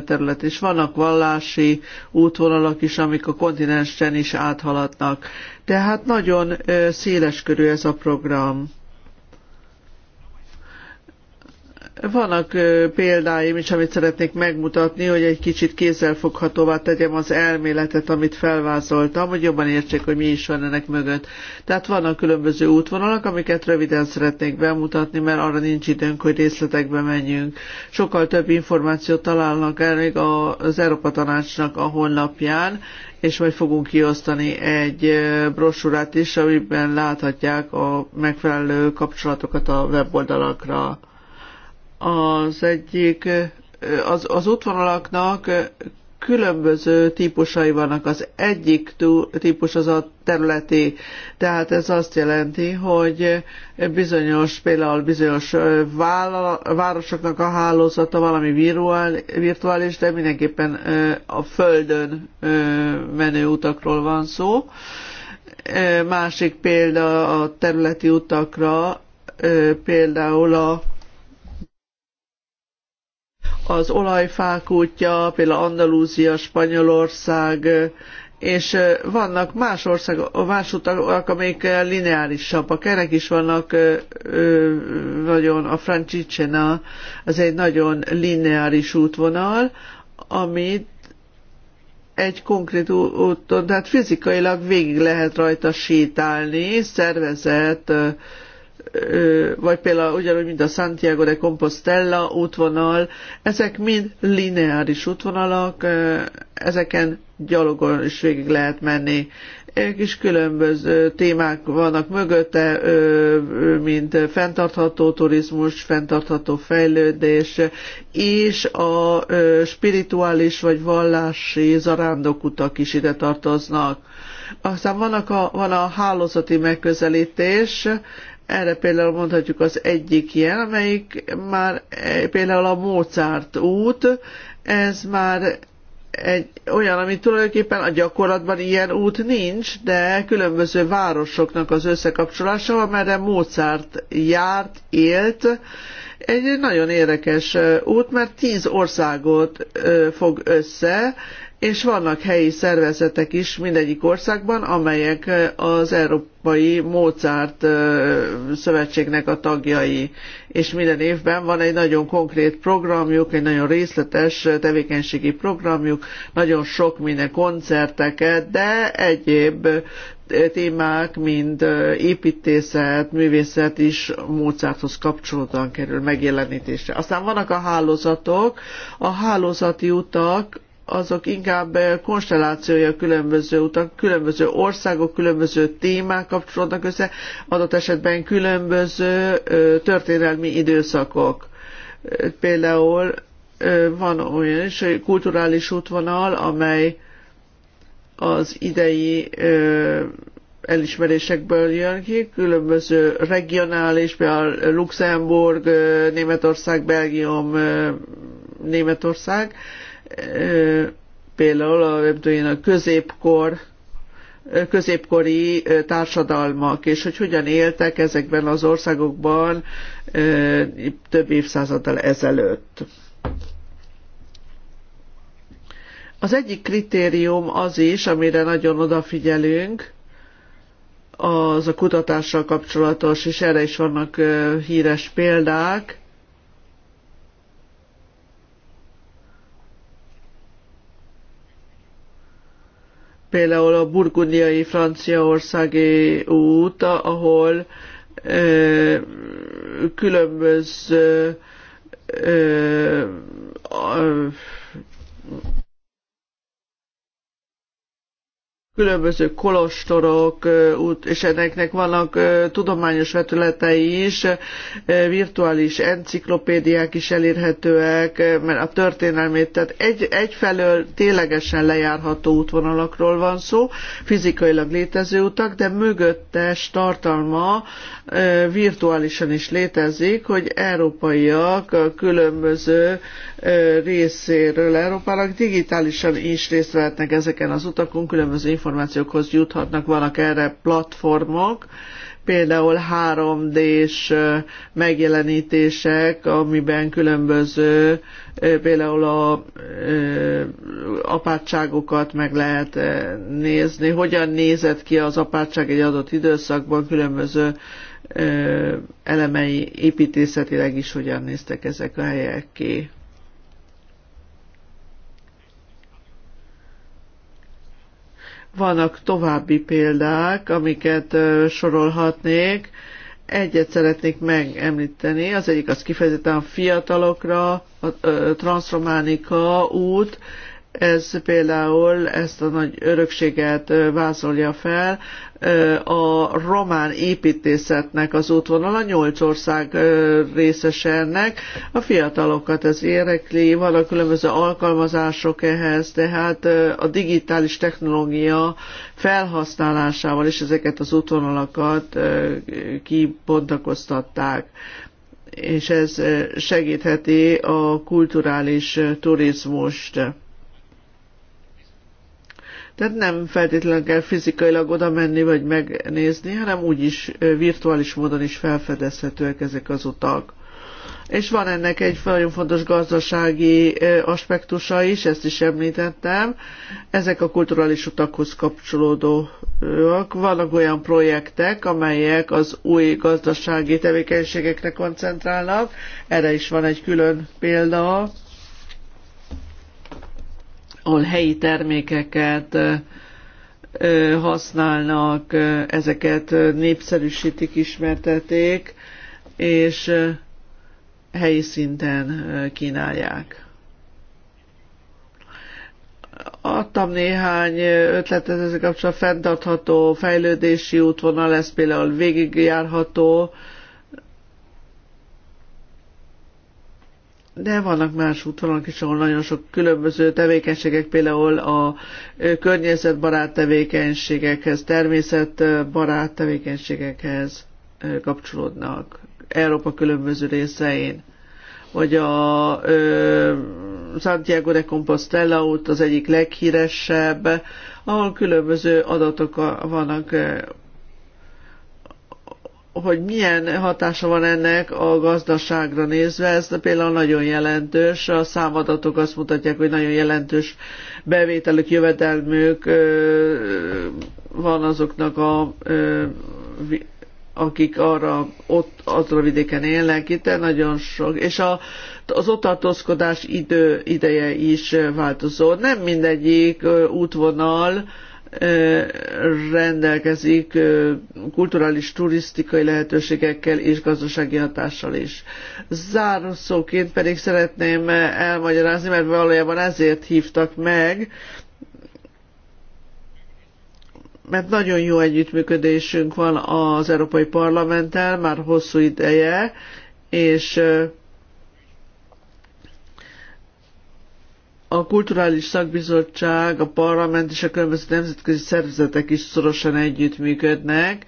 terület, és vannak vallási útvonalak is, amik a kontinensen is áthaladnak. Tehát nagyon széleskörű ez a program. Vannak példáim is, amit szeretnék megmutatni, hogy egy kicsit kézzelfoghatóvá tegyem az elméletet, amit felvázoltam, hogy jobban értsék, hogy mi is van ennek mögött. Tehát vannak különböző útvonalak, amiket röviden szeretnék bemutatni, mert arra nincs időnk, hogy részletekbe menjünk. Sokkal több információt találnak el még az Európa Tanácsnak a honlapján, és majd fogunk kiosztani egy brosúrát is, amiben láthatják a megfelelő kapcsolatokat a weboldalakra. Az egyik, az, az útvonalaknak különböző típusai vannak. Az egyik típus az a területi, tehát ez azt jelenti, hogy bizonyos, például bizonyos városoknak a hálózata valami virtuális, de mindenképpen a földön menő utakról van szó. Másik példa a területi utakra, például a az olajfák útja, például Andalúzia, Spanyolország, és vannak más országok, más utak, amelyek lineárisabbak. Ennek is vannak nagyon, a Francicena, az egy nagyon lineáris útvonal, amit egy konkrét úton, tehát fizikailag végig lehet rajta sétálni, szervezett vagy például ugyanúgy, mint a Santiago de Compostela útvonal, ezek mind lineáris útvonalak, ezeken gyalogon is végig lehet menni. Kis különböző témák vannak mögötte, mint fenntartható turizmus, fenntartható fejlődés, és a spirituális vagy vallási zarándokutak is ide tartoznak. Aztán vannak a, van a hálózati megközelítés, erre például mondhatjuk az egyik ilyen, amelyik már például a Mozart út, ez már egy olyan, ami tulajdonképpen a gyakorlatban ilyen út nincs, de különböző városoknak az összekapcsolása, amerre Mozart járt, élt. Egy nagyon érdekes út, mert tíz országot fog össze, és vannak helyi szervezetek is mindegyik országban, amelyek az Európai Mozart Szövetségnek a tagjai, és minden évben van egy nagyon konkrét programjuk, egy nagyon részletes tevékenységi programjuk, nagyon sok minden koncerteket, de egyéb témák, mint építészet, művészet is Mozarthoz kapcsolódóan kerül megjelenítésre. Aztán vannak a hálózatok, a hálózati utak, azok inkább eh, konstellációja különböző utak, különböző országok, különböző témák kapcsolódnak össze, adott esetben különböző eh, történelmi időszakok. Eh, például van olyan is, hogy kulturális útvonal, amely az idei elismerésekből jön ki, különböző regionális, például Luxemburg, Németország, Belgium, Németország, például a, a középkor középkori társadalmak, és hogy hogyan éltek ezekben az országokban több évszázaddal ezelőtt. Az egyik kritérium az is, amire nagyon odafigyelünk, az a kutatással kapcsolatos, és erre is vannak híres példák, például a burgundiai franciaországi út, ahol ö, különböző ö, ö, különböző kolostorok, és ennek vannak tudományos vetületei is, virtuális enciklopédiák is elérhetőek, mert a történelmét, tehát egy, egyfelől ténylegesen lejárható útvonalakról van szó, fizikailag létező utak, de mögöttes tartalma virtuálisan is létezik, hogy európaiak a különböző részéről Európának digitálisan is részt vehetnek ezeken az utakon, különböző információkhoz juthatnak, vannak erre platformok, például 3D-s megjelenítések, amiben különböző például a apátságokat meg lehet nézni, hogyan nézett ki az apátság egy adott időszakban, különböző elemei építészetileg is hogyan néztek ezek a helyek ki. Vannak további példák, amiket sorolhatnék. Egyet szeretnék megemlíteni, az egyik az kifejezetten a fiatalokra, a Transrománika út, ez például ezt a nagy örökséget vázolja fel. A román építészetnek az útvonala, nyolc ország részese ennek. A fiatalokat ez érekli, a különböző alkalmazások ehhez, tehát a digitális technológia felhasználásával is ezeket az útvonalakat kibontakoztatták és ez segítheti a kulturális turizmust. Tehát nem feltétlenül kell fizikailag oda menni vagy megnézni, hanem úgyis virtuális módon is felfedezhetőek ezek az utak. És van ennek egy nagyon fontos gazdasági aspektusa is, ezt is említettem. Ezek a kulturális utakhoz kapcsolódóak. Vannak olyan projektek, amelyek az új gazdasági tevékenységekre koncentrálnak. Erre is van egy külön példa ahol helyi termékeket használnak, ezeket népszerűsítik, ismerteték, és helyi szinten kínálják. Adtam néhány ötletet ezzel kapcsolatban, fenntartható fejlődési útvonal lesz például végigjárható, de vannak más útvonalak is, ahol nagyon sok különböző tevékenységek, például a környezetbarát tevékenységekhez, természetbarát tevékenységekhez kapcsolódnak Európa különböző részein. Vagy a ö, Santiago de Compostela út az egyik leghíresebb, ahol különböző adatok vannak hogy milyen hatása van ennek a gazdaságra nézve, ez például nagyon jelentős, a számadatok azt mutatják, hogy nagyon jelentős bevételük, jövedelmük van azoknak a akik arra, ott, azra vidéken élnek, itt nagyon sok, és a, az ott tartózkodás idő, ideje is változó. Nem mindegyik útvonal rendelkezik kulturális, turisztikai lehetőségekkel és gazdasági hatással is. Zárószóként pedig szeretném elmagyarázni, mert valójában ezért hívtak meg, mert nagyon jó együttműködésünk van az Európai Parlamenttel már hosszú ideje, és a Kulturális Szakbizottság, a parlament és a különböző nemzetközi szervezetek is szorosan együttműködnek,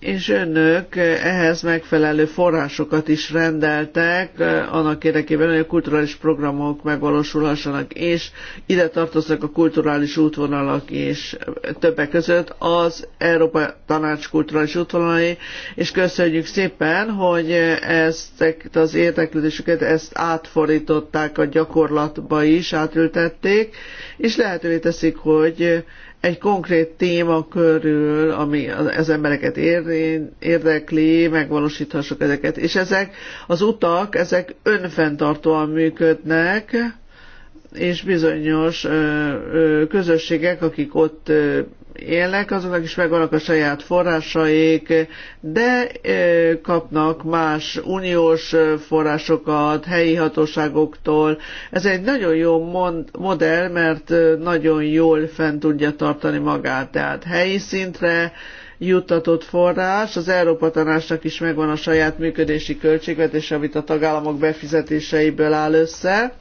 és önök ehhez megfelelő forrásokat is rendeltek eh, annak érdekében, hogy a kulturális programok megvalósulhassanak, és ide tartoznak a kulturális útvonalak és többek között az Európa Tanács kulturális útvonalai, és köszönjük szépen, hogy ezt az érdeklődésüket ezt átforították a gyakorlatba is, átültették, és lehetővé teszik, hogy egy konkrét téma körül, ami az embereket érdekli, megvalósíthassuk ezeket. És ezek az utak, ezek önfenntartóan működnek, és bizonyos ö, ö, közösségek, akik ott ö, élnek, azoknak is megvannak a saját forrásaik, de kapnak más uniós forrásokat, helyi hatóságoktól. Ez egy nagyon jó modell, mert nagyon jól fent tudja tartani magát. Tehát helyi szintre juttatott forrás, az Európa Tanácsnak is megvan a saját működési költségvetése, amit a tagállamok befizetéseiből áll össze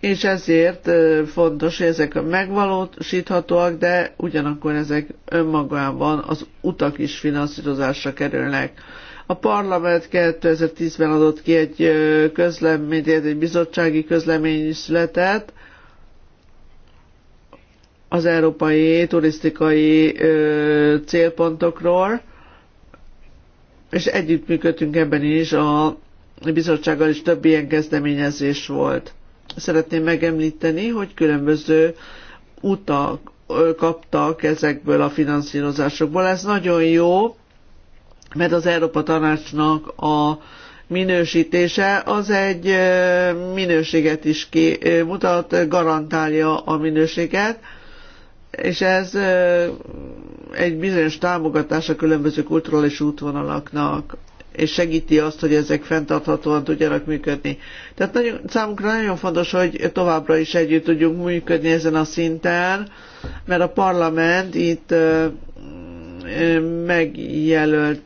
és ezért fontos, hogy ezek megvalósíthatóak, de ugyanakkor ezek önmagában az utak is finanszírozásra kerülnek. A parlament 2010-ben adott ki egy közleményt, egy bizottsági közlemény is született, az európai turisztikai ö, célpontokról, és együttműködtünk ebben is, a bizottsággal is több ilyen kezdeményezés volt szeretném megemlíteni, hogy különböző utak kaptak ezekből a finanszírozásokból. Ez nagyon jó, mert az Európa Tanácsnak a minősítése az egy minőséget is ki mutat, garantálja a minőséget, és ez egy bizonyos támogatás a különböző kulturális útvonalaknak és segíti azt, hogy ezek fenntarthatóan tudjanak működni. Tehát nagyon, számunkra nagyon fontos, hogy továbbra is együtt tudjunk működni ezen a szinten, mert a parlament itt megjelölt,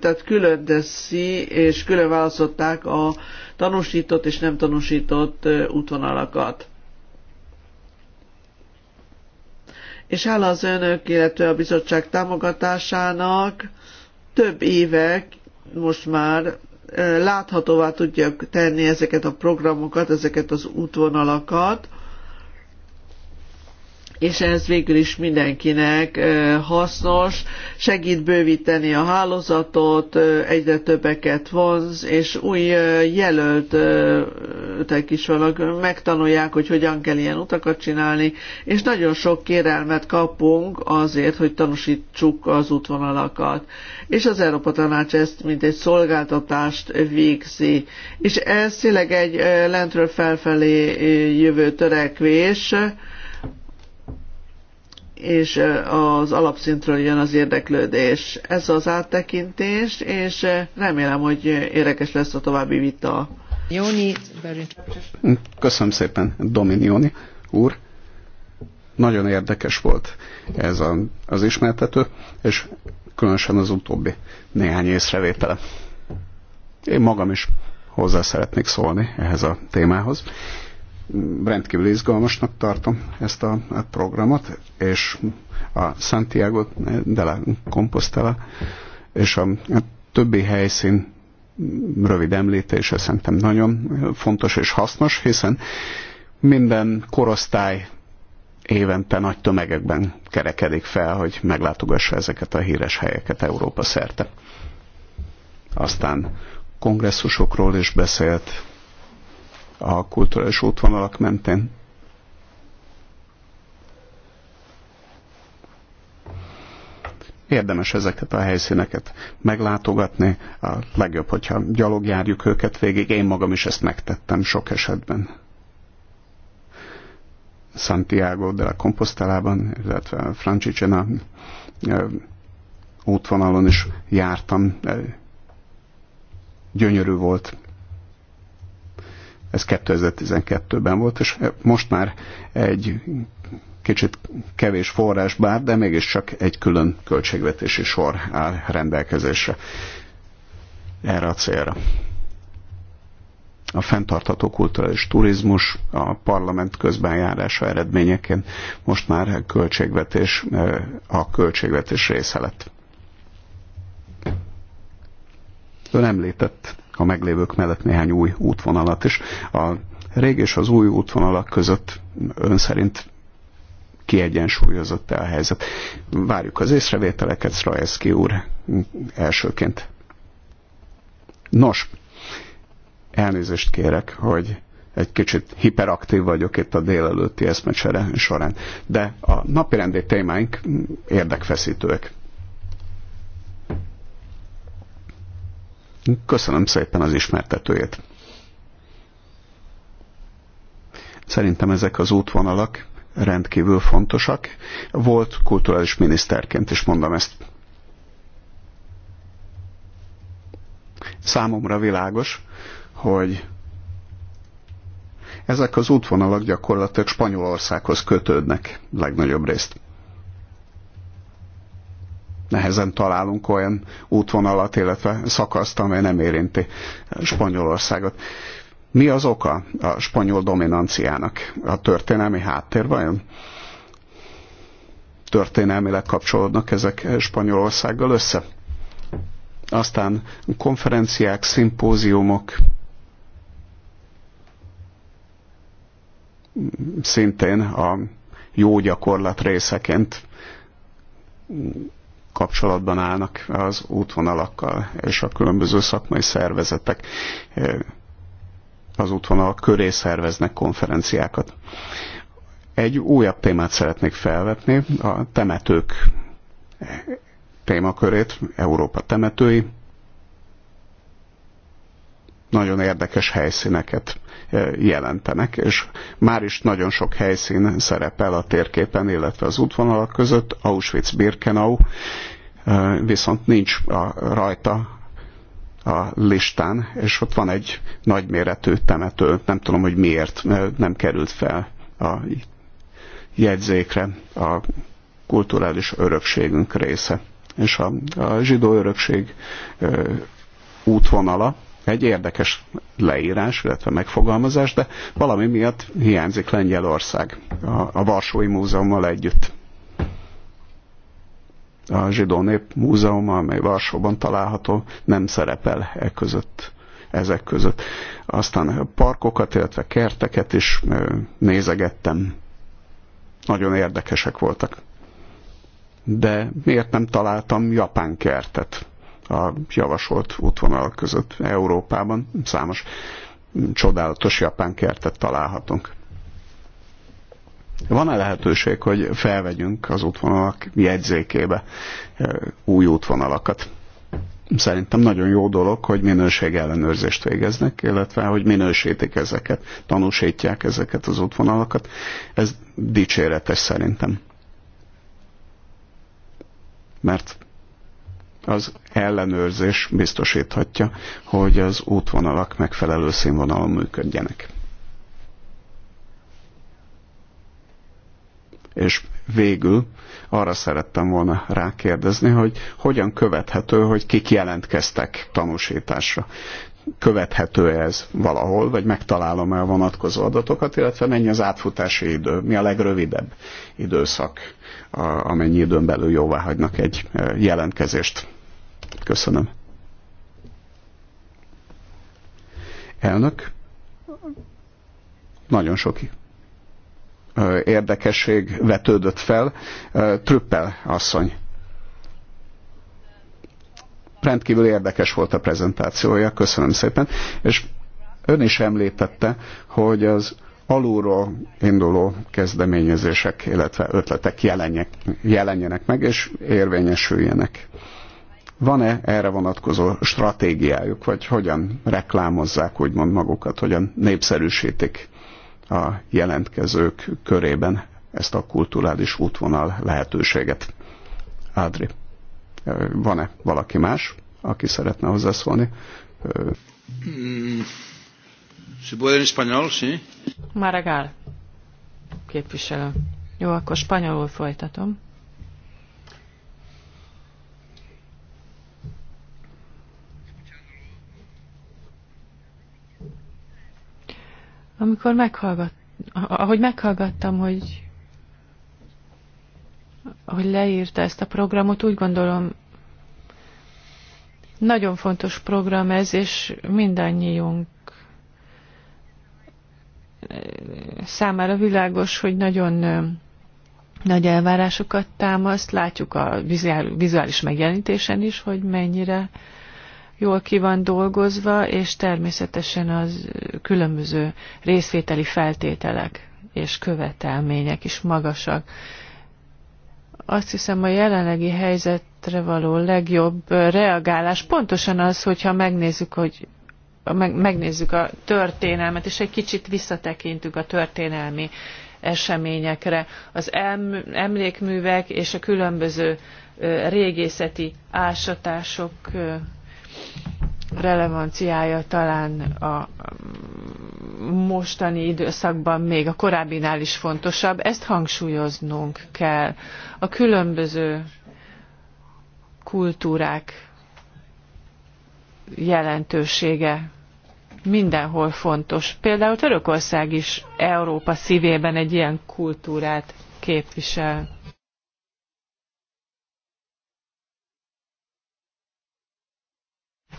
tehát külön teszi, és külön választották a tanúsított és nem tanúsított útvonalakat. És hála az önök, illetve a bizottság támogatásának több évek most már eh, láthatóvá tudjuk tenni ezeket a programokat, ezeket az útvonalakat, és ez végül is mindenkinek hasznos, segít bővíteni a hálózatot, egyre többeket vonz, és új jelöltek is vannak, megtanulják, hogy hogyan kell ilyen utakat csinálni, és nagyon sok kérelmet kapunk azért, hogy tanúsítsuk az útvonalakat. És az Európa Tanács ezt mint egy szolgáltatást végzi. És ez tényleg egy lentről felfelé jövő törekvés, és az alapszintről jön az érdeklődés. Ez az áttekintés, és remélem, hogy érdekes lesz a további vita. Jóni. Köszönöm szépen, Dominioni úr. Nagyon érdekes volt ez a, az ismertető, és különösen az utóbbi néhány észrevétele. Én magam is hozzá szeretnék szólni ehhez a témához, rendkívül izgalmasnak tartom ezt a programot, és a Santiago de la Compostela és a többi helyszín rövid említése szerintem nagyon fontos és hasznos, hiszen minden korosztály évente nagy tömegekben kerekedik fel, hogy meglátogassa ezeket a híres helyeket Európa szerte. Aztán kongresszusokról is beszélt, a kulturális útvonalak mentén. Érdemes ezeket a helyszíneket meglátogatni, a legjobb, hogyha gyalog járjuk őket végig, én magam is ezt megtettem sok esetben. Santiago de la Compostelában, illetve Francsicsén a útvonalon is jártam. Gyönyörű volt ez 2012-ben volt, és most már egy kicsit kevés forrás bár, de mégis csak egy külön költségvetési sor áll rendelkezésre erre a célra. A fenntartható kulturális turizmus a parlament közbenjárása eredményeként most már a költségvetés, eh, a költségvetés része lett. Ön említett a meglévők mellett néhány új útvonalat, és a régi és az új útvonalak között ön szerint kiegyensúlyozott el a helyzet. Várjuk az észrevételeket, Szrajeszki úr elsőként. Nos, elnézést kérek, hogy egy kicsit hiperaktív vagyok itt a délelőtti eszmecsere során, de a napirendi témáink érdekfeszítőek. Köszönöm szépen az ismertetőjét. Szerintem ezek az útvonalak rendkívül fontosak. Volt kulturális miniszterként is mondom ezt. Számomra világos, hogy ezek az útvonalak gyakorlatilag Spanyolországhoz kötődnek legnagyobb részt nehezen találunk olyan útvonalat, illetve szakaszt, amely nem érinti Spanyolországot. Mi az oka a spanyol dominanciának? A történelmi háttér vajon? Történelmileg kapcsolódnak ezek Spanyolországgal össze? Aztán konferenciák, szimpóziumok, szintén a jó gyakorlat részeként kapcsolatban állnak az útvonalakkal, és a különböző szakmai szervezetek az útvonalak köré szerveznek konferenciákat. Egy újabb témát szeretnék felvetni, a temetők témakörét, Európa temetői, nagyon érdekes helyszíneket e, jelentenek, és már is nagyon sok helyszín szerepel a térképen, illetve az útvonalak között, Auschwitz-Birkenau, e, viszont nincs a, rajta a listán, és ott van egy nagyméretű temető, nem tudom, hogy miért e, nem került fel a jegyzékre a kulturális örökségünk része. És a, a zsidó örökség útvonala egy érdekes leírás, illetve megfogalmazás, de valami miatt hiányzik Lengyelország a, a Varsói Múzeummal együtt. A Zsidó Nép Múzeuma, amely Varsóban található, nem szerepel e között ezek között. Aztán parkokat, illetve kerteket is nézegettem. Nagyon érdekesek voltak. De miért nem találtam japán kertet? a javasolt útvonal között Európában. Számos csodálatos japán kertet találhatunk. Van-e lehetőség, hogy felvegyünk az útvonalak jegyzékébe új útvonalakat? Szerintem nagyon jó dolog, hogy minőség ellenőrzést végeznek, illetve hogy minősítik ezeket, tanúsítják ezeket az útvonalakat. Ez dicséretes szerintem. Mert az ellenőrzés biztosíthatja, hogy az útvonalak megfelelő színvonalon működjenek. És végül arra szerettem volna rákérdezni, hogy hogyan követhető, hogy kik jelentkeztek tanúsításra. Követhető ez valahol, vagy megtalálom-e a vonatkozó adatokat, illetve mennyi az átfutási idő, mi a legrövidebb időszak, amennyi időn belül jóvá hagynak egy eh, jelentkezést. Köszönöm. Elnök, nagyon sok érdekesség vetődött fel. Trüppel asszony. Rendkívül érdekes volt a prezentációja, köszönöm szépen. És ön is említette, hogy az alulról induló kezdeményezések, illetve ötletek jelenjenek, meg és érvényesüljenek. Van-e erre vonatkozó stratégiájuk, vagy hogyan reklámozzák úgymond magukat, hogyan népszerűsítik a jelentkezők körében ezt a kulturális útvonal lehetőséget? Ádri, van-e valaki más, aki szeretne hozzászólni? Mm. en Maragall, képviselő. Jó, akkor spanyolul folytatom. amikor meghallgat, ahogy meghallgattam, hogy, hogy leírta ezt a programot, úgy gondolom, nagyon fontos program ez, és mindannyiunk számára világos, hogy nagyon nagy elvárásokat támaszt. Látjuk a vizuális megjelenítésen is, hogy mennyire jól ki van dolgozva, és természetesen az különböző részvételi feltételek és követelmények is magasak. Azt hiszem, a jelenlegi helyzetre való legjobb reagálás pontosan az, hogyha megnézzük, hogy megnézzük a történelmet, és egy kicsit visszatekintünk a történelmi eseményekre. Az emlékművek és a különböző régészeti ásatások relevanciája talán a mm, mostani időszakban még a korábbinál is fontosabb. Ezt hangsúlyoznunk kell. A különböző kultúrák jelentősége mindenhol fontos. Például Törökország is Európa szívében egy ilyen kultúrát képvisel.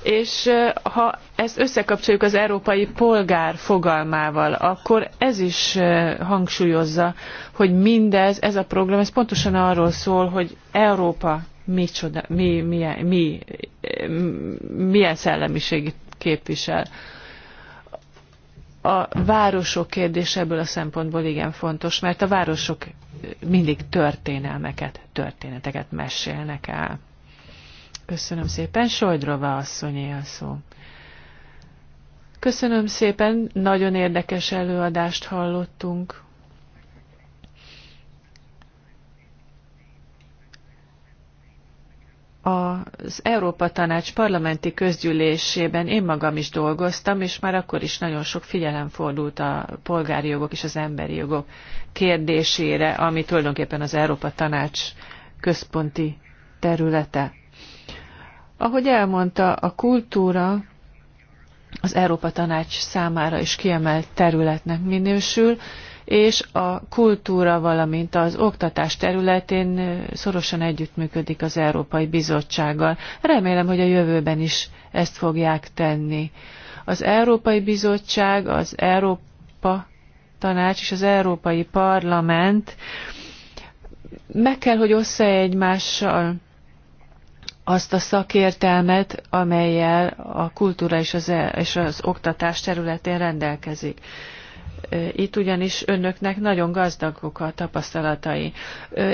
És ha ezt összekapcsoljuk az európai polgár fogalmával, akkor ez is hangsúlyozza, hogy mindez, ez a program, ez pontosan arról szól, hogy Európa micsoda, mi, milyen, mi, milyen szellemiségét képvisel. A városok kérdése ebből a szempontból igen fontos, mert a városok mindig történelmeket, történeteket mesélnek el. Köszönöm szépen. Sojdrova asszonyé a szó. Köszönöm szépen, nagyon érdekes előadást hallottunk. Az Európa Tanács parlamenti közgyűlésében én magam is dolgoztam, és már akkor is nagyon sok figyelem fordult a polgári jogok és az emberi jogok kérdésére, ami tulajdonképpen az Európa Tanács központi területe. Ahogy elmondta, a kultúra az Európa Tanács számára is kiemelt területnek minősül, és a kultúra, valamint az oktatás területén szorosan együttműködik az Európai Bizottsággal. Remélem, hogy a jövőben is ezt fogják tenni. Az Európai Bizottság, az Európa Tanács és az Európai Parlament meg kell, hogy ossza egymással azt a szakértelmet, amelyel a kultúra és az, e, és az oktatás területén rendelkezik. Itt ugyanis önöknek nagyon gazdagok a tapasztalatai.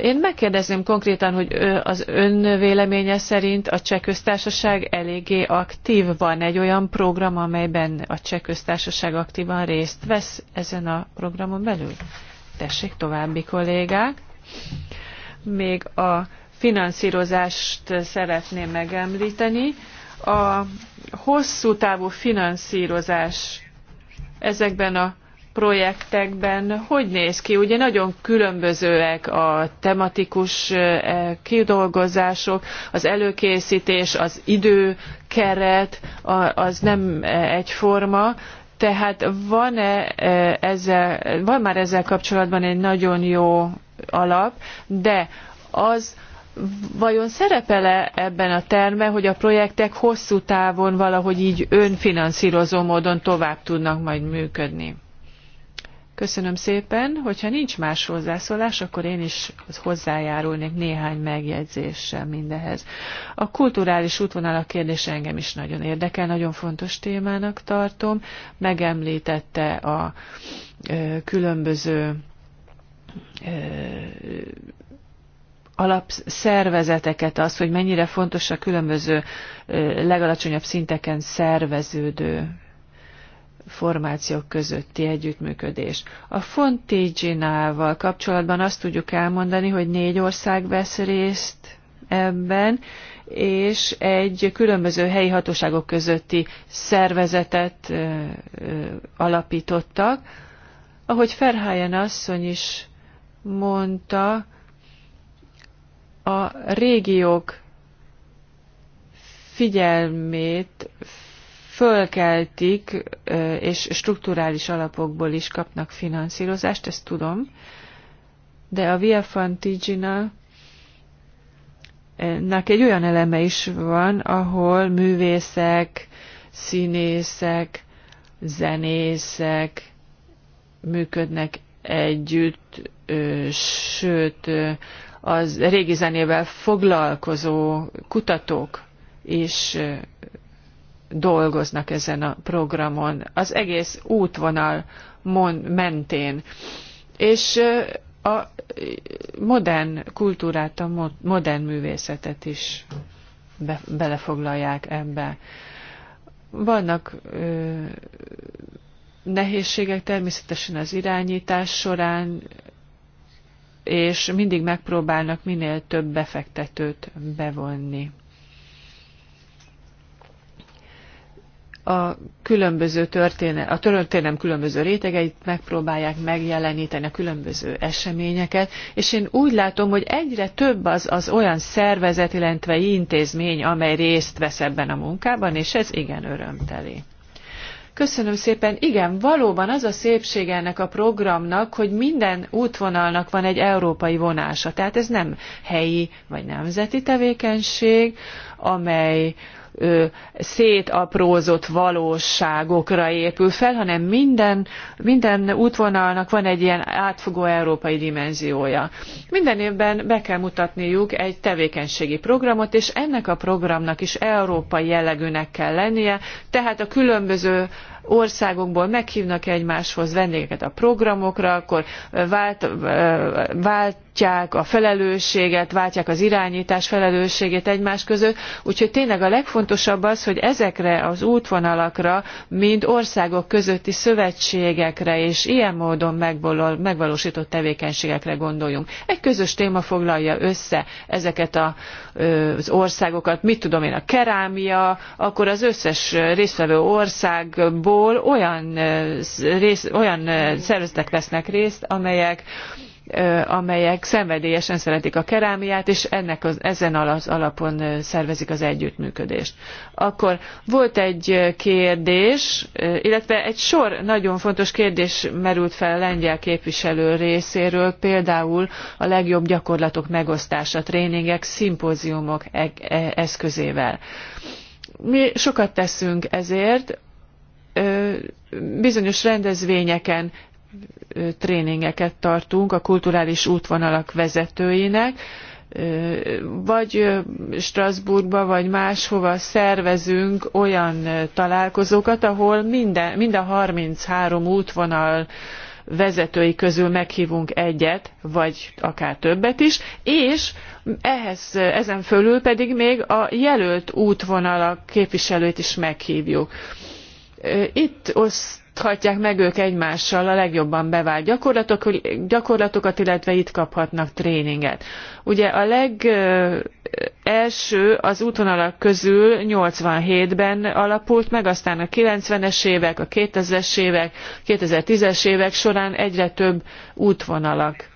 Én megkérdezném konkrétan, hogy az ön véleménye szerint a cseh köztársaság eléggé aktív. Van egy olyan program, amelyben a cseh köztársaság aktívan részt vesz ezen a programon belül? Tessék, további kollégák. Még a finanszírozást szeretném megemlíteni. A hosszú távú finanszírozás ezekben a projektekben hogy néz ki? Ugye nagyon különbözőek a tematikus eh, kidolgozások, az előkészítés, az időkeret, az nem eh, egyforma. Tehát van-e eh, ezzel, van már ezzel kapcsolatban egy nagyon jó alap, de az, vajon szerepele ebben a terme, hogy a projektek hosszú távon valahogy így önfinanszírozó módon tovább tudnak majd működni? Köszönöm szépen, hogyha nincs más hozzászólás, akkor én is hozzájárulnék néhány megjegyzéssel mindehez. A kulturális útvonalak kérdése engem is nagyon érdekel, nagyon fontos témának tartom. Megemlítette a ö, különböző alapszervezeteket, az, hogy mennyire fontos a különböző legalacsonyabb szinteken szerveződő formációk közötti együttműködés. A Fontigginával kapcsolatban azt tudjuk elmondani, hogy négy ország vesz részt ebben, és egy különböző helyi hatóságok közötti szervezetet alapítottak. Ahogy Ferhályen asszony is mondta, a régiók figyelmét fölkeltik, és strukturális alapokból is kapnak finanszírozást, ezt tudom, de a Via Fantigina nak egy olyan eleme is van, ahol művészek, színészek, zenészek működnek együtt, sőt, az régi zenével foglalkozó kutatók is dolgoznak ezen a programon, az egész útvonal mentén. És a modern kultúrát, a modern művészetet is be, belefoglalják ebbe. Vannak ö, nehézségek természetesen az irányítás során, és mindig megpróbálnak minél több befektetőt bevonni. a különböző történel, a történelem különböző rétegeit megpróbálják megjeleníteni a különböző eseményeket, és én úgy látom, hogy egyre több az, az olyan szervezet, illetve intézmény, amely részt vesz ebben a munkában, és ez igen örömteli. Köszönöm szépen. Igen, valóban az a szépség ennek a programnak, hogy minden útvonalnak van egy európai vonása. Tehát ez nem helyi vagy nemzeti tevékenység, amely szétaprózott valóságokra épül fel, hanem minden, minden útvonalnak van egy ilyen átfogó európai dimenziója. Minden évben be kell mutatniuk egy tevékenységi programot, és ennek a programnak is európai jellegűnek kell lennie, tehát a különböző országokból meghívnak egymáshoz vendégeket a programokra, akkor vált, vált váltják a felelősséget, váltják az irányítás felelősségét egymás között. Úgyhogy tényleg a legfontosabb az, hogy ezekre az útvonalakra, mind országok közötti szövetségekre és ilyen módon megvalósított tevékenységekre gondoljunk. Egy közös téma foglalja össze ezeket a, az országokat, mit tudom én, a kerámia, akkor az összes résztvevő országból olyan, rész, olyan szervezetek vesznek részt, amelyek amelyek szenvedélyesen szeretik a kerámiát, és ennek az, ezen az alapon szervezik az együttműködést. Akkor volt egy kérdés, illetve egy sor nagyon fontos kérdés merült fel a lengyel képviselő részéről, például a legjobb gyakorlatok megosztása, tréningek, szimpóziumok e, e, eszközével. Mi sokat teszünk ezért, bizonyos rendezvényeken tréningeket tartunk a kulturális útvonalak vezetőinek, vagy Strasbourgba, vagy máshova szervezünk olyan találkozókat, ahol minden, mind a 33 útvonal vezetői közül meghívunk egyet, vagy akár többet is, és ehhez, ezen fölül pedig még a jelölt útvonalak képviselőit is meghívjuk. Itt oszt oszthatják meg ők egymással a legjobban bevált gyakorlatok, gyakorlatokat, illetve itt kaphatnak tréninget. Ugye a legelső az útvonalak közül 87-ben alapult meg, aztán a 90-es évek, a 2000-es évek, 2010-es évek során egyre több útvonalak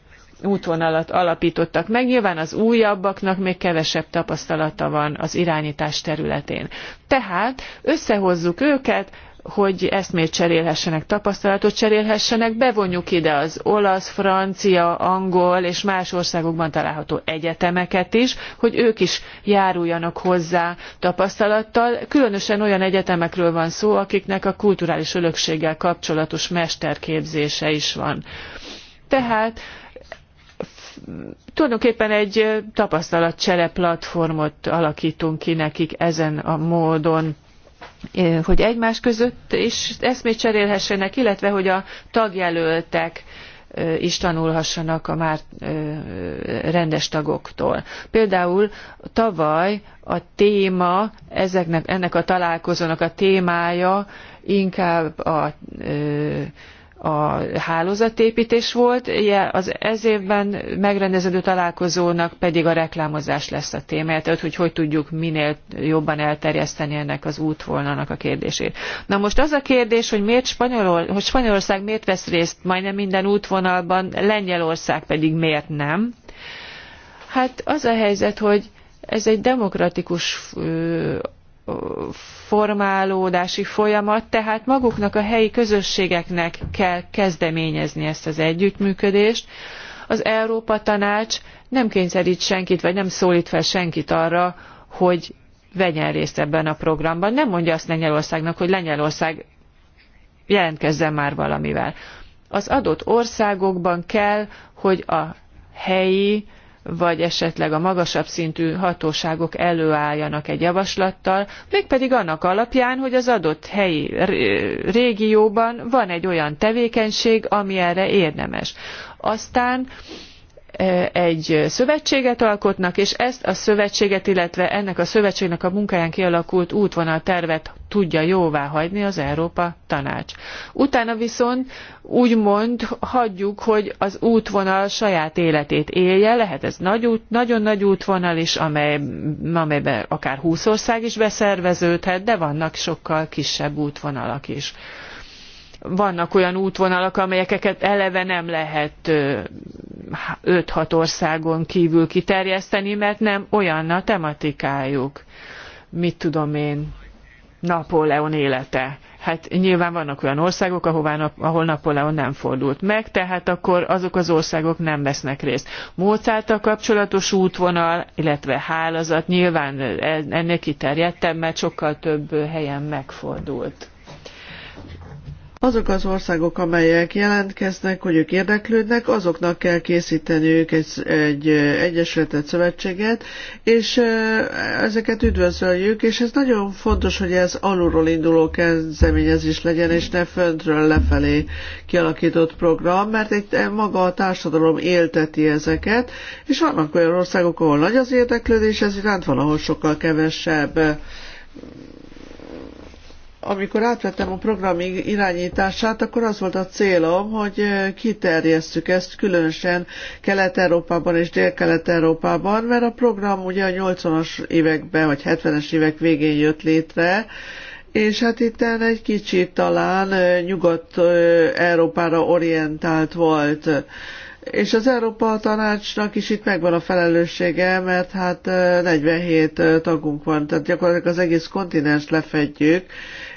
útvonalat alapítottak meg. Nyilván az újabbaknak még kevesebb tapasztalata van az irányítás területén. Tehát összehozzuk őket, hogy eszmét cserélhessenek, tapasztalatot cserélhessenek, bevonjuk ide az olasz, francia, angol és más országokban található egyetemeket is, hogy ők is járuljanak hozzá tapasztalattal. Különösen olyan egyetemekről van szó, akiknek a kulturális örökséggel kapcsolatos mesterképzése is van. Tehát tulajdonképpen egy tapasztalatcsere platformot alakítunk ki nekik ezen a módon hogy egymás között is eszmét cserélhessenek, illetve hogy a tagjelöltek is tanulhassanak a már rendes tagoktól. Például tavaly a téma, ezeknek, ennek a találkozónak a témája inkább a a hálózatépítés volt, az ez évben megrendeződő találkozónak pedig a reklámozás lesz a témája, tehát hogy hogy tudjuk minél jobban elterjeszteni ennek az útvonalnak a kérdését. Na most az a kérdés, hogy miért Spanyolor, hogy Spanyolország miért vesz részt majdnem minden útvonalban, Lengyelország pedig miért nem? Hát az a helyzet, hogy ez egy demokratikus formálódási folyamat, tehát maguknak a helyi közösségeknek kell kezdeményezni ezt az együttműködést. Az Európa Tanács nem kényszerít senkit, vagy nem szólít fel senkit arra, hogy vegyen részt ebben a programban. Nem mondja azt Lengyelországnak, hogy Lengyelország jelentkezzen már valamivel. Az adott országokban kell, hogy a helyi vagy esetleg a magasabb szintű hatóságok előálljanak egy javaslattal, mégpedig annak alapján, hogy az adott helyi régióban van egy olyan tevékenység, ami erre érdemes. Aztán egy szövetséget alkotnak, és ezt a szövetséget, illetve ennek a szövetségnek a munkáján kialakult útvonaltervet tudja jóvá hagyni az Európa Tanács. Utána viszont úgymond hagyjuk, hogy az útvonal saját életét élje, lehet ez nagy út, nagyon nagy útvonal is, amely, amelyben akár 20 ország is beszerveződhet, de vannak sokkal kisebb útvonalak is vannak olyan útvonalak, amelyeket eleve nem lehet 5-6 országon kívül kiterjeszteni, mert nem olyan a tematikájuk. Mit tudom én, Napóleon élete. Hát nyilván vannak olyan országok, ahová, ahol Napóleon nem fordult meg, tehát akkor azok az országok nem vesznek részt. a kapcsolatos útvonal, illetve hálazat nyilván ennél kiterjedtem, mert sokkal több helyen megfordult. Azok az országok, amelyek jelentkeznek, hogy ők érdeklődnek, azoknak kell készíteniük egy, egy egyesületet, szövetséget, és ezeket üdvözöljük, és ez nagyon fontos, hogy ez alulról induló kezdeményezés legyen, és ne föntről lefelé kialakított program, mert egy eh, maga a társadalom élteti ezeket, és vannak olyan országok, ahol nagy az érdeklődés, ez iránt valahol sokkal kevesebb amikor átvettem a program irányítását, akkor az volt a célom, hogy eh, kiterjesszük ezt különösen Kelet-Európában és Dél-Kelet-Európában, mert a program ugye a 80-as években vagy 70-es évek végén jött létre, és hát itt egy kicsit talán eh, Nyugat-Európára eh, orientált volt és az Európa Tanácsnak is itt megvan a felelőssége, mert hát 47 tagunk van, tehát gyakorlatilag az egész kontinens lefedjük,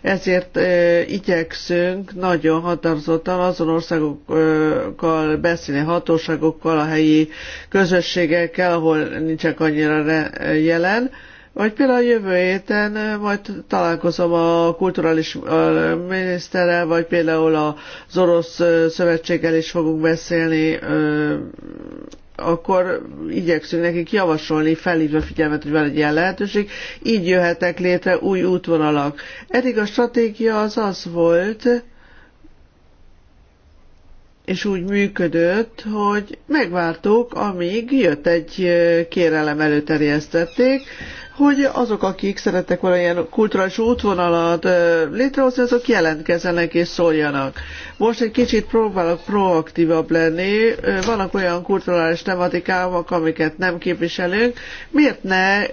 ezért igyekszünk nagyon határozottan azon országokkal beszélni, hatóságokkal, a helyi közösségekkel, ahol nincsenek annyira jelen, vagy például jövő héten majd találkozom a kulturális miniszterrel, vagy például az orosz szövetséggel is fogunk beszélni, akkor igyekszünk nekik javasolni, felhívva figyelmet, hogy van egy ilyen lehetőség, így jöhetnek létre új útvonalak. Eddig a stratégia az az volt, és úgy működött, hogy megvártuk, amíg jött egy kérelem előterjesztették, hogy azok, akik szeretnek valamilyen kulturális útvonalat létrehozni, azok jelentkezzenek és szóljanak. Most egy kicsit próbálok proaktívabb lenni. Vannak olyan kulturális tematikák, amiket nem képviselünk. Miért ne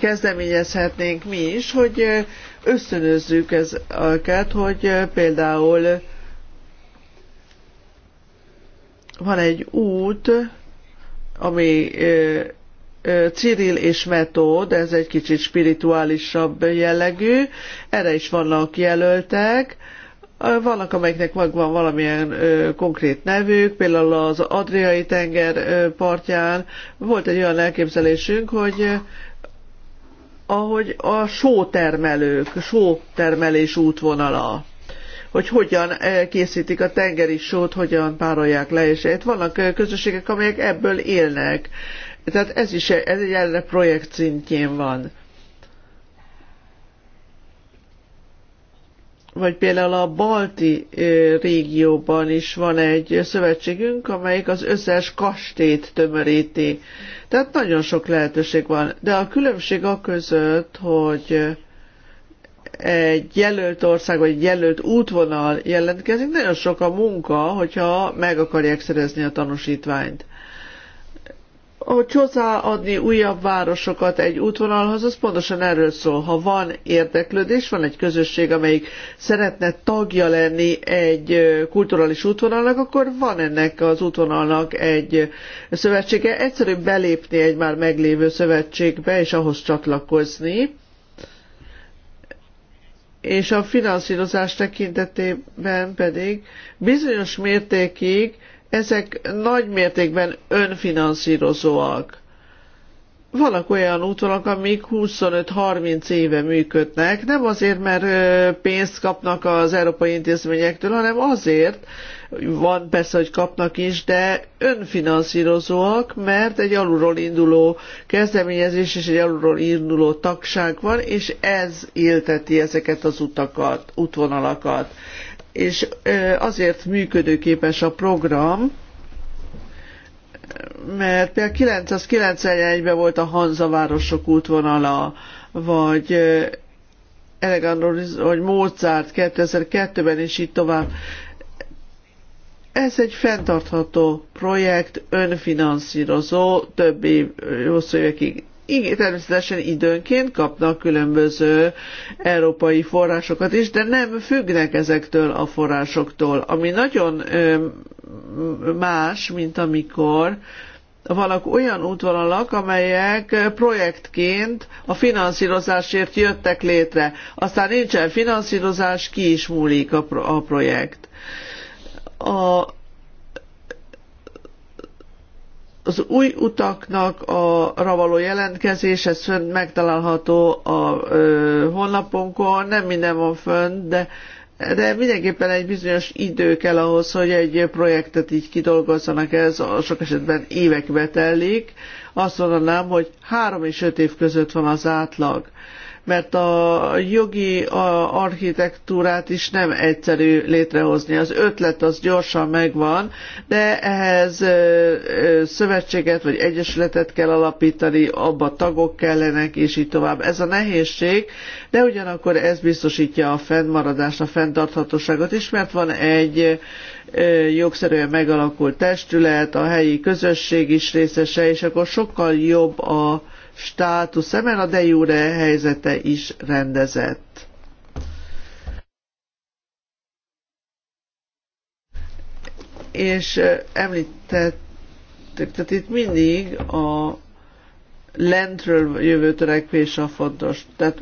kezdeményezhetnénk mi is, hogy ösztönözzük ezeket, hogy például van egy út, ami Cyril és Metód, ez egy kicsit spirituálisabb jellegű, erre is vannak jelöltek, vannak, amelyeknek van valamilyen ö, konkrét nevük, például az Adriai tenger ö, partján volt egy olyan elképzelésünk, hogy ahogy a sótermelők, sótermelés útvonala hogy hogyan készítik a tengeri sót, hogyan párolják le, és itt vannak közösségek, amelyek ebből élnek. Tehát ez is ez egy erre projekt szintjén van. Vagy például a balti régióban is van egy szövetségünk, amelyik az összes kastét tömöríti. Tehát nagyon sok lehetőség van. De a különbség a között, hogy egy jelölt ország vagy egy jelölt útvonal jelentkezik, nagyon sok a munka, hogyha meg akarják szerezni a tanúsítványt hogy hozzáadni újabb városokat egy útvonalhoz, az pontosan erről szól. Ha van érdeklődés, van egy közösség, amelyik szeretne tagja lenni egy kulturális útvonalnak, akkor van ennek az útvonalnak egy szövetsége. Egyszerűbb belépni egy már meglévő szövetségbe, és ahhoz csatlakozni. És a finanszírozás tekintetében pedig bizonyos mértékig ezek nagy mértékben önfinanszírozóak. Vannak olyan útvonalak, amik 25-30 éve működnek, nem azért, mert pénzt kapnak az európai intézményektől, hanem azért, van persze, hogy kapnak is, de önfinanszírozóak, mert egy alulról induló kezdeményezés és egy alulról induló tagság van, és ez élteti ezeket az utakat, útvonalakat és azért működőképes a program, mert például 991-ben volt a Hanza városok útvonala, vagy Elegandor, hogy Mozart 2002-ben, és így tovább. Ez egy fenntartható projekt, önfinanszírozó, több év, hosszú évekig igen, természetesen időnként kapnak különböző európai forrásokat is, de nem függnek ezektől a forrásoktól, ami nagyon más, mint amikor vannak olyan útvonalak, amelyek projektként a finanszírozásért jöttek létre. Aztán nincsen finanszírozás, ki is múlik a, projekt. A az új utaknak a való jelentkezés, ez fönn megtalálható a ö, honlapunkon, nem minden van fönn, de, de mindenképpen egy bizonyos idő kell ahhoz, hogy egy projektet így kidolgozzanak, ez sok esetben évekbe telik. Azt mondanám, hogy három és öt év között van az átlag mert a jogi a architektúrát is nem egyszerű létrehozni. Az ötlet az gyorsan megvan, de ehhez szövetséget vagy egyesületet kell alapítani, abba tagok kellenek, és így tovább. Ez a nehézség, de ugyanakkor ez biztosítja a fennmaradást, a fenntarthatóságot is, mert van egy jogszerűen megalakult testület, a helyi közösség is részese, és akkor sokkal jobb a státusz a de jure helyzete is rendezett. És említett, tehát itt mindig a lentről jövő törekvés a fontos. Tehát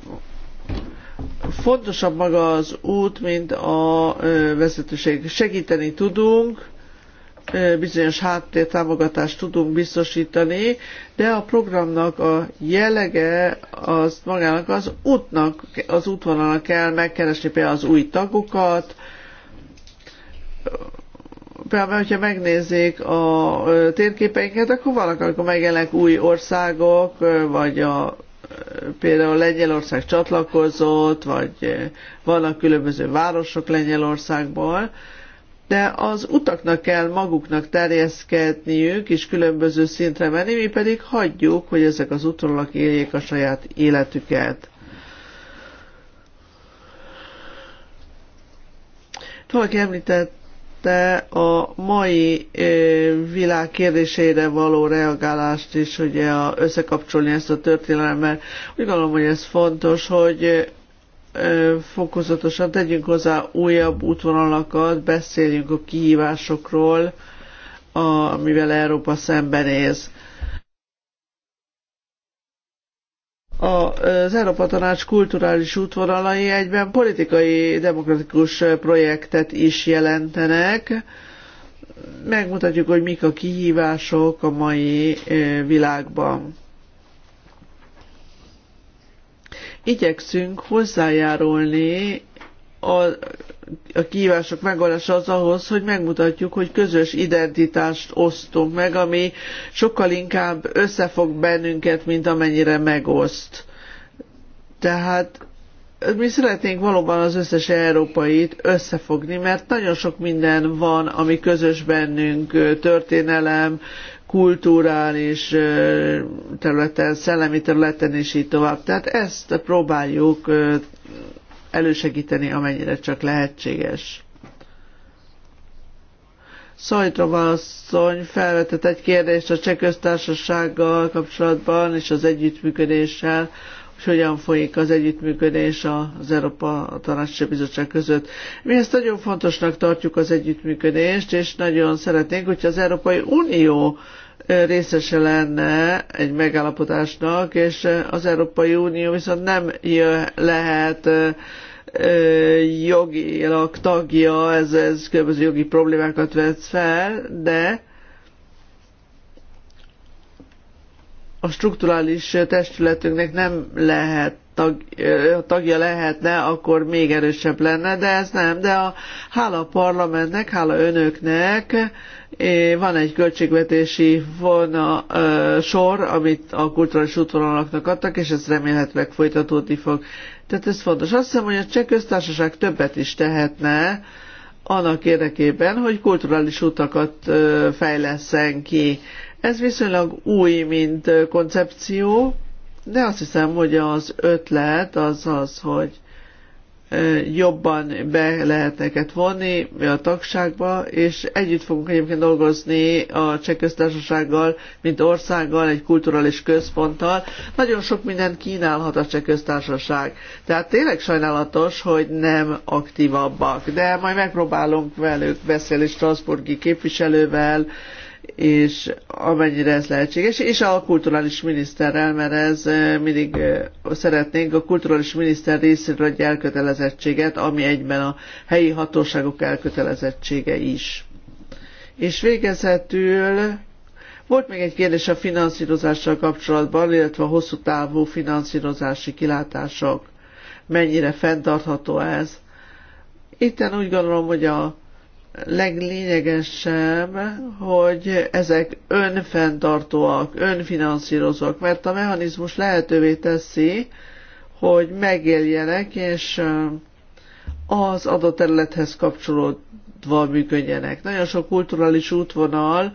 fontosabb maga az út, mint a vezetőség. Segíteni tudunk, bizonyos háttértámogatást tudunk biztosítani, de a programnak a jellege az magának az útnak, az útvonalnak kell megkeresni például az új tagokat, például, hogyha megnézzék a térképeinket, akkor vannak, amikor megjelennek új országok, vagy a például Lengyelország csatlakozott, vagy vannak különböző városok Lengyelországból, de az utaknak kell maguknak terjeszkedniük és különböző szintre menni, mi pedig hagyjuk, hogy ezek az utolak éljék a saját életüket. Valaki említette a mai világ kérdésére való reagálást is, hogy összekapcsolni ezt a történelemmel. Úgy gondolom, hogy ez fontos, hogy fokozatosan tegyünk hozzá újabb útvonalakat, beszéljünk a kihívásokról, amivel Európa szembenéz. Az Európa Tanács kulturális útvonalai egyben politikai demokratikus projektet is jelentenek. Megmutatjuk, hogy mik a kihívások a mai világban. igyekszünk hozzájárulni a, a kívások megoldása az ahhoz, hogy megmutatjuk, hogy közös identitást osztunk meg, ami sokkal inkább összefog bennünket, mint amennyire megoszt. Tehát mi szeretnénk valóban az összes európait összefogni, mert nagyon sok minden van, ami közös bennünk, történelem, kulturális területen, szellemi területen és így tovább. Tehát ezt próbáljuk elősegíteni, amennyire csak lehetséges. Szajtrova asszony felvetett egy kérdést a cseh köztársasággal kapcsolatban és az együttműködéssel és hogyan folyik az együttműködés az Európa Tanácsi Bizottság között. Mi ezt nagyon fontosnak tartjuk az együttműködést, és nagyon szeretnénk, hogyha az Európai Unió részese lenne egy megállapodásnak, és az Európai Unió viszont nem jö, lehet jogilag tagja, ez, ez különböző jogi problémákat vesz fel, de a strukturális testületünknek nem lehet tag, tagja lehetne, akkor még erősebb lenne, de ez nem. De a hála a parlamentnek, hála önöknek van egy költségvetési vona, ö, sor, amit a kulturális útvonalaknak adtak, és ez remélhetőleg folytatódni fog. Tehát ez fontos. Azt hiszem, hogy a cseh köztársaság többet is tehetne, annak érdekében, hogy kulturális utakat fejleszen ki. Ez viszonylag új, mint koncepció, de azt hiszem, hogy az ötlet az az, hogy jobban be lehet neked vonni a tagságba, és együtt fogunk egyébként dolgozni a cseh köztársasággal, mint országgal, egy kulturális központtal. Nagyon sok mindent kínálhat a cseh köztársaság. Tehát tényleg sajnálatos, hogy nem aktívabbak, de majd megpróbálunk velük beszélni Strasburgi képviselővel, és amennyire ez lehetséges, és a kulturális miniszterrel, mert ez mindig szeretnénk a kulturális miniszter részéről egy elkötelezettséget, ami egyben a helyi hatóságok elkötelezettsége is. És végezetül volt még egy kérdés a finanszírozással kapcsolatban, illetve a hosszú távú finanszírozási kilátások. Mennyire fenntartható ez? Itten úgy gondolom, hogy a leglényegesebb, hogy ezek önfenntartóak, önfinanszírozók, mert a mechanizmus lehetővé teszi, hogy megéljenek, és az adott területhez kapcsolódva működjenek. Nagyon sok kulturális útvonal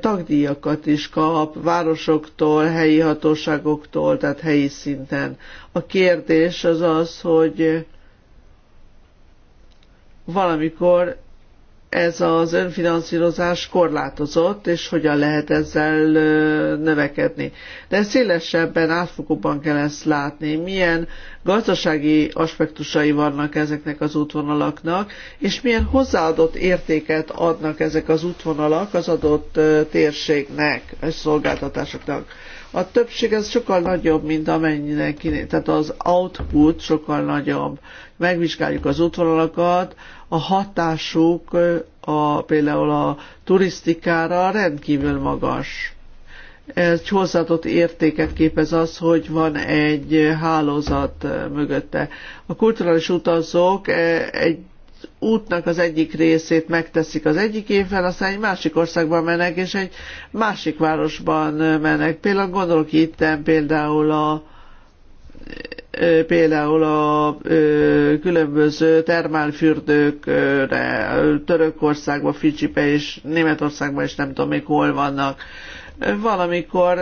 tagdíjakat is kap városoktól, helyi hatóságoktól, tehát helyi szinten. A kérdés az az, hogy valamikor ez az önfinanszírozás korlátozott, és hogyan lehet ezzel növekedni. De szélesebben, átfogóban kell ezt látni, milyen gazdasági aspektusai vannak ezeknek az útvonalaknak, és milyen hozzáadott értéket adnak ezek az útvonalak az adott térségnek, a szolgáltatásoknak. A többség ez sokkal nagyobb, mint amennyinek Tehát az output sokkal nagyobb. Megvizsgáljuk az útvonalakat, a hatásuk a, például a turisztikára rendkívül magas. Egy hozzáadott értéket képez az, hogy van egy hálózat mögötte. A kulturális utazók egy útnak az egyik részét megteszik az egyik évben, aztán egy másik országban mennek, és egy másik városban mennek. Például gondolok itt, például a például a különböző termálfürdőkre, Törökországba, Fidzsibe és Németországban is nem tudom még hol vannak. Valamikor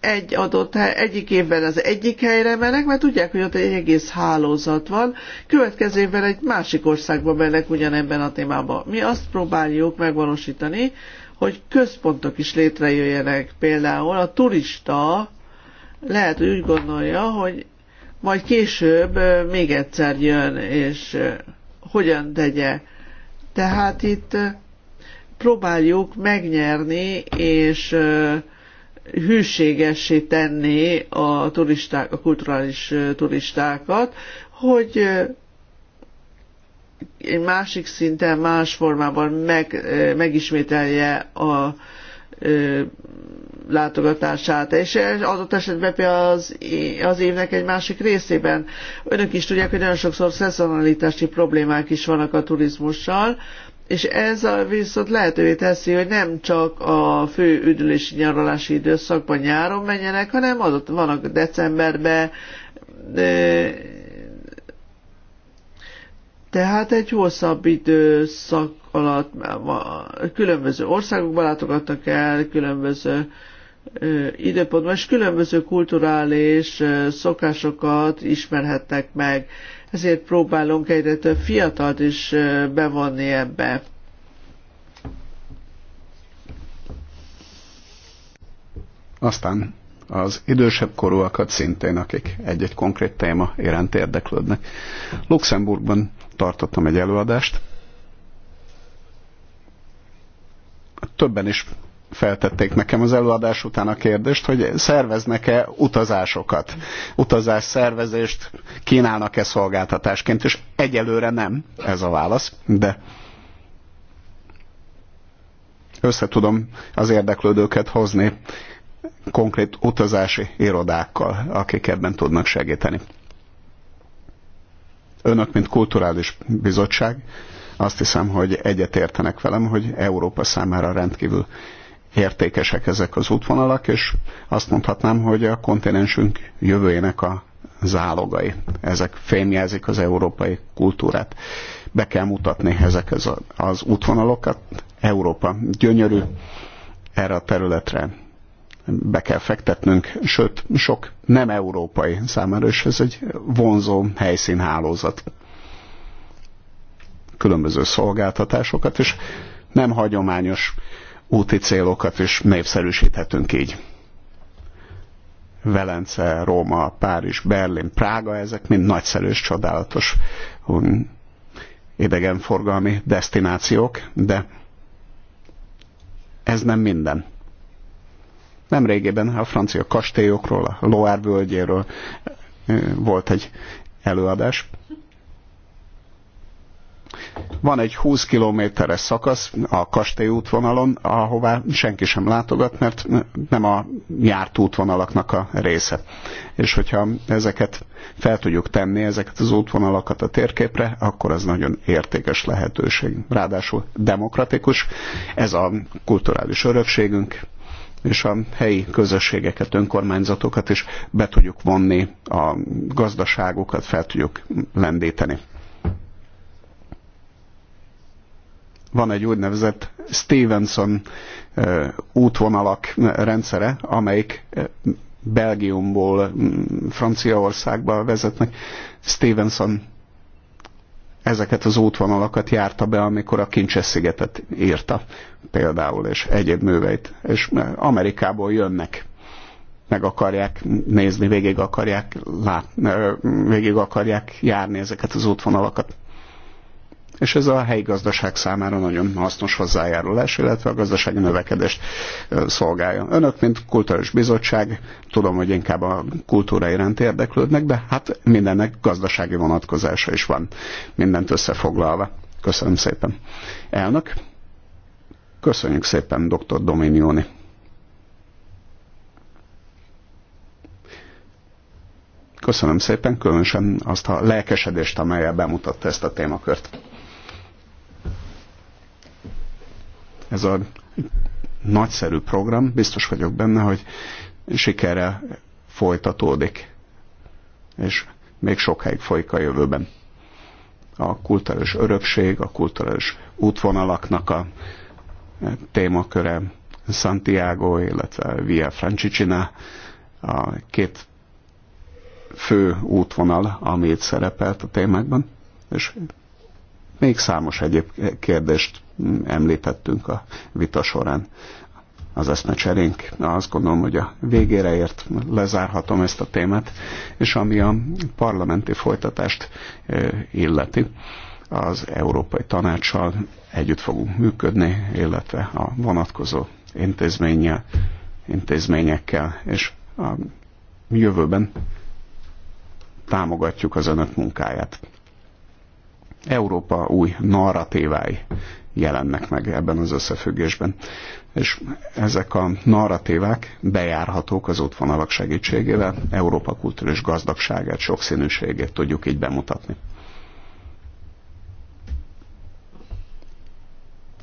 egy adott hely, egyik évben az egyik helyre mennek, mert tudják, hogy ott egy egész hálózat van, következő évben egy másik országba mennek ugyanebben a témában. Mi azt próbáljuk megvalósítani, hogy központok is létrejöjjenek. Például a turista lehet, hogy úgy gondolja, hogy majd később még egyszer jön, és hogyan tegye. Tehát itt próbáljuk megnyerni, és hűségessé tenni a turisták, a kulturális turistákat, hogy egy másik szinten, más formában meg, megismételje a ö, látogatását, és adott esetben az, az évnek egy másik részében. Önök is tudják, hogy nagyon sokszor szezonalitási problémák is vannak a turizmussal, és ez a viszont lehetővé teszi, hogy nem csak a fő üdülési nyaralási időszakban nyáron menjenek, hanem az ott vannak decemberben, de, tehát egy hosszabb időszak alatt különböző országokban látogattak el, különböző időpontban, és különböző kulturális szokásokat ismerhetnek meg ezért próbálunk egyre több fiatalt is bevonni ebbe. Aztán az idősebb korúakat szintén, akik egy-egy konkrét téma iránt érdeklődnek. Luxemburgban tartottam egy előadást. Többen is feltették nekem az előadás után a kérdést, hogy szerveznek-e utazásokat, utazás szervezést kínálnak-e szolgáltatásként, és egyelőre nem ez a válasz, de összetudom az érdeklődőket hozni konkrét utazási irodákkal, akik ebben tudnak segíteni. Önök, mint kulturális bizottság, azt hiszem, hogy egyetértenek velem, hogy Európa számára rendkívül értékesek ezek az útvonalak, és azt mondhatnám, hogy a kontinensünk jövőjének a zálogai. Ezek fémjelzik az európai kultúrát. Be kell mutatni ezekhez az útvonalokat. Európa gyönyörű erre a területre be kell fektetnünk, sőt, sok nem európai számára is ez egy vonzó helyszínhálózat. Különböző szolgáltatásokat, és nem hagyományos úti célokat is népszerűsíthetünk így. Velence, Róma, Párizs, Berlin, Prága, ezek mind nagyszerű és csodálatos um, idegenforgalmi destinációk, de ez nem minden. Nem régében a francia kastélyokról, a Loire völgyéről eh, volt egy előadás, van egy 20 kilométeres szakasz a Kastély útvonalon, ahová senki sem látogat, mert nem a járt útvonalaknak a része. És hogyha ezeket fel tudjuk tenni, ezeket az útvonalakat a térképre, akkor az nagyon értékes lehetőség. Ráadásul demokratikus, ez a kulturális örökségünk, és a helyi közösségeket, önkormányzatokat is be tudjuk vonni, a gazdaságokat fel tudjuk lendíteni. Van egy úgynevezett Stevenson útvonalak rendszere, amelyik Belgiumból Franciaországba vezetnek. Stevenson ezeket az útvonalakat járta be, amikor a Kincses szigetet írta például, és egyéb műveit. És Amerikából jönnek, meg akarják nézni, végig akarják, lát, végig akarják járni ezeket az útvonalakat és ez a helyi gazdaság számára nagyon hasznos hozzájárulás, illetve a gazdasági növekedést szolgálja. Önök, mint kulturális bizottság, tudom, hogy inkább a kultúra iránt érdeklődnek, de hát mindennek gazdasági vonatkozása is van, mindent összefoglalva. Köszönöm szépen. Elnök, köszönjük szépen dr. Dominioni. Köszönöm szépen, különösen azt a lelkesedést, amelyel bemutatta ezt a témakört. ez a nagyszerű program, biztos vagyok benne, hogy sikerrel folytatódik, és még sokáig folyik a jövőben. A kulturális örökség, a kulturális útvonalaknak a témaköre Santiago, illetve Via Francicina, a két fő útvonal, ami itt szerepelt a témákban, és még számos egyéb kérdést említettünk a vita során az eszmecserénk. Azt gondolom, hogy a végére ért lezárhatom ezt a témát, és ami a parlamenti folytatást illeti, az Európai Tanácssal együtt fogunk működni, illetve a vonatkozó intézménye, intézményekkel, és a jövőben támogatjuk az önök munkáját. Európa új narratívái jelennek meg ebben az összefüggésben. És ezek a narratívák bejárhatók az útvonalak segítségével, Európa kulturális gazdagságát, sokszínűségét tudjuk így bemutatni.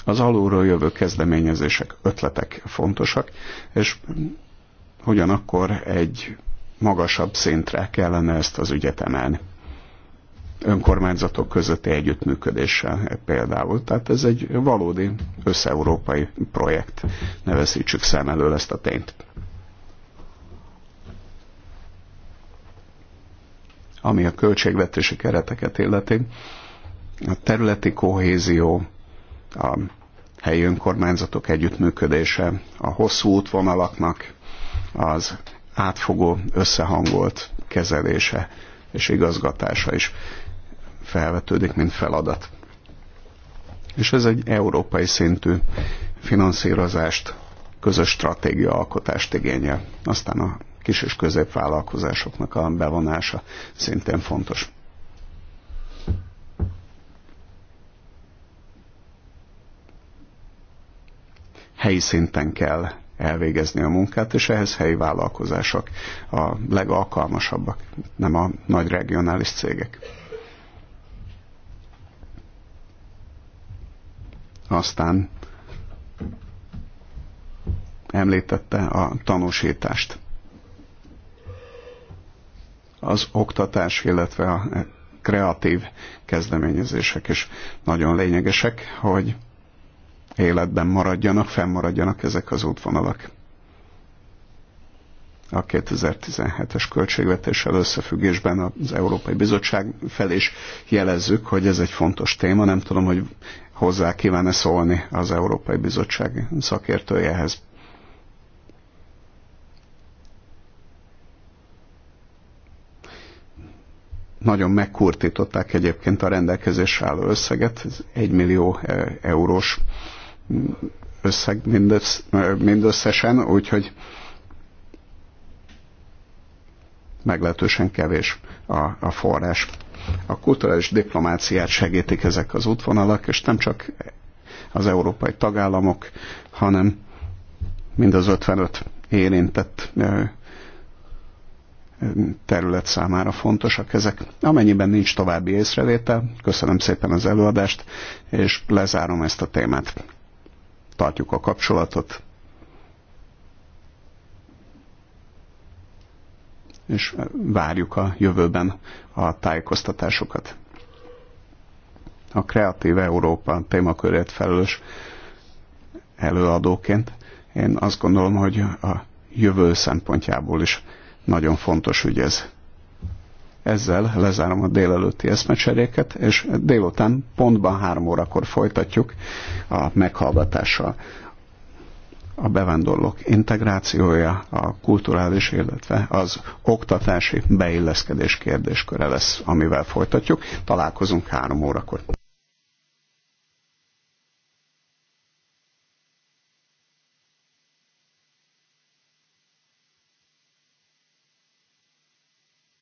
Az alulról jövő kezdeményezések, ötletek fontosak, és hogyan akkor egy magasabb szintre kellene ezt az ügyet emelni önkormányzatok közötti együttműködéssel például. Tehát ez egy valódi összeurópai projekt. nevezítsük szem elől ezt a tényt. Ami a költségvetési kereteket illeti, a területi kohézió, a helyi önkormányzatok együttműködése, a hosszú útvonalaknak az átfogó, összehangolt kezelése és igazgatása is felvetődik, mint feladat. És ez egy európai szintű finanszírozást, közös stratégia alkotást igényel. Aztán a kis és középvállalkozásoknak a bevonása szintén fontos. Helyi szinten kell elvégezni a munkát, és ehhez helyi vállalkozások a legalkalmasabbak, nem a nagy regionális cégek. Aztán említette a tanúsítást. Az oktatás, illetve a kreatív kezdeményezések is nagyon lényegesek, hogy életben maradjanak, fennmaradjanak ezek az útvonalak. A 2017-es költségvetéssel összefüggésben az Európai Bizottság felé is jelezzük, hogy ez egy fontos téma. Nem tudom, hogy hozzá kívánne szólni az Európai Bizottság szakértőjehez. Nagyon megkurtították egyébként a rendelkezésre álló összeget, ez 1 millió e, eurós összeg e, mindösszesen, úgyhogy meglehetősen kevés a, a forrás. A kulturális diplomáciát segítik ezek az útvonalak, és nem csak az európai tagállamok, hanem mind az 55 érintett terület számára fontosak ezek. Amennyiben nincs további észrevétel, köszönöm szépen az előadást, és lezárom ezt a témát. Tartjuk a kapcsolatot és várjuk a jövőben a tájékoztatásokat. A Kreatív Európa témakörét felelős előadóként én azt gondolom, hogy a jövő szempontjából is nagyon fontos ügy ez. Ezzel lezárom a délelőtti eszmecseréket, és délután pontban három órakor folytatjuk a meghallgatással a bevándorlók integrációja, a kulturális, illetve az oktatási beilleszkedés kérdésköre lesz, amivel folytatjuk. Találkozunk három órakor.